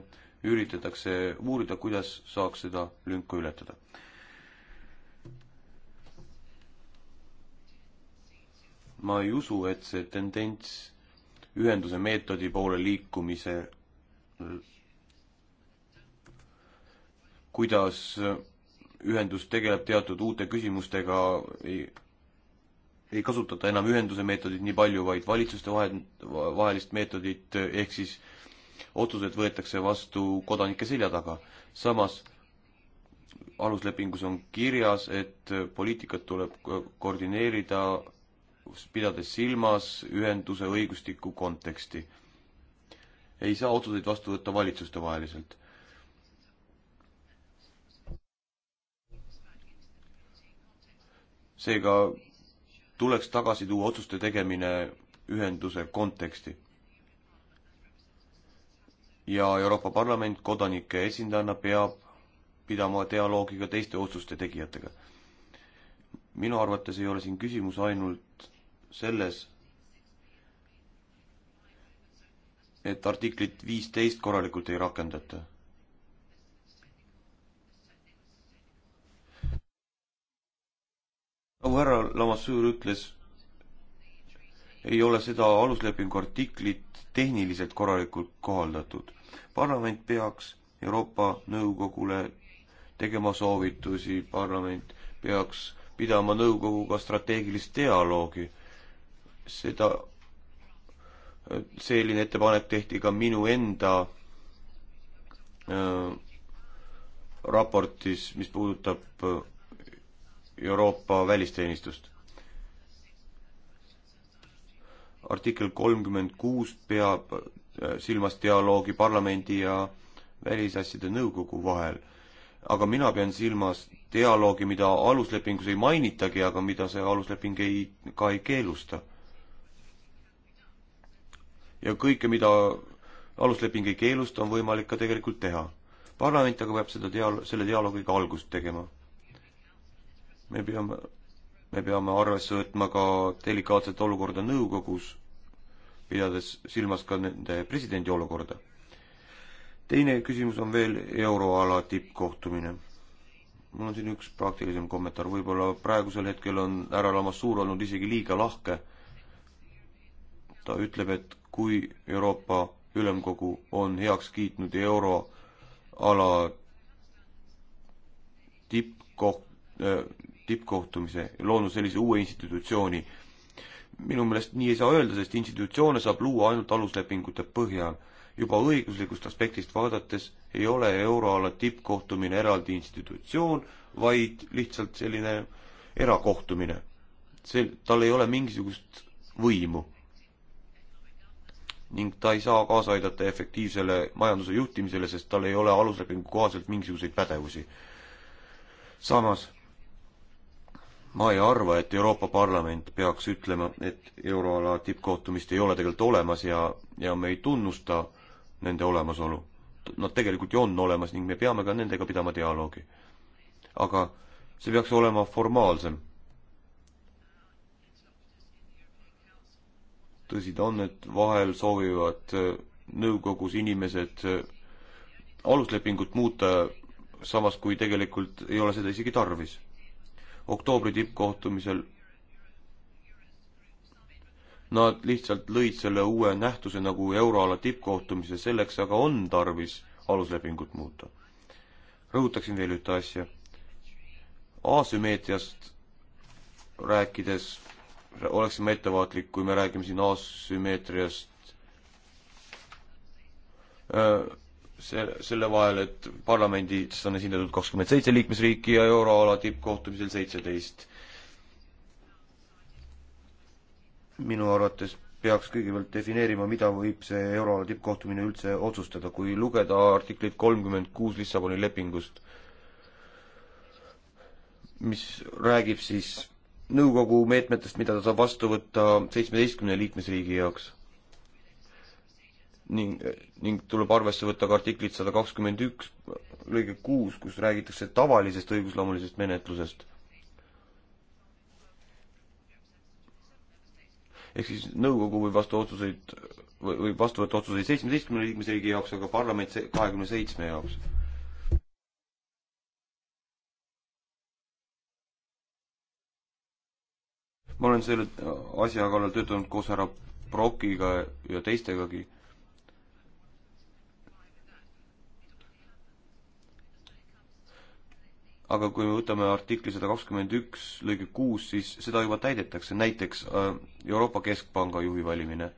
S1: üritatakse uurida, kuidas saaks seda lünka ületada. ma ei usu, et see tendents ühenduse meetodi poole liikumise, kuidas ühendus tegeleb teatud uute küsimustega, ei, ei kasutata enam ühenduse meetodit nii palju, vaid valitsuste vahel, vahelist meetodit, ehk siis äh, otsused võetakse vastu kodanike selja taga. samas aluslepingus on kirjas, et poliitikat tuleb koordineerida, pidades silmas ühenduse õigustiku konteksti. ei saa otsuseid vastu võtta valitsustevaheliselt. seega tuleks tagasi tuua otsuste tegemine ühenduse konteksti ja Euroopa Parlament kodanike esindajana peab pidama dialoogi ka teiste otsuste tegijatega. minu arvates ei ole siin küsimus ainult selles, et artiklit viisteist korralikult ei rakendata nagu härra Lamassuur ütles, ei ole seda aluslepingu artiklit tehniliselt korralikult kohaldatud. parlament peaks Euroopa Nõukogule tegema soovitusi, parlament peaks pidama nõukoguga strateegilist dialoogi. seda, selline ettepanek tehti ka minu enda äh, raportis, mis puudutab äh, Euroopa välisteenistust artikkel kolmkümmend kuus peab äh, silmas dialoogi parlamendi ja välisasjade nõukogu vahel. aga mina pean silmas dialoogi, mida aluslepingus ei mainitagi, aga mida see alusleping ei, ka ei keelusta. ja kõike, mida alusleping ei keelusta, on võimalik ka tegelikult teha. parlament aga peab seda dialoog, selle dialoogiga algust tegema. me peame me peame arvesse võtma ka delikaatset olukorda nõukogus, pidades silmas ka nende presidendi olukorda. teine küsimus on veel euroala tippkohtumine. mul on siin üks praktilisem kommentaar, võib-olla praegusel hetkel on härra Lamassuur olnud isegi liiga lahke. ta ütleb, et kui Euroopa Ülemkogu on heaks kiitnud euroala tippkoht-, tippkohtumise, loonud sellise uue institutsiooni. minu meelest nii ei saa öelda, sest institutsioone saab luua ainult aluslepingute põhjal. juba õiguslikust aspektist vaadates ei ole euroala tippkohtumine eraldi institutsioon, vaid lihtsalt selline erakohtumine. see, tal ei ole mingisugust võimu. ning ta ei saa kaasa aidata efektiivsele majanduse juhtimisele, sest tal ei ole aluslepingu kohaselt mingisuguseid pädevusi. samas ma ei arva, et Euroopa Parlament peaks ütlema, et euroala tippkohtumist ei ole tegelikult olemas ja, ja me ei tunnusta nende olemasolu. Nad tegelikult ju on olemas ning me peame ka nendega pidama dialoogi. aga see peaks olema formaalsem. tõsi ta on, et vahel soovivad äh, nõukogus inimesed äh, aluslepingut muuta, samas kui tegelikult ei ole seda isegi tarvis oktoobri tippkohtumisel. Nad lihtsalt lõid selle uue nähtuse nagu euroala tippkohtumise, selleks aga on tarvis aluslepingut muuta. rõhutaksin veel ühte asja. asümmeetriast rääkides oleksime ettevaatlik, kui me räägime siin asümmeetriast öö, äh, selle, selle vahel, et parlamendis on esindatud kakskümmend seitse liikmesriiki ja euroala tippkohtumisel seitseteist. minu arvates peaks kõigepealt defineerima, mida võib see euroala tippkohtumine üldse otsustada, kui lugeda artiklit kolmkümmend kuus Lissaboni lepingust, mis räägib siis nõukogu meetmetest, mida ta saab vastu võtta seitsmeteistkümne liikmesriigi jaoks ning, ning tuleb arvesse võtta ka artiklit sada kakskümmend üks lõige kuus, kus räägitakse tavalisest õigusloomulisest menetlusest. ehk siis nõukogu võib vastu otsuseid, võib vastu võtta otsuseid seitsmeteistkümne liikmesriigi jaoks, aga parlament kahekümne seitsme jaoks ma olen selle asja kallal töötanud koos härra Brokiga ja teistegagi. aga kui me võtame artikli sada kakskümmend üks lõige kuus, siis seda juba täidetakse, näiteks äh, Euroopa Keskpanga juhi valimine.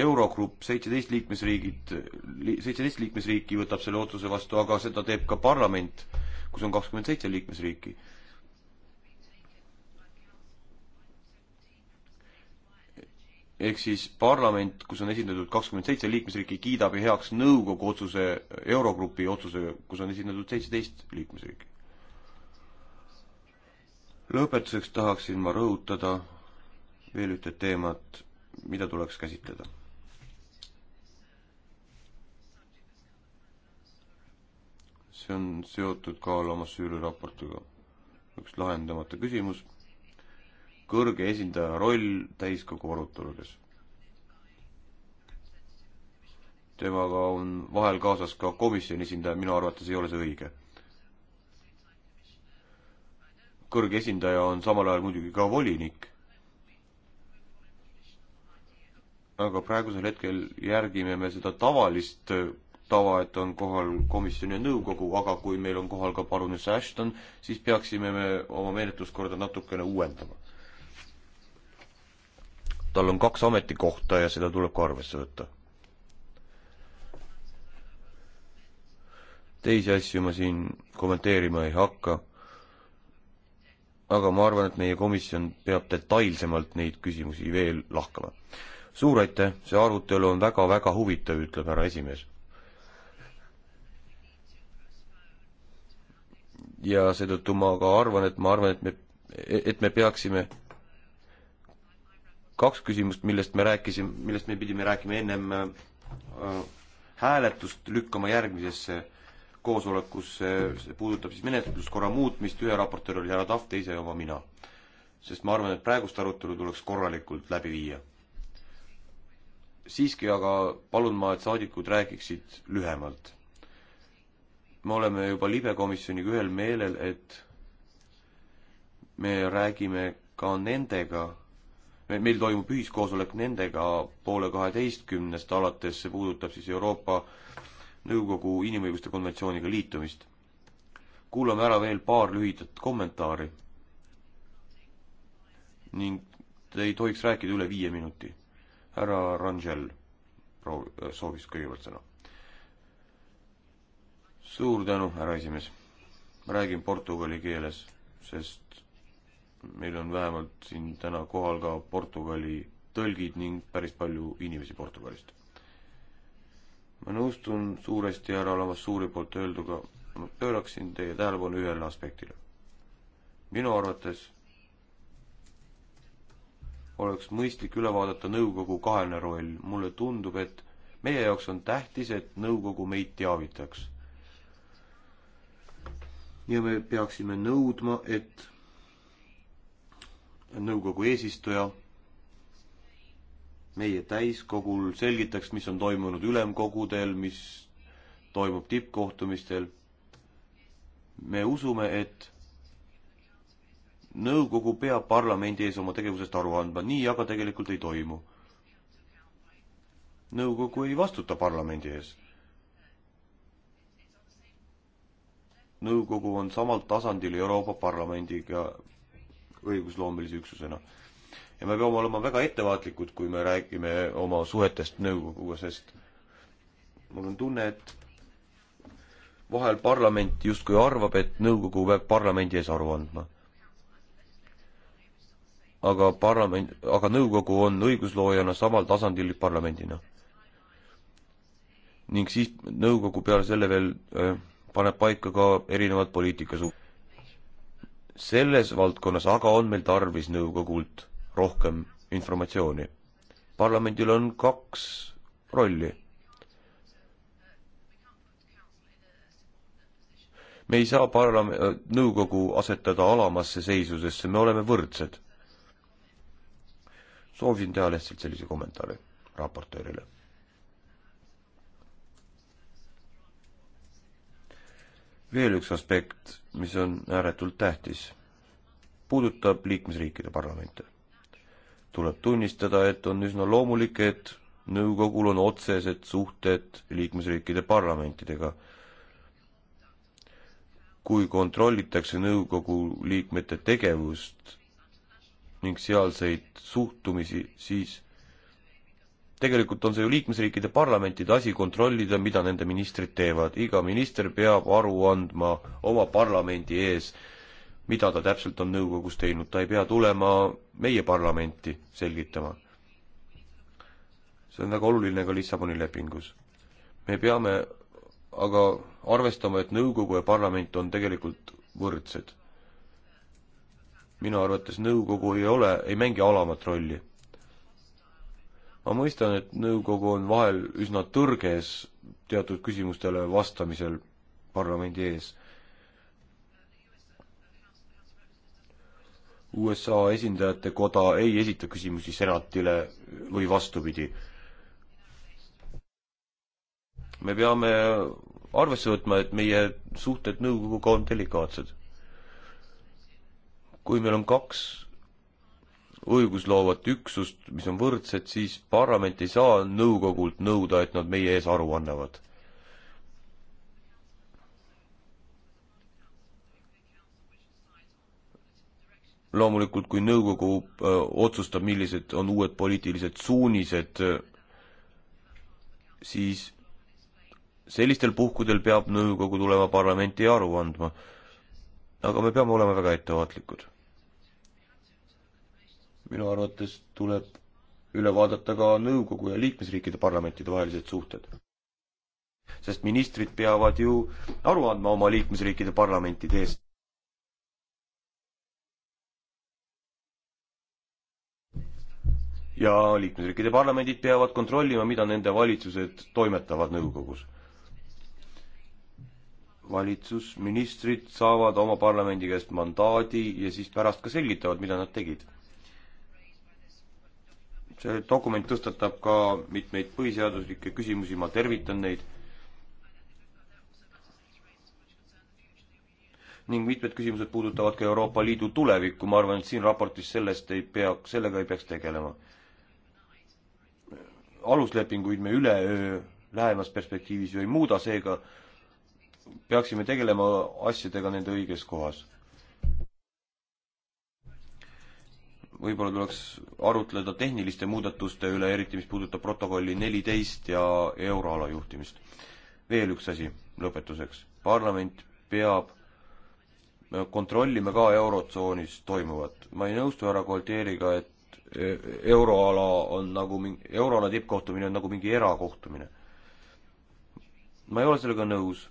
S1: Eurogrupp, seitseteist liikmesriigid, seitseteist liikmesriiki võtab selle otsuse vastu, aga seda teeb ka parlament, kus on kakskümmend seitse liikmesriiki ehk siis parlament, kus on esindatud kakskümmend seitse liikmesriiki, kiidab heaks nõukogu otsuse, Eurogrupi otsuse, kus on esindatud seitseteist liikmesriiki. lõpetuseks tahaksin ma rõhutada veel ühte teemat, mida tuleks käsitleda. see on seotud ka Lamassuuri raportiga, üks lahendamata küsimus kõrge esindaja roll täiskogu aruteludes. temaga on vahel kaasas ka komisjoni esindaja, minu arvates ei ole see õige. kõrge esindaja on samal ajal muidugi ka volinik. aga praegusel hetkel järgime me seda tavalist tava, et on kohal komisjon ja nõukogu, aga kui meil on kohal ka parunesse Ashton, siis peaksime me oma menetluskorda natukene uuendama tal on kaks ametikohta ja seda tuleb ka arvesse võtta. teisi asju ma siin kommenteerima ei hakka, aga ma arvan, et meie komisjon peab detailsemalt neid küsimusi veel lahkama. suur aitäh, see arutelu on väga-väga huvitav, ütleb härra esimees. ja seetõttu ma ka arvan, et ma arvan, et me, et me peaksime kaks küsimust, millest me rääkisime, millest me pidime rääkima ennem äh, hääletust lükkama järgmisesse koosolekusse, see puudutab siis menetluskorra muutmist, ühe raportöör oli härra Tahv, teise oma mina. sest ma arvan, et praegust arutelu tuleks korralikult läbi viia. siiski aga palun ma, et saadikud räägiksid lühemalt. me oleme juba libekomisjoniga ühel meelel, et me räägime ka nendega meil toimub ühiskoosolek nendega poole kaheteistkümnest alates, see puudutab siis Euroopa Nõukogu inimõiguste konventsiooniga liitumist. kuulame ära veel paar lühidat kommentaari. ning te ei tohiks rääkida üle viie minuti. härra Rangel proov-, soovis kõigepealt sõna. suur tänu, härra esimees. ma räägin portugali keeles, sest meil on vähemalt siin täna kohal ka Portugali tõlgid ning päris palju inimesi Portugalist. ma nõustun suuresti härra Lamassuuri poolt öelduga, ma pööraksin teie tähelepanu ühele aspektile. minu arvates oleks mõistlik üle vaadata nõukogu kahene roll, mulle tundub, et meie jaoks on tähtis, et nõukogu meid teavitaks. ja me peaksime nõudma, et nõukogu eesistuja meie täiskogul selgitaks, mis on toimunud ülemkogudel, mis toimub tippkohtumistel. me usume, et nõukogu peab parlamendi ees oma tegevusest aru andma, nii aga tegelikult ei toimu. nõukogu ei vastuta parlamendi ees. nõukogu on samal tasandil Euroopa Parlamendiga, õigusloomelise üksusena. ja me peame olema väga ettevaatlikud, kui me räägime oma suhetest nõukoguga, sest mul on tunne, et vahel parlament justkui arvab, et nõukogu peab parlamendi ees aru andma. aga parlament, aga nõukogu on õigusloojana samal tasandil parlamendina. ning siis nõukogu peale selle veel öö, äh, paneb paika ka erinevad poliitikasuunad selles valdkonnas aga on meil tarvis nõukogult rohkem informatsiooni. parlamendil on kaks rolli. me ei saa parlam-, nõukogu asetada alamasse seisusesse, me oleme võrdsed. soovisin teha lihtsalt sellise kommentaari raportöörile veel üks aspekt, mis on ääretult tähtis, puudutab liikmesriikide parlamente. tuleb tunnistada, et on üsna loomulik, et nõukogul on otsesed suhted liikmesriikide parlamentidega. kui kontrollitakse nõukogu liikmete tegevust ning sealseid suhtumisi, siis tegelikult on see ju liikmesriikide parlamentide asi kontrollida, mida nende ministrid teevad. iga minister peab aru andma oma parlamendi ees, mida ta täpselt on nõukogus teinud, ta ei pea tulema meie parlamenti selgitama. see on väga oluline ka Lissaboni lepingus. me peame aga arvestama, et nõukogu ja parlament on tegelikult võrdsed. minu arvates nõukogu ei ole, ei mängi alamat rolli ma mõistan, et nõukogu on vahel üsna tõrges teatud küsimustele vastamisel parlamendi ees. USA esindajate koda ei esita küsimusi senatile või vastupidi. me peame arvesse võtma, et meie suhted nõukoguga on delikaatsed. kui meil on kaks õigusloovat üksust, mis on võrdsed, siis parlament ei saa nõukogult nõuda, et nad meie ees aru annavad. loomulikult, kui nõukogu öö, äh, otsustab, millised on uued poliitilised suunised, siis sellistel puhkudel peab nõukogu tulema parlamenti ja aru andma. aga me peame olema väga ettevaatlikud minu arvates tuleb üle vaadata ka nõukogu ja liikmesriikide parlamentide vahelised suhted. sest ministrid peavad ju aru andma oma liikmesriikide parlamentide ees. ja liikmesriikide parlamendid peavad kontrollima, mida nende valitsused toimetavad nõukogus. valitsusministrid saavad oma parlamendi käest mandaadi ja siis pärast ka selgitavad, mida nad tegid see dokument tõstatab ka mitmeid põhiseaduslikke küsimusi, ma tervitan neid. ning mitmed küsimused puudutavad ka Euroopa Liidu tulevikku, ma arvan, et siin raportis sellest ei peaks, sellega ei peaks tegelema. aluslepinguid me üleöö lähemas perspektiivis ju ei muuda, seega peaksime tegelema asjadega nende õiges kohas võib-olla tuleks arutleda tehniliste muudatuste üle, eriti mis puudutab protokolli neliteist ja euroala juhtimist. veel üks asi lõpetuseks. parlament peab kontrollime ka Eurotsoonis toimuvat. ma ei nõustu härra Gualtieriga, et e, euroala on nagu mingi, euroala tippkohtumine on nagu mingi erakohtumine. ma ei ole sellega nõus.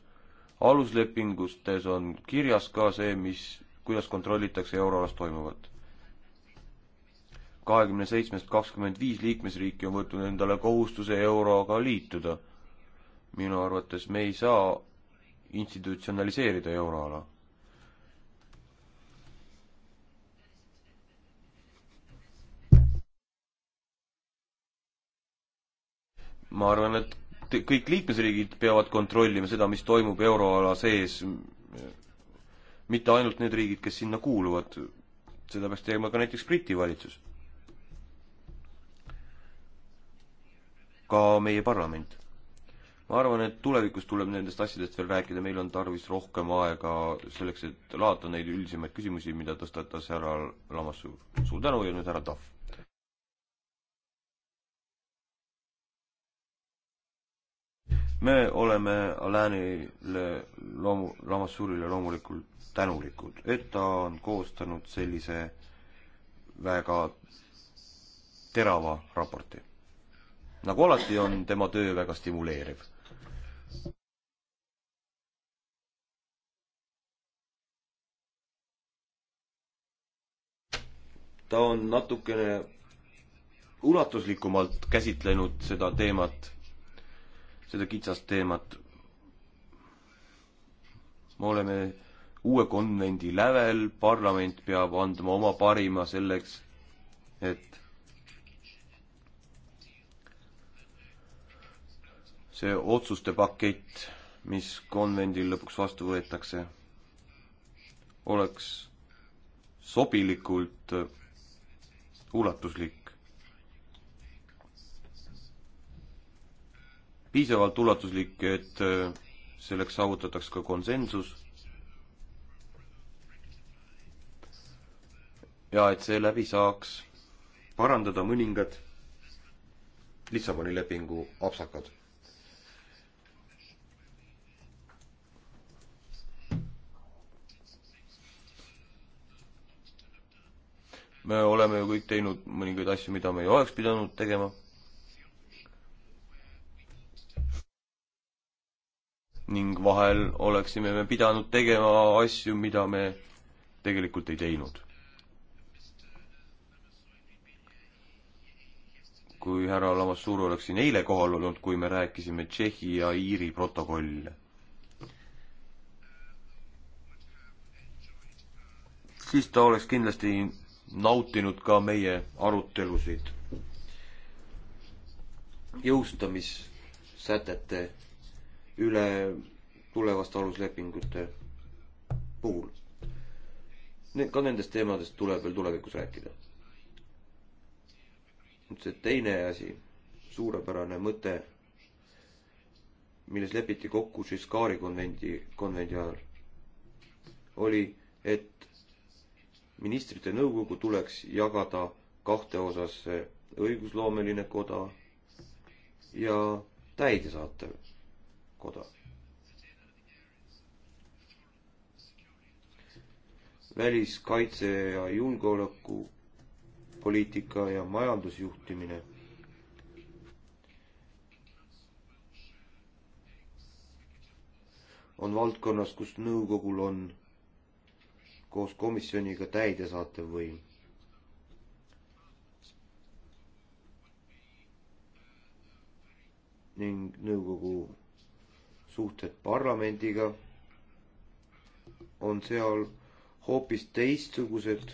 S1: aluslepingutes on kirjas ka see, mis, kuidas kontrollitakse euroalas toimuvat kahekümne seitsmest kakskümmend viis liikmesriiki on võtnud endale kohustuse euroga liituda. minu arvates me ei saa institutsionaliseerida euroala. ma arvan, et kõik liikmesriigid peavad kontrollima seda, mis toimub euroala sees, mitte ainult need riigid, kes sinna kuuluvad, seda peaks tegema ka näiteks Briti valitsus ka meie parlament. ma arvan, et tulevikus tuleb nendest asjadest veel rääkida, meil on tarvis rohkem aega selleks, et laata neid üldisemaid küsimusi, mida tõstatas härra Lamassu. suur tänu ja nüüd härra Tahv. me oleme Alanile loomu, Lamassuurile loomulikult tänulikud, et ta on koostanud sellise väga terava raporti nagu alati on tema töö väga stimuleeriv. ta on natukene ulatuslikumalt käsitlenud seda teemat, seda kitsast teemat. me oleme uue konvendi lävel, parlament peab andma oma parima selleks, et see otsuste pakett, mis konvendil lõpuks vastu võetakse, oleks sobilikult ulatuslik. piisavalt ulatuslik, et selleks saavutataks ka konsensus. ja et seeläbi saaks parandada mõningad Lissaboni lepingu apsakad me oleme ju kõik teinud mõningaid asju, mida me ei oleks pidanud tegema. ning vahel oleksime me pidanud tegema asju, mida me tegelikult ei teinud. kui härra Lamassuur oleks siin eile kohal olnud, kui me rääkisime Tšehhi ja Iiri protokolle siis ta oleks kindlasti nautinud ka meie arutelusid jõustamissätete üle tulevaste aluslepingute puhul. ka nendest teemadest tuleb veel tulevikus rääkida. nüüd see teine asi, suurepärane mõte, milles lepiti kokku Žiskari konvendi, konvendi ajal, oli, et ministrite nõukogu tuleks jagada kahte osasse, õigusloomeline koda ja täidesaatev koda. väliskaitse ja julgeolekupoliitika ja majandusjuhtimine. on valdkonnas, kus nõukogul on koos komisjoniga täidesaatev võim. ning nõukogu suhted parlamendiga on seal hoopis teistsugused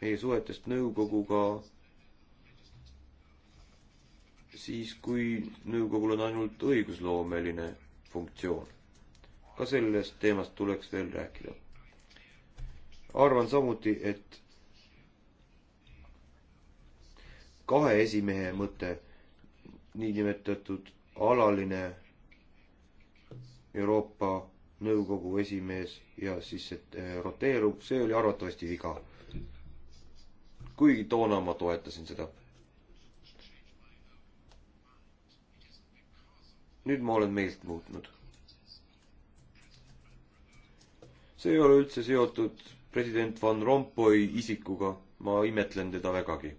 S1: meie suhetest nõukoguga siis, kui nõukogul on ainult õigusloomeline funktsioon. ka sellest teemast tuleks veel rääkida arvan samuti, et kahe esimehe mõte, niinimetatud alaline Euroopa Nõukogu esimees ja siis see eh, roteerub, see oli arvatavasti viga. kuigi toona ma toetasin seda. nüüd ma olen meelt muutnud. see ei ole üldse seotud president Van Rompuy isikuga, ma imetlen teda vägagi.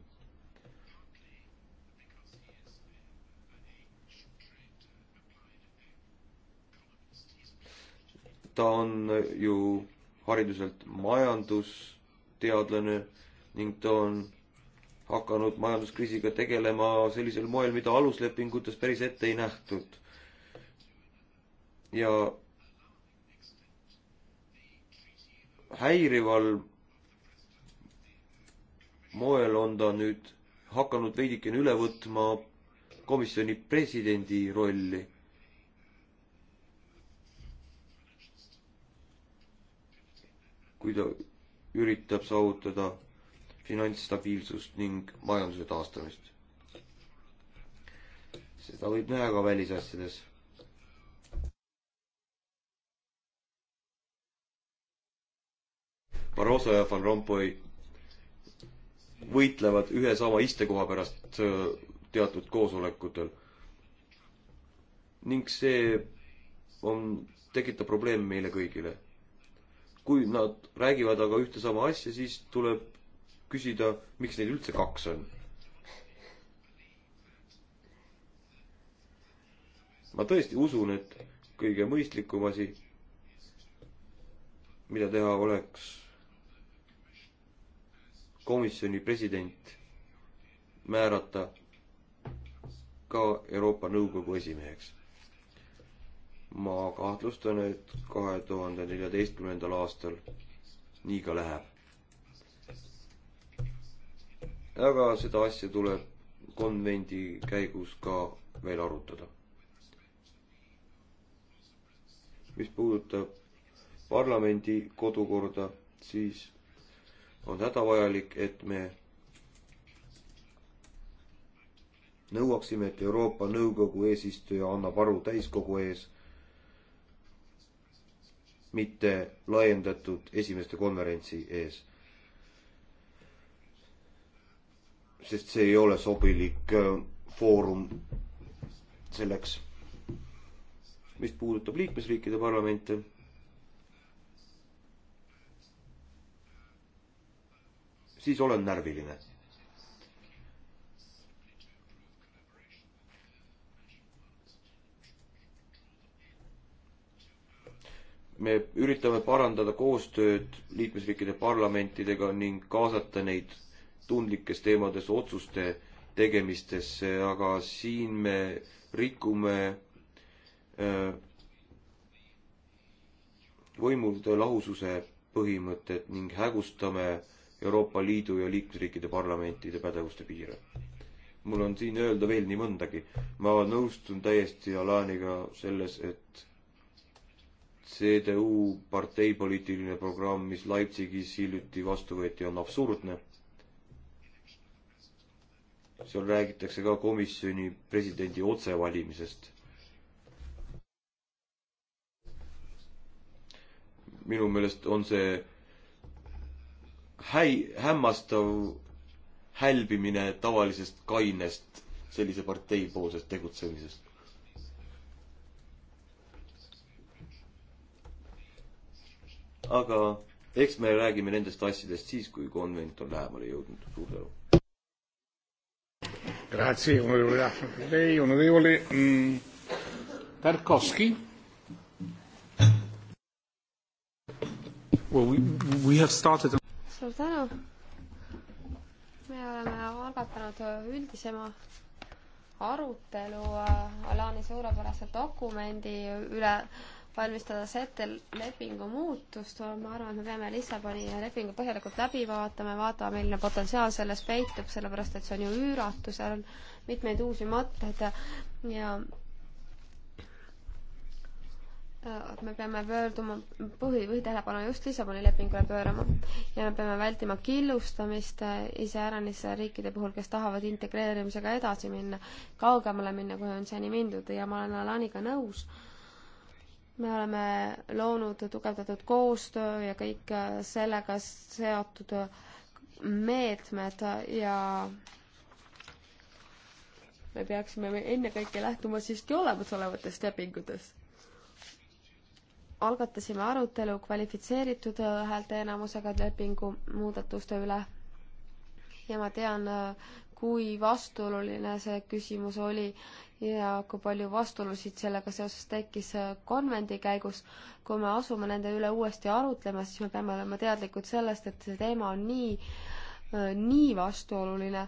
S1: ta on ju hariduselt majandusteadlane ning ta on hakanud majanduskriisiga tegelema sellisel moel, mida aluslepingutes päris ette ei nähtud. ja häirival moel on ta nüüd hakanud veidikene üle võtma komisjoni presidendi rolli. kui ta üritab saavutada finantsstabiilsust ning majanduse taastamist. seda võib näha ka välisasjades Barroso ja Van Rompuy võitlevad ühe sama istekoha pärast äh, teatud koosolekutel. ning see on, tekitab probleeme meile kõigile. kui nad räägivad aga ühte sama asja, siis tuleb küsida, miks neid üldse kaks on. ma tõesti usun, et kõige mõistlikum asi, mida teha, oleks komisjoni president määrata ka Euroopa Nõukogu esimeheks. ma kahtlustan, et kahe tuhande neljateistkümnendal aastal nii ka läheb. aga seda asja tuleb konvendi käigus ka veel arutada. mis puudutab parlamendi kodukorda, siis on hädavajalik, et me nõuaksime, et Euroopa Nõukogu eesistuja annab aru täiskogu ees, mitte laiendatud esimeste konverentsi ees. sest see ei ole sobilik äh, foorum selleks. mis puudutab liikmesriikide parlamente siis olen närviline. me üritame parandada koostööd liikmesriikide parlamentidega ning kaasata neid tundlikes teemades otsuste tegemistesse, aga siin me rikume äh, võimude lahususe põhimõtet ning hägustame äh, Euroopa Liidu ja liikmesriikide parlamentide pädevuste piire. mul on siin öelda veel nii mõndagi. ma nõustun täiesti Alaniga selles, et CDU parteipoliitiline programm, mis Leipzigis hiljuti vastu võeti, on absurdne. seal räägitakse ka komisjoni presidendi otsevalimisest minu meelest on see häi-, hämmastav hälbimine tavalisest kainest sellise partei poolsest tegutsemisest. aga eks me räägime nendest asjadest siis, kui konvent on lähemale jõudnud. suur tänu. Grazie onorevole Lei, onorevole
S3: mm, Tarkovski.
S2: Well, we, we have started suur tänu. me oleme algatanud üldisema arutelu äh, Alani suurepärase dokumendi üle, valmistades ette lepingu muutust. ma arvan, et me peame Lissaboni lepingu põhjalikult läbi vaatama ja vaatama, milline potentsiaal selles peitub, sellepärast et see on ju üüratu, seal on mitmeid uusi mõtteid ja, ja Äh, me peame pöörduma, põhi, põhitähelepanu just Lissaboni lepingule pöörama ja me peame vältima killustamist äh, iseäranis riikide puhul, kes tahavad integreerimisega edasi minna, kaugemale minna, kui on seni mindud ja ma olen Alaniga nõus. me oleme loonud tugevdatud koostöö ja kõik äh, sellega seotud meetmed ja me peaksime ennekõike lähtuma siiski olemasolevatest lepingutest algatasime arutelu kvalifitseeritud äh, häälteenamusega lepingu muudatuste üle ja ma tean, äh, kui vastuoluline see küsimus oli ja kui palju vastuolusid sellega seoses tekkis äh, konvendi käigus. kui me asume nende üle uuesti arutlema, siis me peame olema teadlikud sellest, et see teema on nii Äh, nii vastuoluline,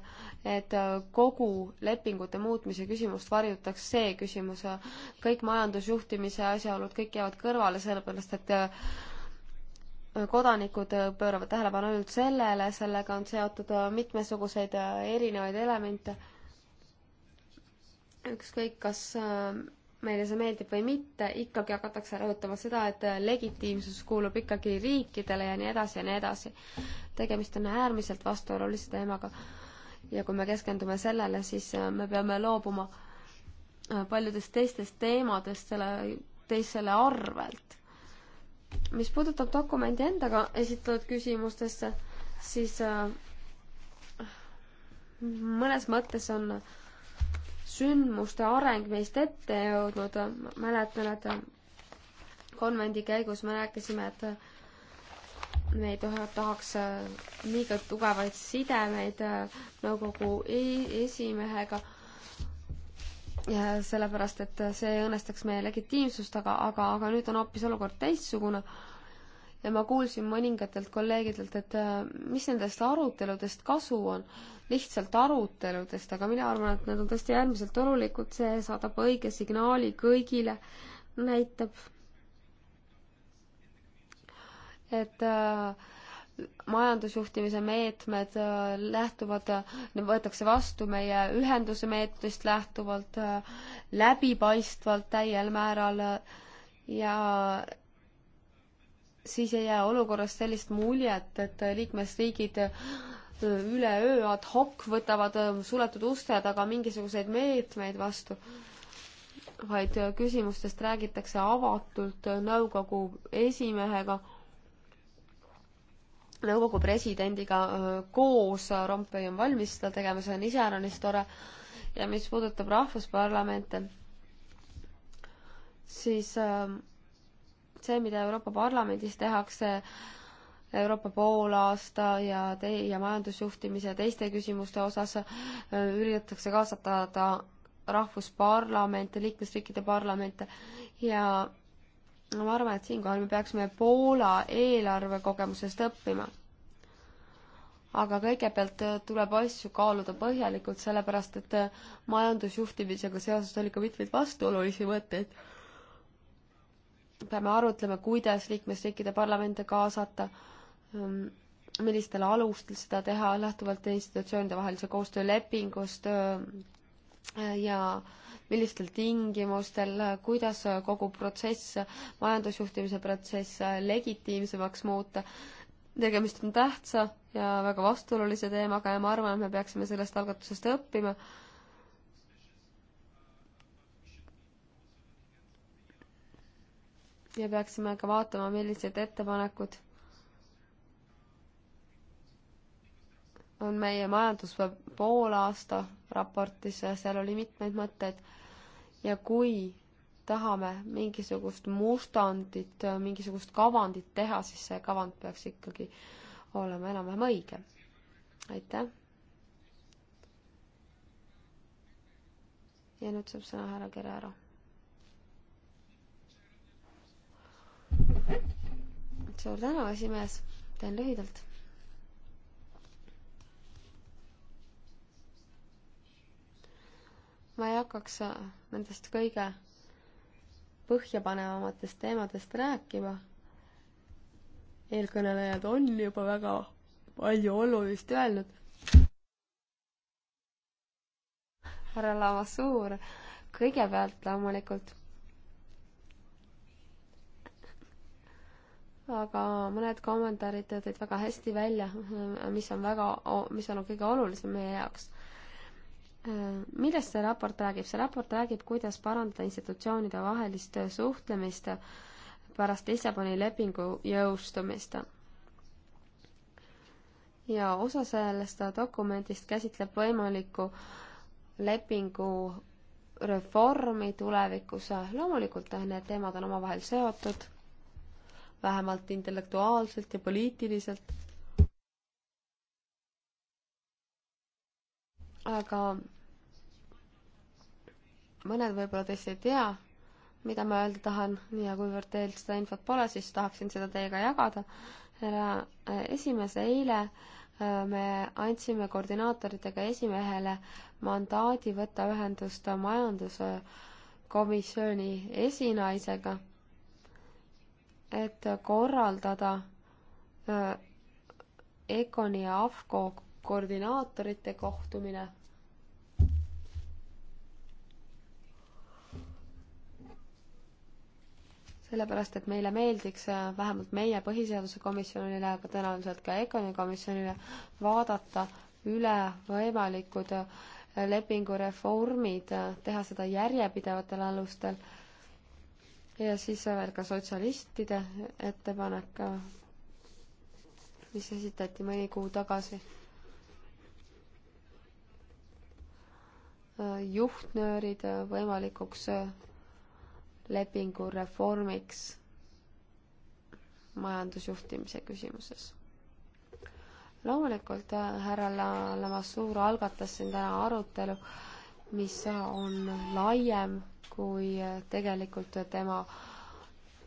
S2: et äh, kogu lepingute muutmise küsimust varjutaks see küsimus. Äh, kõik majandusjuhtimise asjaolud, kõik jäävad kõrvale, sellepärast et kodanikud pööravad tähelepanu ainult sellele, sellega on seotud mitmesuguseid erinevaid elemente. ükskõik, kas meile see meeldib või mitte, ikkagi hakatakse rõhutama seda, et legitiimsus kuulub ikkagi riikidele ja nii edasi ja nii edasi. tegemist on äärmiselt vastuolulise teemaga. ja kui me keskendume sellele, siis äh, me peame loobuma äh, paljudest teistest teemadest selle, teisele arvelt. mis puudutab dokumendi endaga esitatud küsimustesse, siis äh, mõnes mõttes on äh, sündmuste areng meist ette jõudnud, mäletan, et konvendi käigus me rääkisime, et me ei taha, tahaks liiga tugevaid sidemeid nõukogu e-, esimehega, sellepärast et see õõnestaks meie legitiimsust, aga, aga, aga nüüd on hoopis olukord teistsugune ja ma kuulsin mõningatelt kolleegidelt, et äh, mis nendest aruteludest kasu on, lihtsalt aruteludest, aga mina arvan, et need on tõesti äärmiselt olulikud, see saadab õige signaali kõigile, näitab, et äh, majandusjuhtimise meetmed äh, lähtuvad, äh, võetakse vastu meie ühenduse meetmest lähtuvalt läbipaistvalt täiel määral ja siis ei jää olukorrast sellist muljet, et liikmesriigid äh, üleöö ad hoc võtavad äh, suletud uste taga mingisuguseid meetmeid vastu, vaid äh, küsimustest räägitakse avatult nõukogu esimehega, nõukogu presidendiga koos, Rompuy on valmis seda tegema, see on iseäranis tore, ja mis puudutab rahvusparlamente, siis äh, see, mida Euroopa Parlamendis tehakse, Euroopa poolaasta ja tee- ja majandusjuhtimise ja teiste küsimuste osas äh, üritatakse kaasata rahvusparlamente, liikmesriikide parlamente ja ma arvan, et siinkohal me peaksime Poola eelarve kogemusest õppima. aga kõigepealt äh, tuleb asju kaaluda põhjalikult, sellepärast et äh, majandusjuhtimisega seoses oli ka mitmeid vastuolulisi mõtteid et peame arutlema, kuidas liikmesriikide parlamente kaasata, ähm, millistel alustel seda teha, lähtuvalt institutsioonide vahelise koostöö lepingust äh, äh, ja millistel tingimustel, äh, kuidas kogu protsess, majandusjuhtimise protsess legitiimsemaks muuta. tegemist on tähtsa ja väga vastuolulise teemaga ja ma arvan, et me peaksime sellest algatusest õppima ja peaksime ka vaatama, millised ettepanekud on meie majandus- või poolaasta raportis ja seal oli mitmeid mõtteid. ja kui tahame mingisugust mustandit, mingisugust kavandit teha, siis see kavand peaks ikkagi olema enam-vähem õige. aitäh. ja nüüd saab sõna härra Kere ära suur tänu, esimees, teen lühidalt. ma ei hakkaks äh, nendest kõige põhjapanevamatest teemadest rääkima. eelkõnelejad on juba väga palju olulist öelnud. härra Lamassuur, kõigepealt loomulikult aga mõned kommentaarid tõid väga hästi välja, mis on väga, mis on kõige olulisem meie jaoks. millest see raport räägib? see raport räägib, kuidas parandada institutsioonide vahelist suhtlemist pärast Lissaboni lepingu jõustumist. ja osa sellest dokumendist käsitleb võimalikku lepingu reformi tulevikus. loomulikult need teemad on omavahel seotud vähemalt intellektuaalselt ja poliitiliselt. aga mõned võib-olla teist ei tea, mida ma öelda tahan ja kuivõrd teil seda infot pole, siis tahaksin seda teiega jagada. härra äh, esimees, eile äh, me andsime koordinaatoritega esimehele mandaadi võtta ühendust majanduskomisjoni esinaisega et korraldada EKONi ja AFCO koordinaatorite kohtumine. sellepärast, et meile meeldiks, vähemalt meie põhiseaduse komisjonile, aga tõenäoliselt ka EKONi komisjonile, vaadata üle võimalikud lepingureformid, teha seda järjepidevatel alustel ja siis veel ka sotsialistide ettepanek, mis esitati mõni kuu tagasi. juhtnöörid võimalikuks lepingu reformiks majandusjuhtimise küsimuses loomulikult härra La-, Lamassuur algatas siin täna arutelu, mis on laiem kui äh, tegelikult tema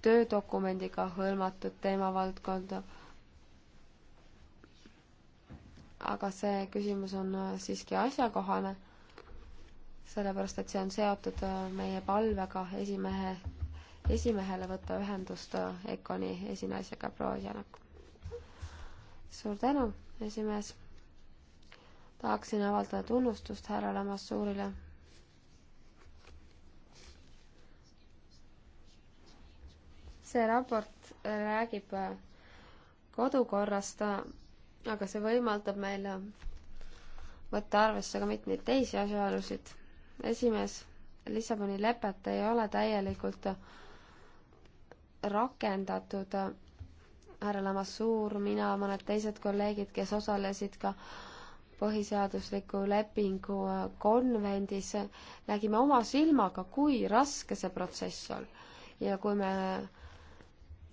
S2: töödokumendiga hõlmatud teemavaldkonda. aga see küsimus on äh, siiski asjakohane, sellepärast et see on seotud äh, meie palvega esimehe, esimehele võtta ühendust EKONi esinaisega proua Janak. suur tänu, esimees! tahaksin avaldada tunnustust härra Lamassuurile see raport räägib kodukorrast, aga see võimaldab meil võtta arvesse ka mitmeid teisi asjaolusid. esimees, Lissaboni lepet ei ole täielikult rakendatud. härra Lamassuur, mina, mõned teised kolleegid, kes osalesid ka põhiseadusliku lepingu konvendis, nägime oma silmaga, kui raske see protsess on. ja kui me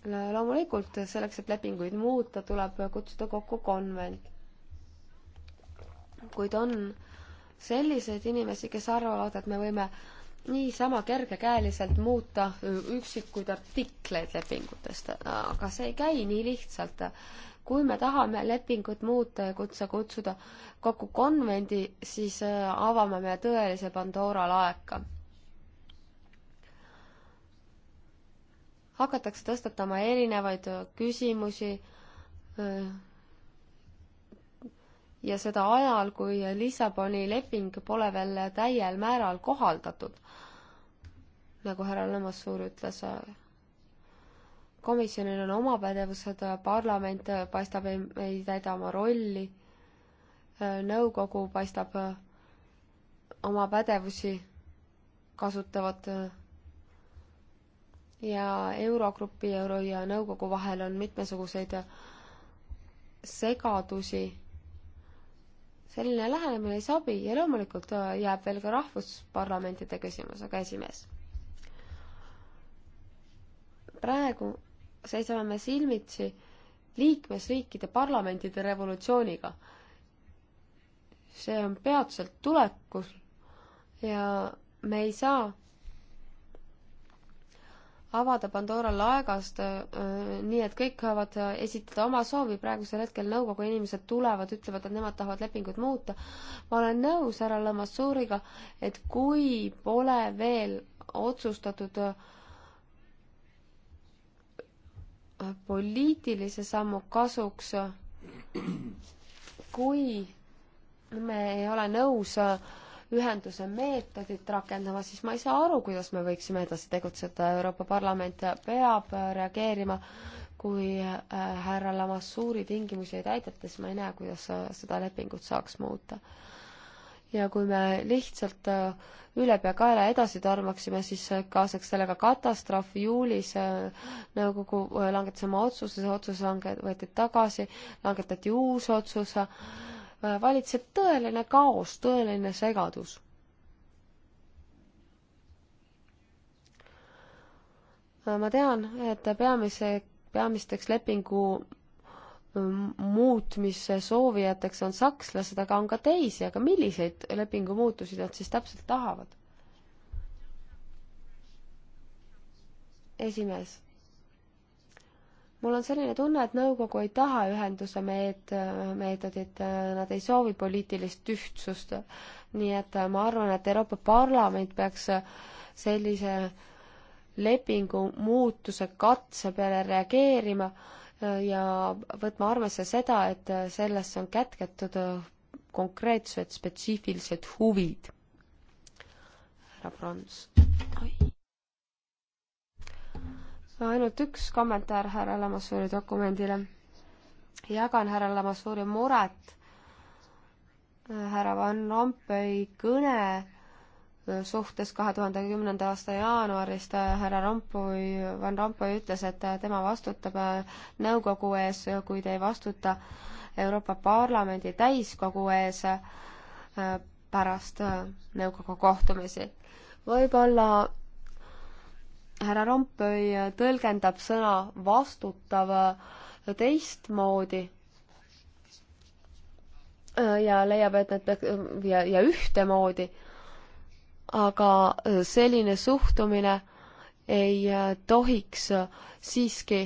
S2: loomulikult selleks, et lepinguid muuta, tuleb kutsuda kokku konvent. kuid on selliseid inimesi, kes arvavad, et me võime niisama kergekäeliselt muuta üksikuid artikleid lepingutest, aga see ei käi nii lihtsalt. kui me tahame lepingut muuta ja kutse kutsuda kokku konvendi, siis avame me tõelise Pandora laeka hakatakse tõstatama erinevaid küsimusi ja seda ajal, kui Lissaboni leping pole veel täiel määral kohaldatud, nagu härra Lõmmassuur ütles. komisjonil on oma pädevused, parlament paistab, ei, ei täida oma rolli, nõukogu paistab oma pädevusi kasutavat ja Eurogrupi, Euro ja Nõukogu vahel on mitmesuguseid segadusi. selline lähenemine ei sobi ja loomulikult äh, jääb veel ka rahvusparlamentide küsimus, aga esimees. praegu seisame me silmitsi liikmesriikide parlamentide revolutsiooniga. see on peatselt tulekul ja me ei saa avada Pandora laegast nii, et kõik saavad esitada oma soovi, praegusel hetkel nõukogu inimesed tulevad, ütlevad, et nemad tahavad lepingut muuta. ma olen nõus härra Lamassuuriga, et kui pole veel otsustatud poliitilise sammu kasuks, kui me ei ole nõus äh, ühenduse meetodit rakendama, siis ma ei saa aru, kuidas me võiksime edasi tegutseda. Euroopa Parlament peab reageerima, kui äh, härra Lamassuuri tingimusi ei täideta, siis ma ei näe, kuidas äh, seda lepingut saaks muuta. ja kui me lihtsalt äh, ülepeakaela edasi tormaksime, siis kaasneks sellega katastroof. juulis nõukogu langetas oma otsuse, see otsus lange-, võeti tagasi, langetati uus otsus Äh, valitseb tõeline kaos, tõeline segadus. Äh, ma tean, et peamise, peamisteks lepingu ähm, muutmise soovijateks on sakslased, aga on ka teisi, aga milliseid lepingu muutusi nad siis täpselt tahavad? esimees mul on selline tunne, et nõukogu ei taha ühenduse meet-, meetodit, nad ei soovi poliitilist ühtsust. nii et ma arvan, et Euroopa Parlament peaks sellise lepingu muutuse katse peale reageerima ja võtma arvesse seda, et sellesse on kätketud konkreetsed spetsiifilised huvid. härra Prants ainult üks kommentaar härra Lamassuuri dokumendile. jagan härra Lamassuuri muret härra Van Rompuy kõne suhtes kahe tuhande kümnenda aasta jaanuarist härra Rompuy, Van Rompuy ütles, et tema vastutab nõukogu ees, kuid ei vastuta Euroopa Parlamendi täiskogu ees pärast nõukogu kohtumisi. võib-olla härra Rompuy tõlgendab sõna vastutav teistmoodi ja leiab, et need peaks ja, ja ühtemoodi. aga selline suhtumine ei tohiks siiski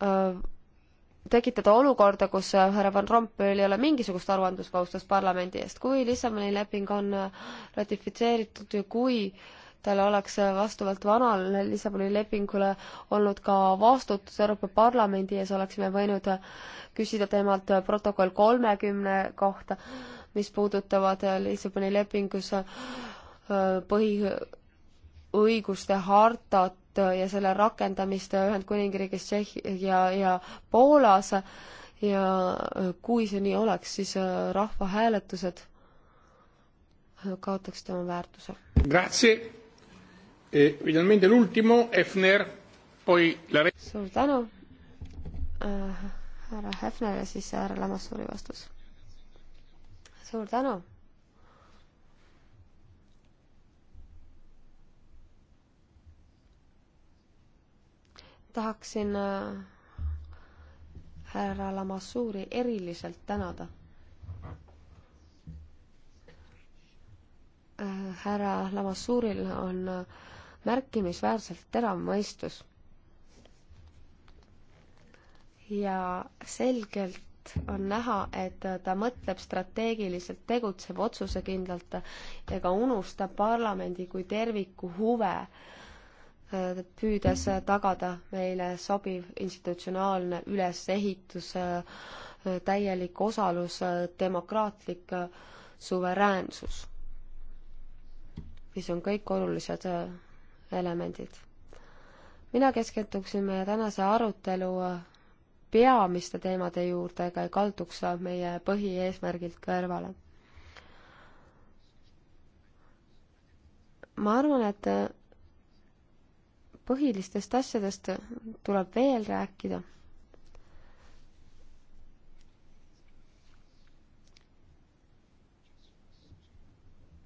S2: äh, tekitada olukorda, kus härra Van Rompuyl ei ole mingisugust aruandluskohustust parlamendi eest, kui Lissaboni leping on ratifitseeritud ja kui äh, tal oleks vastavalt vanale Lissaboni lepingule olnud ka vastutus Euroopa Parlamendi ees, oleksime võinud küsida temalt protokoll kolmekümne kohta, mis puudutavad Lissaboni lepingus äh, põhiõiguste hartat ja selle rakendamist Ühendkuningriigis, Tšehhi- ja, ja Poolas ja kui see nii oleks, siis äh, rahvahääletused äh, kaotaks tema väärtuse.
S3: Grazie e,. Finalmente l'ultimo, Hefner, poi la re-.
S2: suur tänu äh,, härra Hefner ja siis härra Lamassuuri vastus. suur tänu tahaksin äh, härra Lamassuuri eriliselt tänada äh,. härra Lamassuuril on äh, märkimisväärselt terav mõistus. ja selgelt on näha, et ta mõtleb strateegiliselt, tegutseb otsusekindlalt ega unusta parlamendi kui terviku huve, äh, püüdes tagada meile sobiv institutsionaalne ülesehitus, äh, täielik osalus, äh, demokraatlik suveräänsus, mis on kõik olulised elemendid. mina keskenduksin meie tänase arutelu peamiste teemade juurde ega ei kalduks meie põhieesmärgilt kõrvale. ma arvan, et põhilistest asjadest tuleb veel rääkida.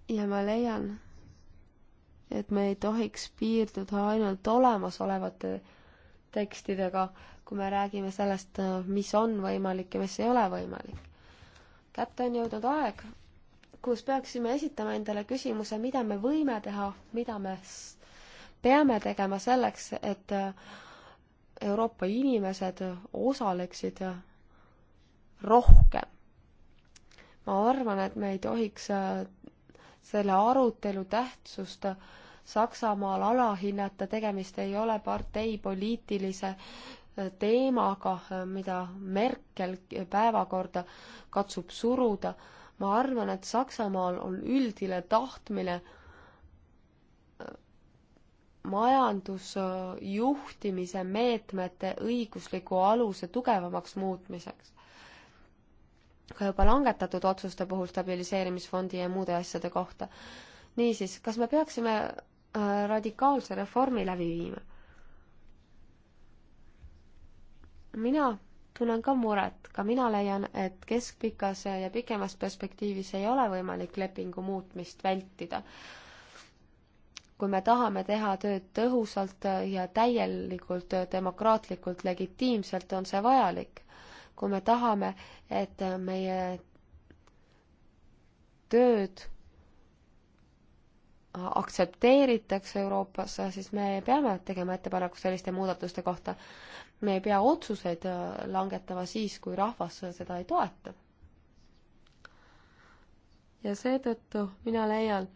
S2: ja ma leian et me ei tohiks piirduda ainult olemasolevate tekstidega, kui me räägime sellest, mis on võimalik ja mis ei ole võimalik. kätte on jõudnud aeg, kus peaksime esitama endale küsimuse, mida me võime teha, mida me peame tegema selleks, et Euroopa inimesed osaleksid rohkem. ma arvan, et me ei tohiks selle arutelu tähtsust äh, Saksamaal alahinnata, tegemist ei ole partei poliitilise äh, teemaga, äh, mida Merkel äh, päevakorda katsub suruda. ma arvan, et Saksamaal on üldine tahtmine majandusjuhtimise meetmete õigusliku aluse tugevamaks muutmiseks. ka juba langetatud otsuste puhul stabiliseerimisfondi ja muude asjade kohta. niisiis, kas me peaksime Äh, radikaalse reformi läbi viima. mina tunnen ka muret, ka mina leian, et keskpikas ja pikemas perspektiivis ei ole võimalik lepingu muutmist vältida. kui me tahame teha tööd tõhusalt ja täielikult demokraatlikult legitiimselt, on see vajalik. kui me tahame, et meie tööd aktsepteeritakse Euroopas, siis me peame tegema ettepaneku selliste muudatuste kohta. me ei pea otsuseid äh, langetama siis, kui rahvas seda ei toeta. ja seetõttu mina leian,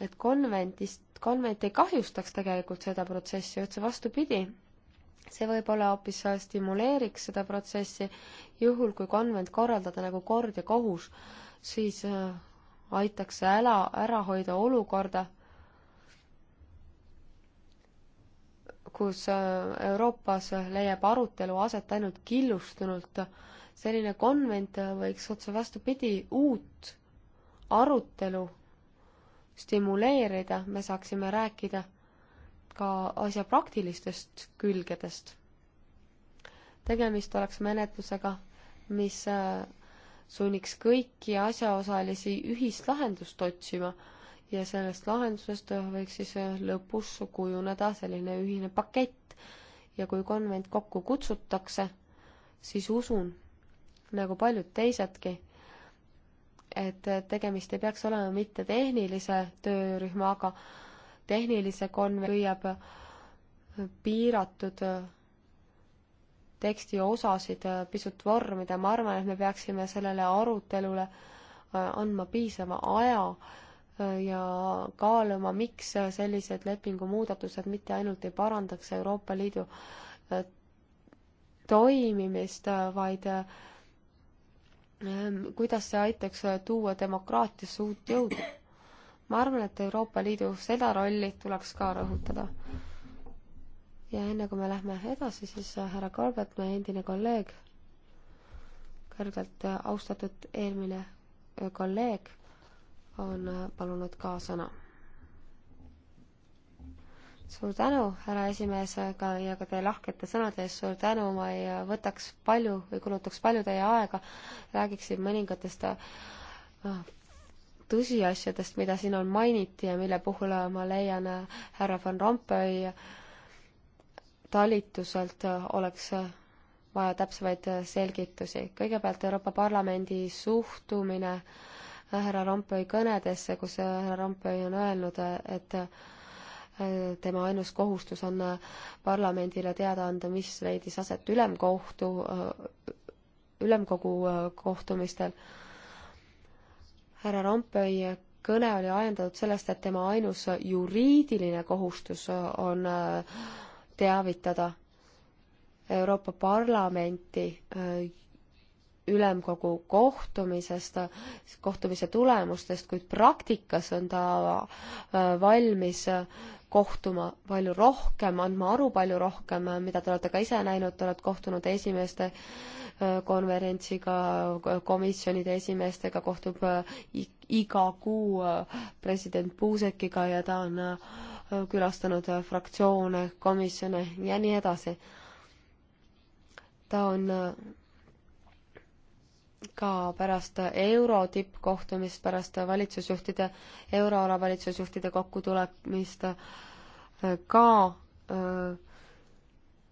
S2: et konventist, konvent ei kahjustaks tegelikult seda protsessi, otse vastupidi see võib-olla hoopis stimuleeriks seda protsessi, juhul kui konvent korraldada nagu kord ja kohus, siis äh, aitaks see ära, ära hoida olukorda, kus äh, Euroopas leiab arutelu aset ainult killustunult. selline konvent äh, võiks otse vastupidi uut arutelu stimuleerida, me saaksime rääkida ka asja praktilistest külgedest. tegemist oleks menetlusega, mis äh, sunniks kõiki asjaosalisi ühist lahendust otsima ja sellest lahendusest äh, võiks siis äh, lõpus kujuneda selline ühine pakett. ja kui konvent kokku kutsutakse, siis usun, nagu paljud teisedki, et tegemist ei peaks olema mitte tehnilise töörühmaga, tehnilise konve-, püüab piiratud teksti osasid pisut vormida, ma arvan, et me peaksime sellele arutelule äh, andma piisava aja äh, ja kaaluma, miks sellised lepingumuudatused mitte ainult ei parandaks Euroopa Liidu äh, toimimist, vaid kuidas see aitaks tuua demokraatiasse uut jõudu ma arvan, et Euroopa Liidu seda rolli tuleks ka rõhutada. ja enne kui me lähme edasi, siis äh, härra Kalvet, meie endine kolleeg, kõrgelt äh, austatud eelmine äh, kolleeg, on palunud ka sõna. suur tänu, härra esimees, aga, ja ka teie lahkete sõnade eest suur tänu, ma ei võtaks palju või kulutaks palju teie aega, räägiksin mõningatest tõsiasjadest, mida siin on mainiti ja mille puhul ma leian äh, härra Van Rompuy talituselt äh, oleks äh, vaja täpsemaid selgitusi. kõigepealt Euroopa Parlamendi suhtumine härra Rompuy kõnedesse, kus härra Rompuy on öelnud, et tema ainus kohustus on parlamendile teada anda, mis leidis aset ülemkohtu, ülemkogu kohtumistel härra Rompuy kõne oli ajendatud sellest, et tema ainus juriidiline kohustus on äh, teavitada Euroopa Parlamenti äh, ülemkogu kohtumisest, kohtumise tulemustest, kuid praktikas on ta äh, valmis äh, kohtuma palju rohkem, andma aru palju rohkem, äh, mida te olete ka ise näinud, te olete kohtunud esimeeste konverentsiga, komisjonide esimeestega, kohtub iga kuu president Puusekiga ja ta on külastanud fraktsioone, komisjone ja nii edasi. ta on ka pärast euro tippkohtumist, pärast valitsusjuhtide, euroala valitsusjuhtide kokkutulemist äh, ka äh,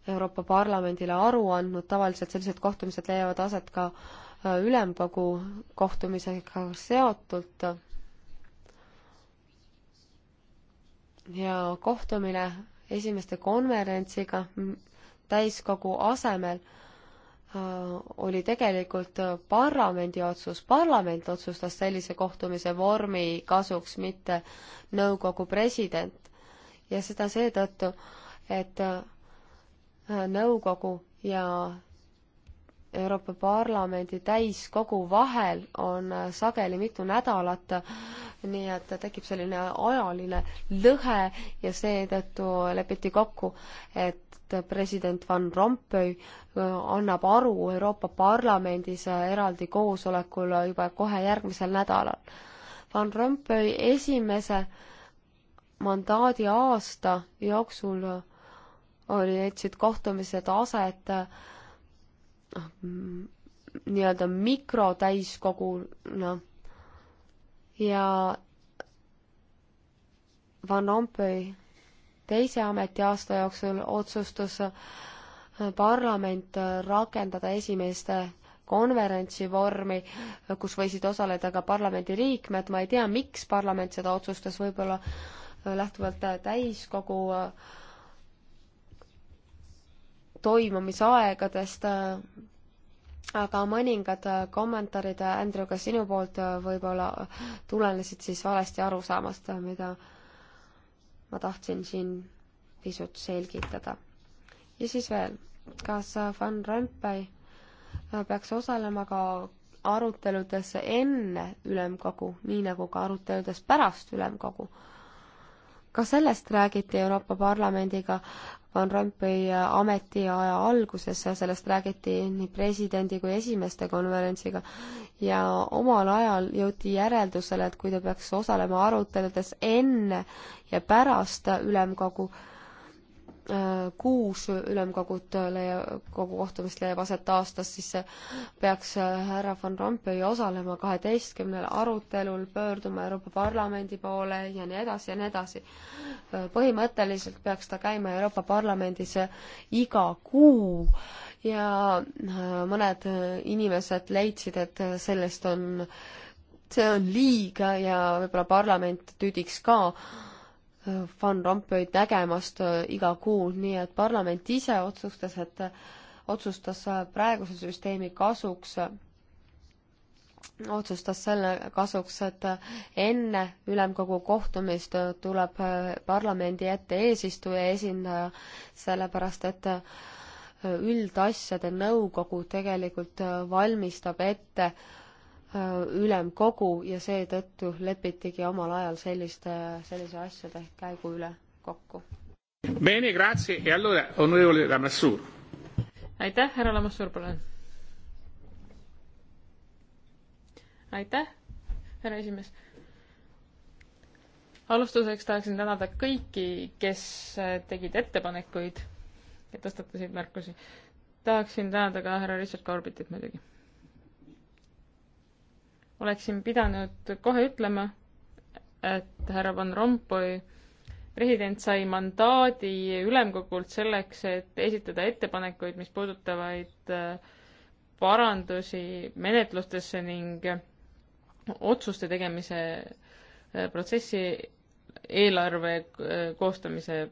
S2: Euroopa Parlamendile aru andnud, tavaliselt sellised kohtumised leiavad aset ka äh, ülemkogu kohtumisega seotult. ja kohtumine esimeste konverentsiga täiskogu asemel Äh, oli tegelikult äh, parlamendi otsus, parlament otsustas sellise kohtumise vormi kasuks, mitte nõukogu president. ja seda seetõttu, et äh, nõukogu ja Euroopa Parlamendi täiskogu vahel on äh, sageli mitu nädalat, äh, nii et tekib selline ajaline lõhe ja seetõttu lepiti kokku, et president Van Rompuy äh, annab aru Euroopa Parlamendis eraldi koosolekul juba kohe järgmisel nädalal. Van Rompuy esimese mandaadi aasta jooksul oli, leidsid kohtumised aset Ah, mm, nii-öelda mikrotäiskoguna ja Van Rompuy teise ametiaasta jooksul otsustas äh, parlament äh, rakendada esimeste konverentsi vormi, äh, kus võisid osaleda ka parlamendiliikmed, ma ei tea, miks parlament seda otsustas, võib-olla lähtuvalt täiskogu äh, toimumisaegadest, äh, aga mõningad äh, kommentaarid, äh, Andrew, ka sinu poolt võib-olla tulenesid siis valesti arusaamast, mida ma tahtsin siin pisut selgitada. ja siis veel, kas Van Rompuy peaks osalema ka aruteludes enne ülemkogu, nii nagu ka aruteludes pärast ülemkogu ka sellest räägiti Euroopa Parlamendiga Van Rompuy ametiaja alguses, sellest räägiti nii presidendi kui esimeste konverentsiga ja omal ajal jõuti järeldusele, et kui ta peaks osalema aruteludes enne ja pärast ülemkogu, Äh, kuus ülemkogut leiab, kogu kohtumist leiab aset aastas, siis peaks äh, härra Van Rompuy osalema kaheteistkümnel arutelul, pöörduma Euroopa Parlamendi poole ja nii edasi ja nii edasi. Äh, põhimõtteliselt peaks ta käima Euroopa Parlamendis iga kuu ja mõned inimesed leidsid, et sellest on, see on liiga ja võib-olla parlament tüdiks ka Van Rompuyd nägemast äh, iga kuu, nii et parlament ise otsustas, et äh, otsustas äh, praeguse süsteemi kasuks, otsustas selle kasuks, et enne ülemkogu kohtumist tuleb parlamendi ette eesistuja esindaja, sellepärast et üldasjade nõukogu tegelikult valmistab ette äh, Äh, ülemkogu ja seetõttu lepitigi omal ajal selliste, sellise asjade käigu üle kokku.
S3: Bene, grazie e allora onorevole Lamassoor. aitäh, härra Lamassoor, palun. aitäh, härra esimees. alustuseks tahaksin tänada kõiki, kes tegid ettepanekuid ja tõstatasid märkusi. tahaksin tänada ka härra Richard Corbitit muidugi oleksin pidanud kohe ütlema, et härra Van Rompuy president sai mandaadi ülemkogult selleks, et esitada ettepanekuid, mis puudutavad äh, parandusi menetlustesse ning otsuste tegemise äh, protsessi eelarve äh, koostamise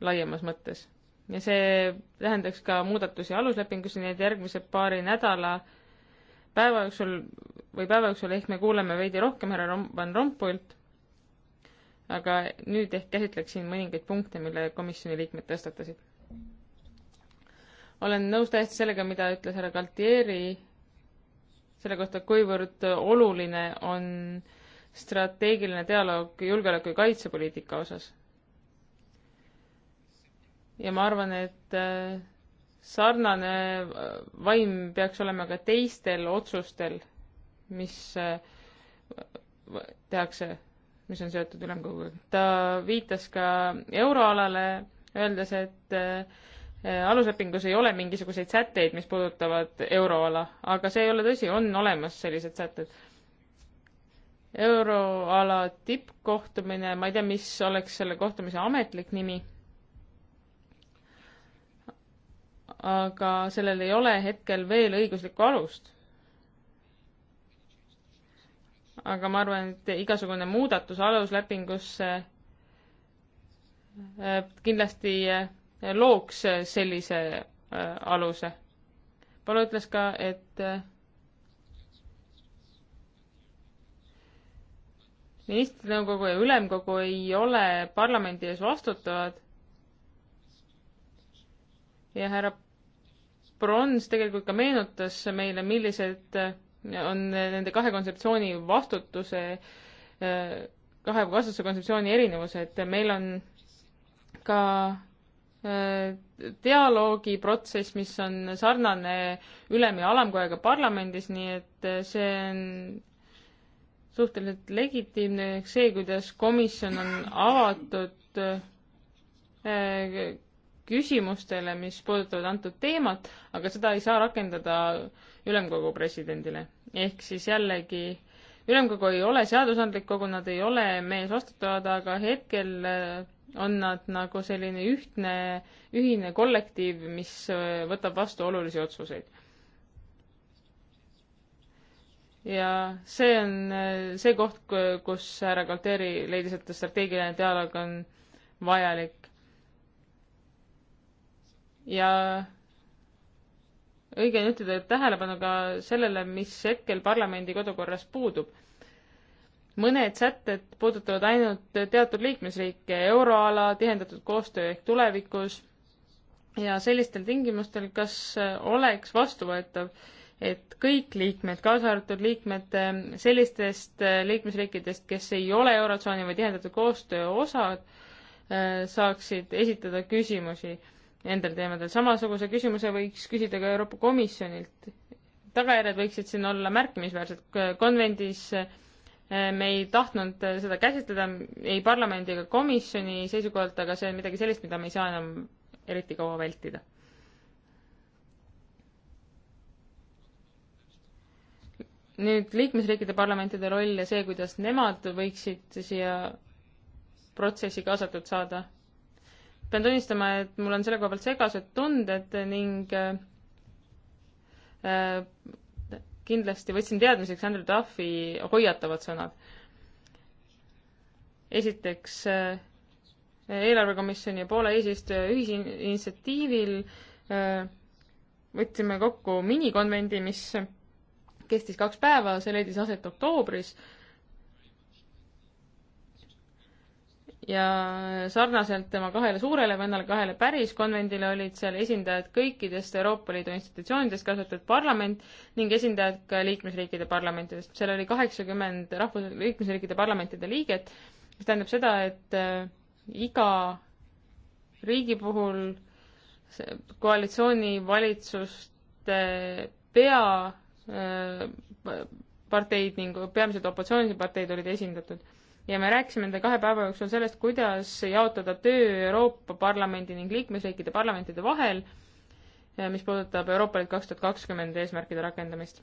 S3: laiemas mõttes. ja see tähendaks ka muudatusi aluslepingusse, nii et järgmise paari nädala päeva jooksul või päeva jooksul ehk me kuuleme veidi rohkem härra Rom-, Van Rompuylt, aga nüüd ehk käsitleksin mõningaid punkte, mille komisjoni liikmed tõstatasid. olen nõus täiesti sellega, mida ütles härra Galtieri selle kohta, kuivõrd oluline on strateegiline dialoog julgeoleku ja kaitsepoliitika osas. ja ma arvan, et äh, sarnane äh, vaim peaks olema ka teistel otsustel mis äh, tehakse, mis on seotud ülemkoguga. ta viitas ka euroalale, öeldes, et äh, aluslepingus ei ole mingisuguseid sätteid, mis puudutavad euroala, aga see ei ole tõsi, on olemas sellised sätted. euroala tippkohtumine, ma ei tea, mis oleks selle kohtumise ametlik nimi aga sellel ei ole hetkel veel õiguslikku alust. aga ma arvan, et igasugune muudatus aluslepingusse äh, kindlasti äh, looks äh, sellise aluse. Palo ütles ka, et ministrinõukogu ja ülemkogu ei ole parlamendi ees vastutavad. ja härra Brons tegelikult ka meenutas meile, millised on nende kahe kontseptsiooni vastutuse, kahe vastutuse kontseptsiooni erinevus, et meil on ka äh, dialoogiprotsess, mis on sarnane ülem- ja alamkojaga parlamendis, nii et äh, see on suhteliselt legitiimne, see, kuidas komisjon on avatud äh, küsimustele, mis puudutavad antud teemat, aga seda ei saa rakendada ülemkogu presidendile. ehk siis jällegi ülemkogu ei ole seadusandlik kogu, nad ei ole mees vastutavad, aga hetkel äh, on nad nagu selline ühtne, ühine kollektiiv, mis äh, võtab vastu olulisi otsuseid. ja see on äh, see koht, kus härra Galteri leidis, et strateegiline dialoog on vajalik. ja õige on juhtida tähelepanu ka sellele, mis hetkel parlamendi kodukorras puudub. mõned sätted puudutavad ainult teatud liikmesriike, euroala, tihendatud koostöö ehk tulevikus ja sellistel tingimustel, kas oleks vastuvõetav, et kõik liikmed, kaasa arvatud liikmed sellistest liikmesriikidest, kes ei ole Eurotsooni või tihendatud koostöö osad, saaksid esitada küsimusi nendel teemadel. samasuguse küsimuse võiks küsida ka Euroopa Komisjonilt. tagajärjed võiksid siin olla märkimisväärsed. konvendis äh, me ei tahtnud äh, seda käsitleda ei parlamendi ega komisjoni seisukohalt, aga see on midagi sellist, mida me ei saa enam eriti kaua vältida. nüüd liikmesriikide parlamentide roll ja see, kuidas nemad võiksid siia protsessi kaasatud saada pean tunnistama, et mul on selle koha pealt segased tunded ning äh, äh, kindlasti võtsin teadmiseks Andrew Duffy hoiatavad sõnad. esiteks äh, eelarvekomisjoni ja Poola eesistuja ühisinitsiatiivil äh, võtsime kokku minikonvendi, mis kestis kaks päeva, see leidis aset oktoobris äh, ja sarnaselt tema kahele suurele vennale, kahele päris konvendile olid seal esindajad kõikidest Euroopa Liidu institutsioonidest, kaasa arvatud parlament ning esindajad ka liikmesriikide parlamentidest. seal oli kaheksakümmend rahvus-, liikmesriikide parlamentide liiget, mis tähendab seda, et äh, iga riigi puhul koalitsioonivalitsuste pea äh, parteid ning peamised opositsiooniparteid olid esindatud ja me rääkisime nende kahe päeva jooksul sellest, kuidas jaotada töö Euroopa Parlamendi ning liikmesriikide parlamentide vahel, mis puudutab Euroopa Liit kaks tuhat kakskümmend eesmärkide rakendamist.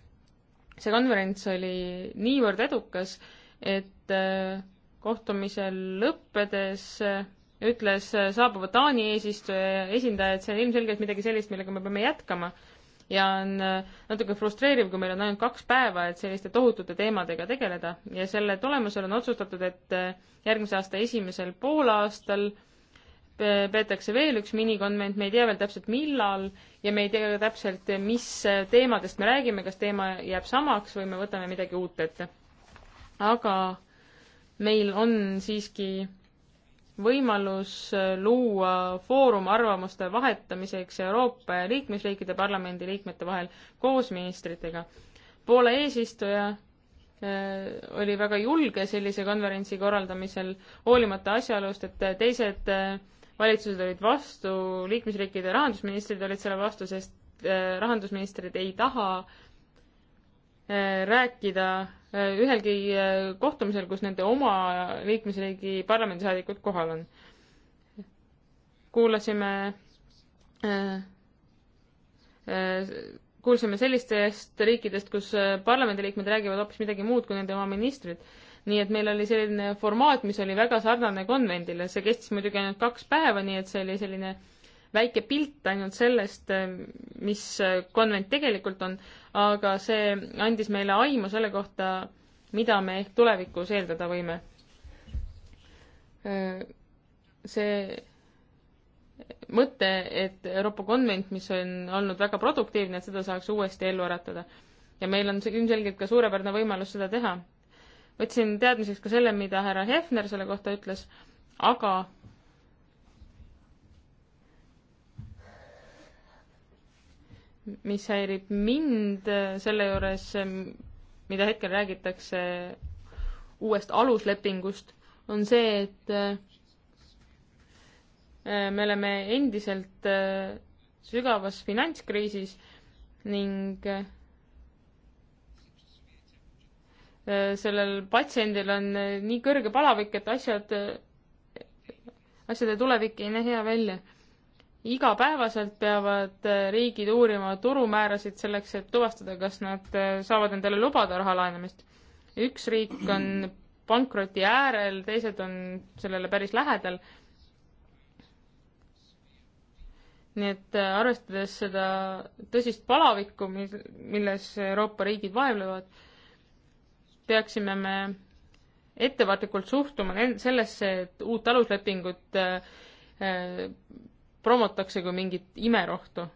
S3: see konverents oli niivõrd edukas, et äh, kohtumisel lõppedes äh, ütles äh, saabuva Taani eesistuja esindaja, et see on ilmselgelt midagi sellist, millega me peame jätkama ja on äh, natuke frustreeriv, kui meil on ainult kaks päeva, et selliste tohutute teemadega tegeleda ja selle tulemusel on otsustatud, et äh, järgmise aasta esimesel poolaastal äh, peetakse veel üks minikonvent, me ei tea veel täpselt, millal ja me ei tea ka täpselt, mis teemadest me räägime, kas teema jääb samaks või me võtame midagi uut ette. aga meil on siiski võimalus äh, luua foorum arvamuste vahetamiseks Euroopa ja liikmesriikide parlamendi liikmete vahel koos ministritega. Poola eesistuja äh, oli väga julge sellise konverentsi korraldamisel, hoolimata asjaolust, et teised äh, valitsused olid vastu, liikmesriikide rahandusministrid olid selle vastu, sest rahandusministrid ei taha rääkida Äh, ühelgi äh, kohtumisel, kus nende oma liikmesriigi parlamendisaadikud kohal on. kuulasime äh, kuulsime sellistest riikidest, kus parlamendiliikmed räägivad hoopis midagi muud kui nende oma ministrid. nii et meil oli selline formaat, mis oli väga sarnane konvendile, see kestis muidugi ainult kaks päeva, nii et see oli selline äh, väike pilt ainult sellest, eh, mis konvent tegelikult on, aga see andis meile aimu selle kohta, mida me ehk tulevikus eeldada võime. Eh, see mõte, et Euroopa konvent, mis on olnud väga produktiivne, et seda saaks uuesti ellu äratada. ja meil on ilmselgelt ka suurepärane võimalus seda teha. võtsin teadmiseks ka selle, mida härra Hefner selle kohta ütles, aga mis häirib mind äh, selle juures, äh, mida hetkel räägitakse uuest aluslepingust, on see, et äh, me oleme endiselt sügavas finantskriisis ning sellel patsiendil on nii kõrge palavik, et asjad, asjade tulevik ei näe hea välja igapäevaselt peavad äh, riigid uurima turumäärasid selleks, et tuvastada, kas nad äh, saavad endale lubada raha laenamist. üks riik on pankroti äärel, teised on sellele päris lähedal. nii et äh, arvestades seda tõsist palavikku, milles Euroopa riigid vaevlevad, peaksime me ettevaatlikult suhtuma sellesse, et uut aluslepingut promotakse kui mingit imerohtu.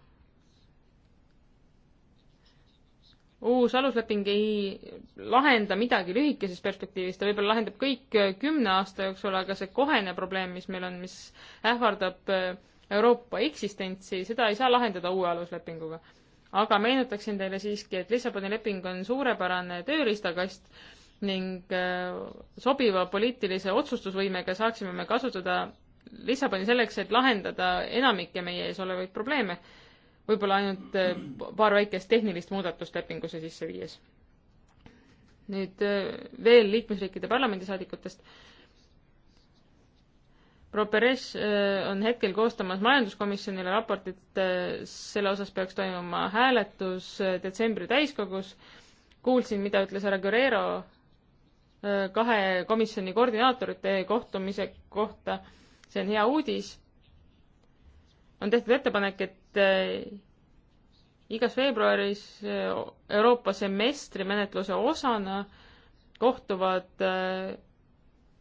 S3: uus alusleping ei lahenda midagi lühikeses perspektiivis, ta võib-olla lahendab kõik kümne aasta jooksul, aga see kohene probleem, mis meil on, mis ähvardab äh, Euroopa eksistentsi, seda ei saa lahendada uue aluslepinguga. aga meenutaksin teile siiski, et Lissaboni leping on suurepärane tööriistakast ning äh, sobiva poliitilise otsustusvõimega saaksime me kasutada Lissaboni selleks, et lahendada enamikke meie ees olevaid probleeme, võib-olla ainult äh, paar väikest tehnilist muudatust lepingusse sisse viies. nüüd äh, veel liikmesriikide parlamendisaadikutest. Properes äh, on hetkel koostamas majanduskomisjonile raportit, selle osas peaks toimuma hääletus detsembri täiskogus. kuulsin, mida ütles härra Guerrero kahe komisjoni koordinaatorite kohtumise kohta see on hea uudis, on tehtud ettepanek, et eh, igas veebruaris eh, Euroopa semestri menetluse osana kohtuvad eh,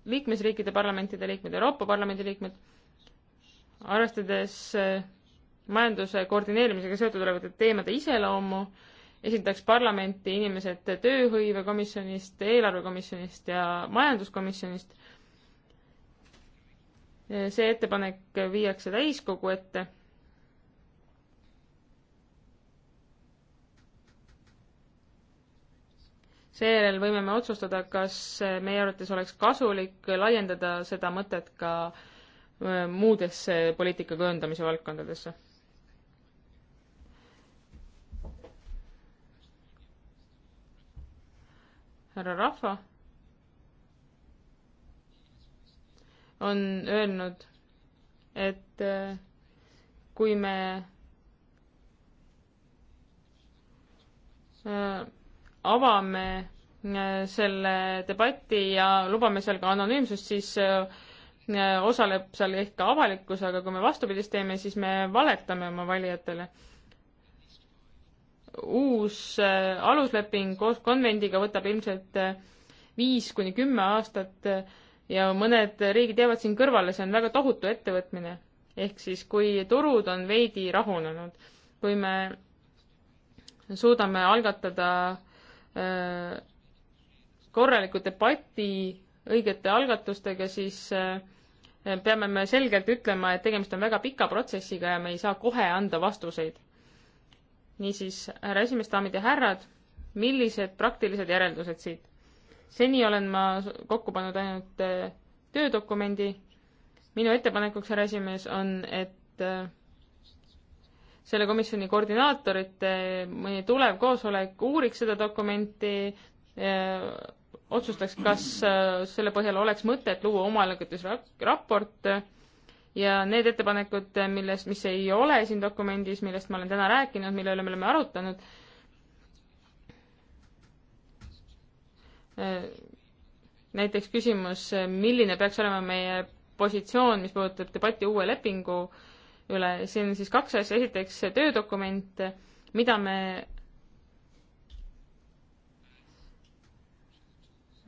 S3: liikmesriikide parlamentide liikmed, Euroopa Parlamendi liikmed, arvestades majanduse koordineerimisega seotud olevate teemade iseloomu, esindaks parlamenti inimesed tööhõivekomisjonist, eelarvekomisjonist ja majanduskomisjonist see ettepanek viiakse täiskogu ette. seejärel võime me otsustada, kas meie arvates oleks kasulik laiendada seda mõtet ka äh, muudesse poliitika kujundamise valdkondadesse. härra Rahva on öelnud, et äh, kui me äh, avame äh, selle debati ja lubame seal ka anonüümsust, siis osaleb seal ehk ka avalikkus, aga kui me vastupidist teeme, siis me valetame oma valijatele. uus alusleping koos konvendiga võtab ilmselt viis kuni kümme aastat ja mõned riigid jäävad siin kõrvale, see on väga tohutu ettevõtmine. ehk siis, kui turud on veidi rahunenud, kui me suudame algatada äh, korraliku debati õigete algatustega, siis äh, peame me selgelt ütlema, et tegemist on väga pika protsessiga ja me ei saa kohe anda vastuseid. niisiis, härra esimees, daamid ja härrad, millised praktilised järeldused siit? seni olen ma kokku pannud ainult äh, töödokumendi. minu ettepanekuks, härra esimees, on, et äh, selle komisjoni koordinaatorite äh, mõni tulev koosolek uuriks seda dokumenti, otsustaks, kas selle põhjal oleks mõtet luua omaalgatusraport ja need ettepanekud, millest, mis ei ole siin dokumendis, millest ma olen täna rääkinud, mille üle me oleme arutanud, näiteks küsimus, milline peaks olema meie positsioon, mis puudutab debatti uue lepingu üle, siin on siis kaks asja, esiteks töödokument, mida me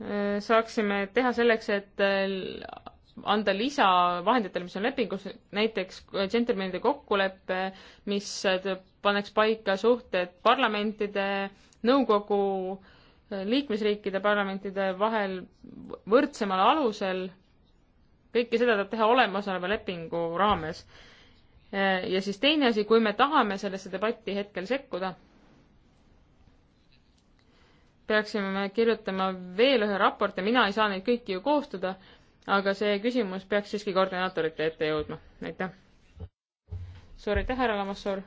S3: äh, saaksime teha selleks, et äh, anda lisa vahenditele, mis on lepingus, näiteks džentelmenide kokkulepe, mis äh, paneks paika suhted parlamentide, nõukogu äh, liikmesriikide parlamentide vahel võrdsemal alusel, kõike seda tuleb teha olemasoleva lepingu raames. ja siis teine asi, kui me tahame sellesse debatti hetkel sekkuda, peaksime me kirjutama veel ühe raporti, mina ei saa neid kõiki ju koostada, aga see küsimus peaks siiski koordinaatorite ette jõudma, aitäh. suur aitäh, härra Lamassoor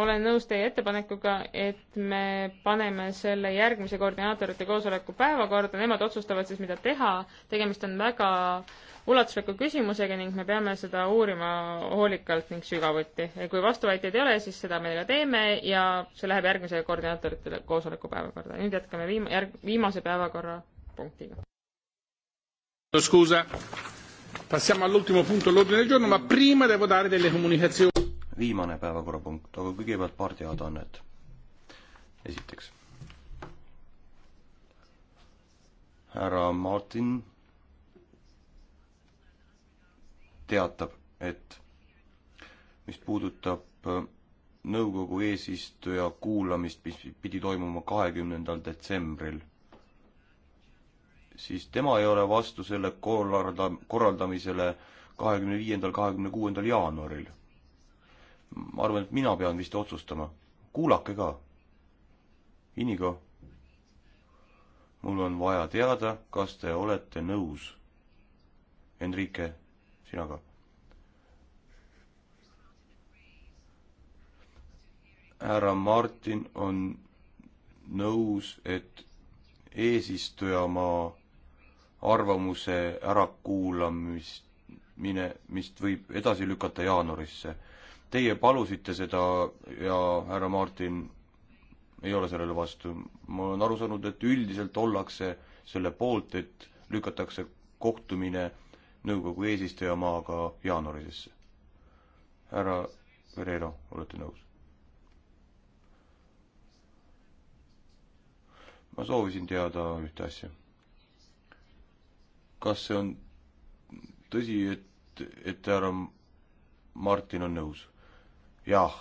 S3: olen nõus teie ettepanekuga, et me paneme selle järgmise koordinaatorite koosoleku päevakorda, nemad otsustavad siis, mida teha, tegemist on väga ulatusliku küsimusega ning me peame seda uurima hoolikalt ning sügavuti. kui vastuväiteid ei ole, siis seda me ka teeme ja see läheb järgmise koordinaatorite koosoleku päevakorda. nüüd jätkame viim-, järg-, viimase päevakorrapunktiga.
S1: Scusa, passiamo all'ultimo punto dell'ordine del giorno, ma prima devo dare delle comunicazioni viimane päevakorrapunkt, aga kõigepealt paar teadaannet. esiteks. härra Martin teatab, et mis puudutab äh, nõukogu eesistuja kuulamist, mis pidi toimuma kahekümnendal detsembril, siis tema ei ole vastu selle korralda, korraldamisele kahekümne viiendal, kahekümne kuuendal jaanuaril ma arvan, et mina pean vist otsustama. kuulake ka. Inigo, mul on vaja teada, kas te olete nõus. Enrique, sina ka. härra Martin on nõus, et eesistujamaa arvamuse ärakuulamist, mine, vist võib edasi lükata jaanuarisse Teie palusite seda ja härra Martin ei ole sellele vastu. ma olen aru saanud, et üldiselt ollakse selle poolt, et lükatakse kohtumine nõukogu eesistujamaaga jaanuarisesse. härra Pereira, olete nõus? ma soovisin teada ühte asja. kas see on tõsi, et, et härra Martin on nõus? jah.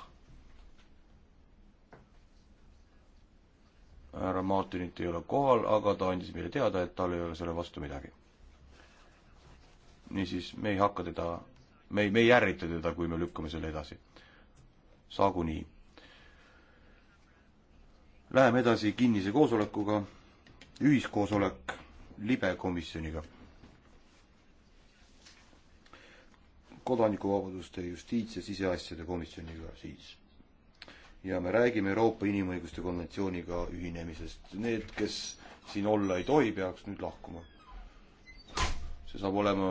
S1: härra Martinit ei ole kohal, aga ta andis meile teada, et tal ei ole selle vastu midagi. niisiis, me ei hakka teda, me ei, me ei ärrita teda, kui me lükkame selle edasi. saagu nii. Läheme edasi kinnise koosolekuga, ühiskoosolek libe komisjoniga kodanikuvabaduste, justiits- ja siseasjade komisjoniga siis. ja me räägime Euroopa Inimõiguste Konventsiooniga ühinemisest. Need, kes siin olla ei tohi, peaks nüüd lahkuma. see saab olema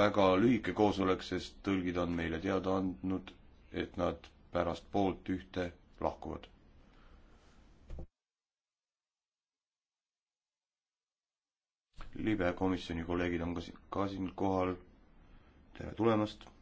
S1: väga lühike koosolek, sest tõlgid on meile teada andnud, et nad pärast poolt ühte lahkuvad. libe komisjoni kolleegid on ka siin, ka siin kohal tere tulemast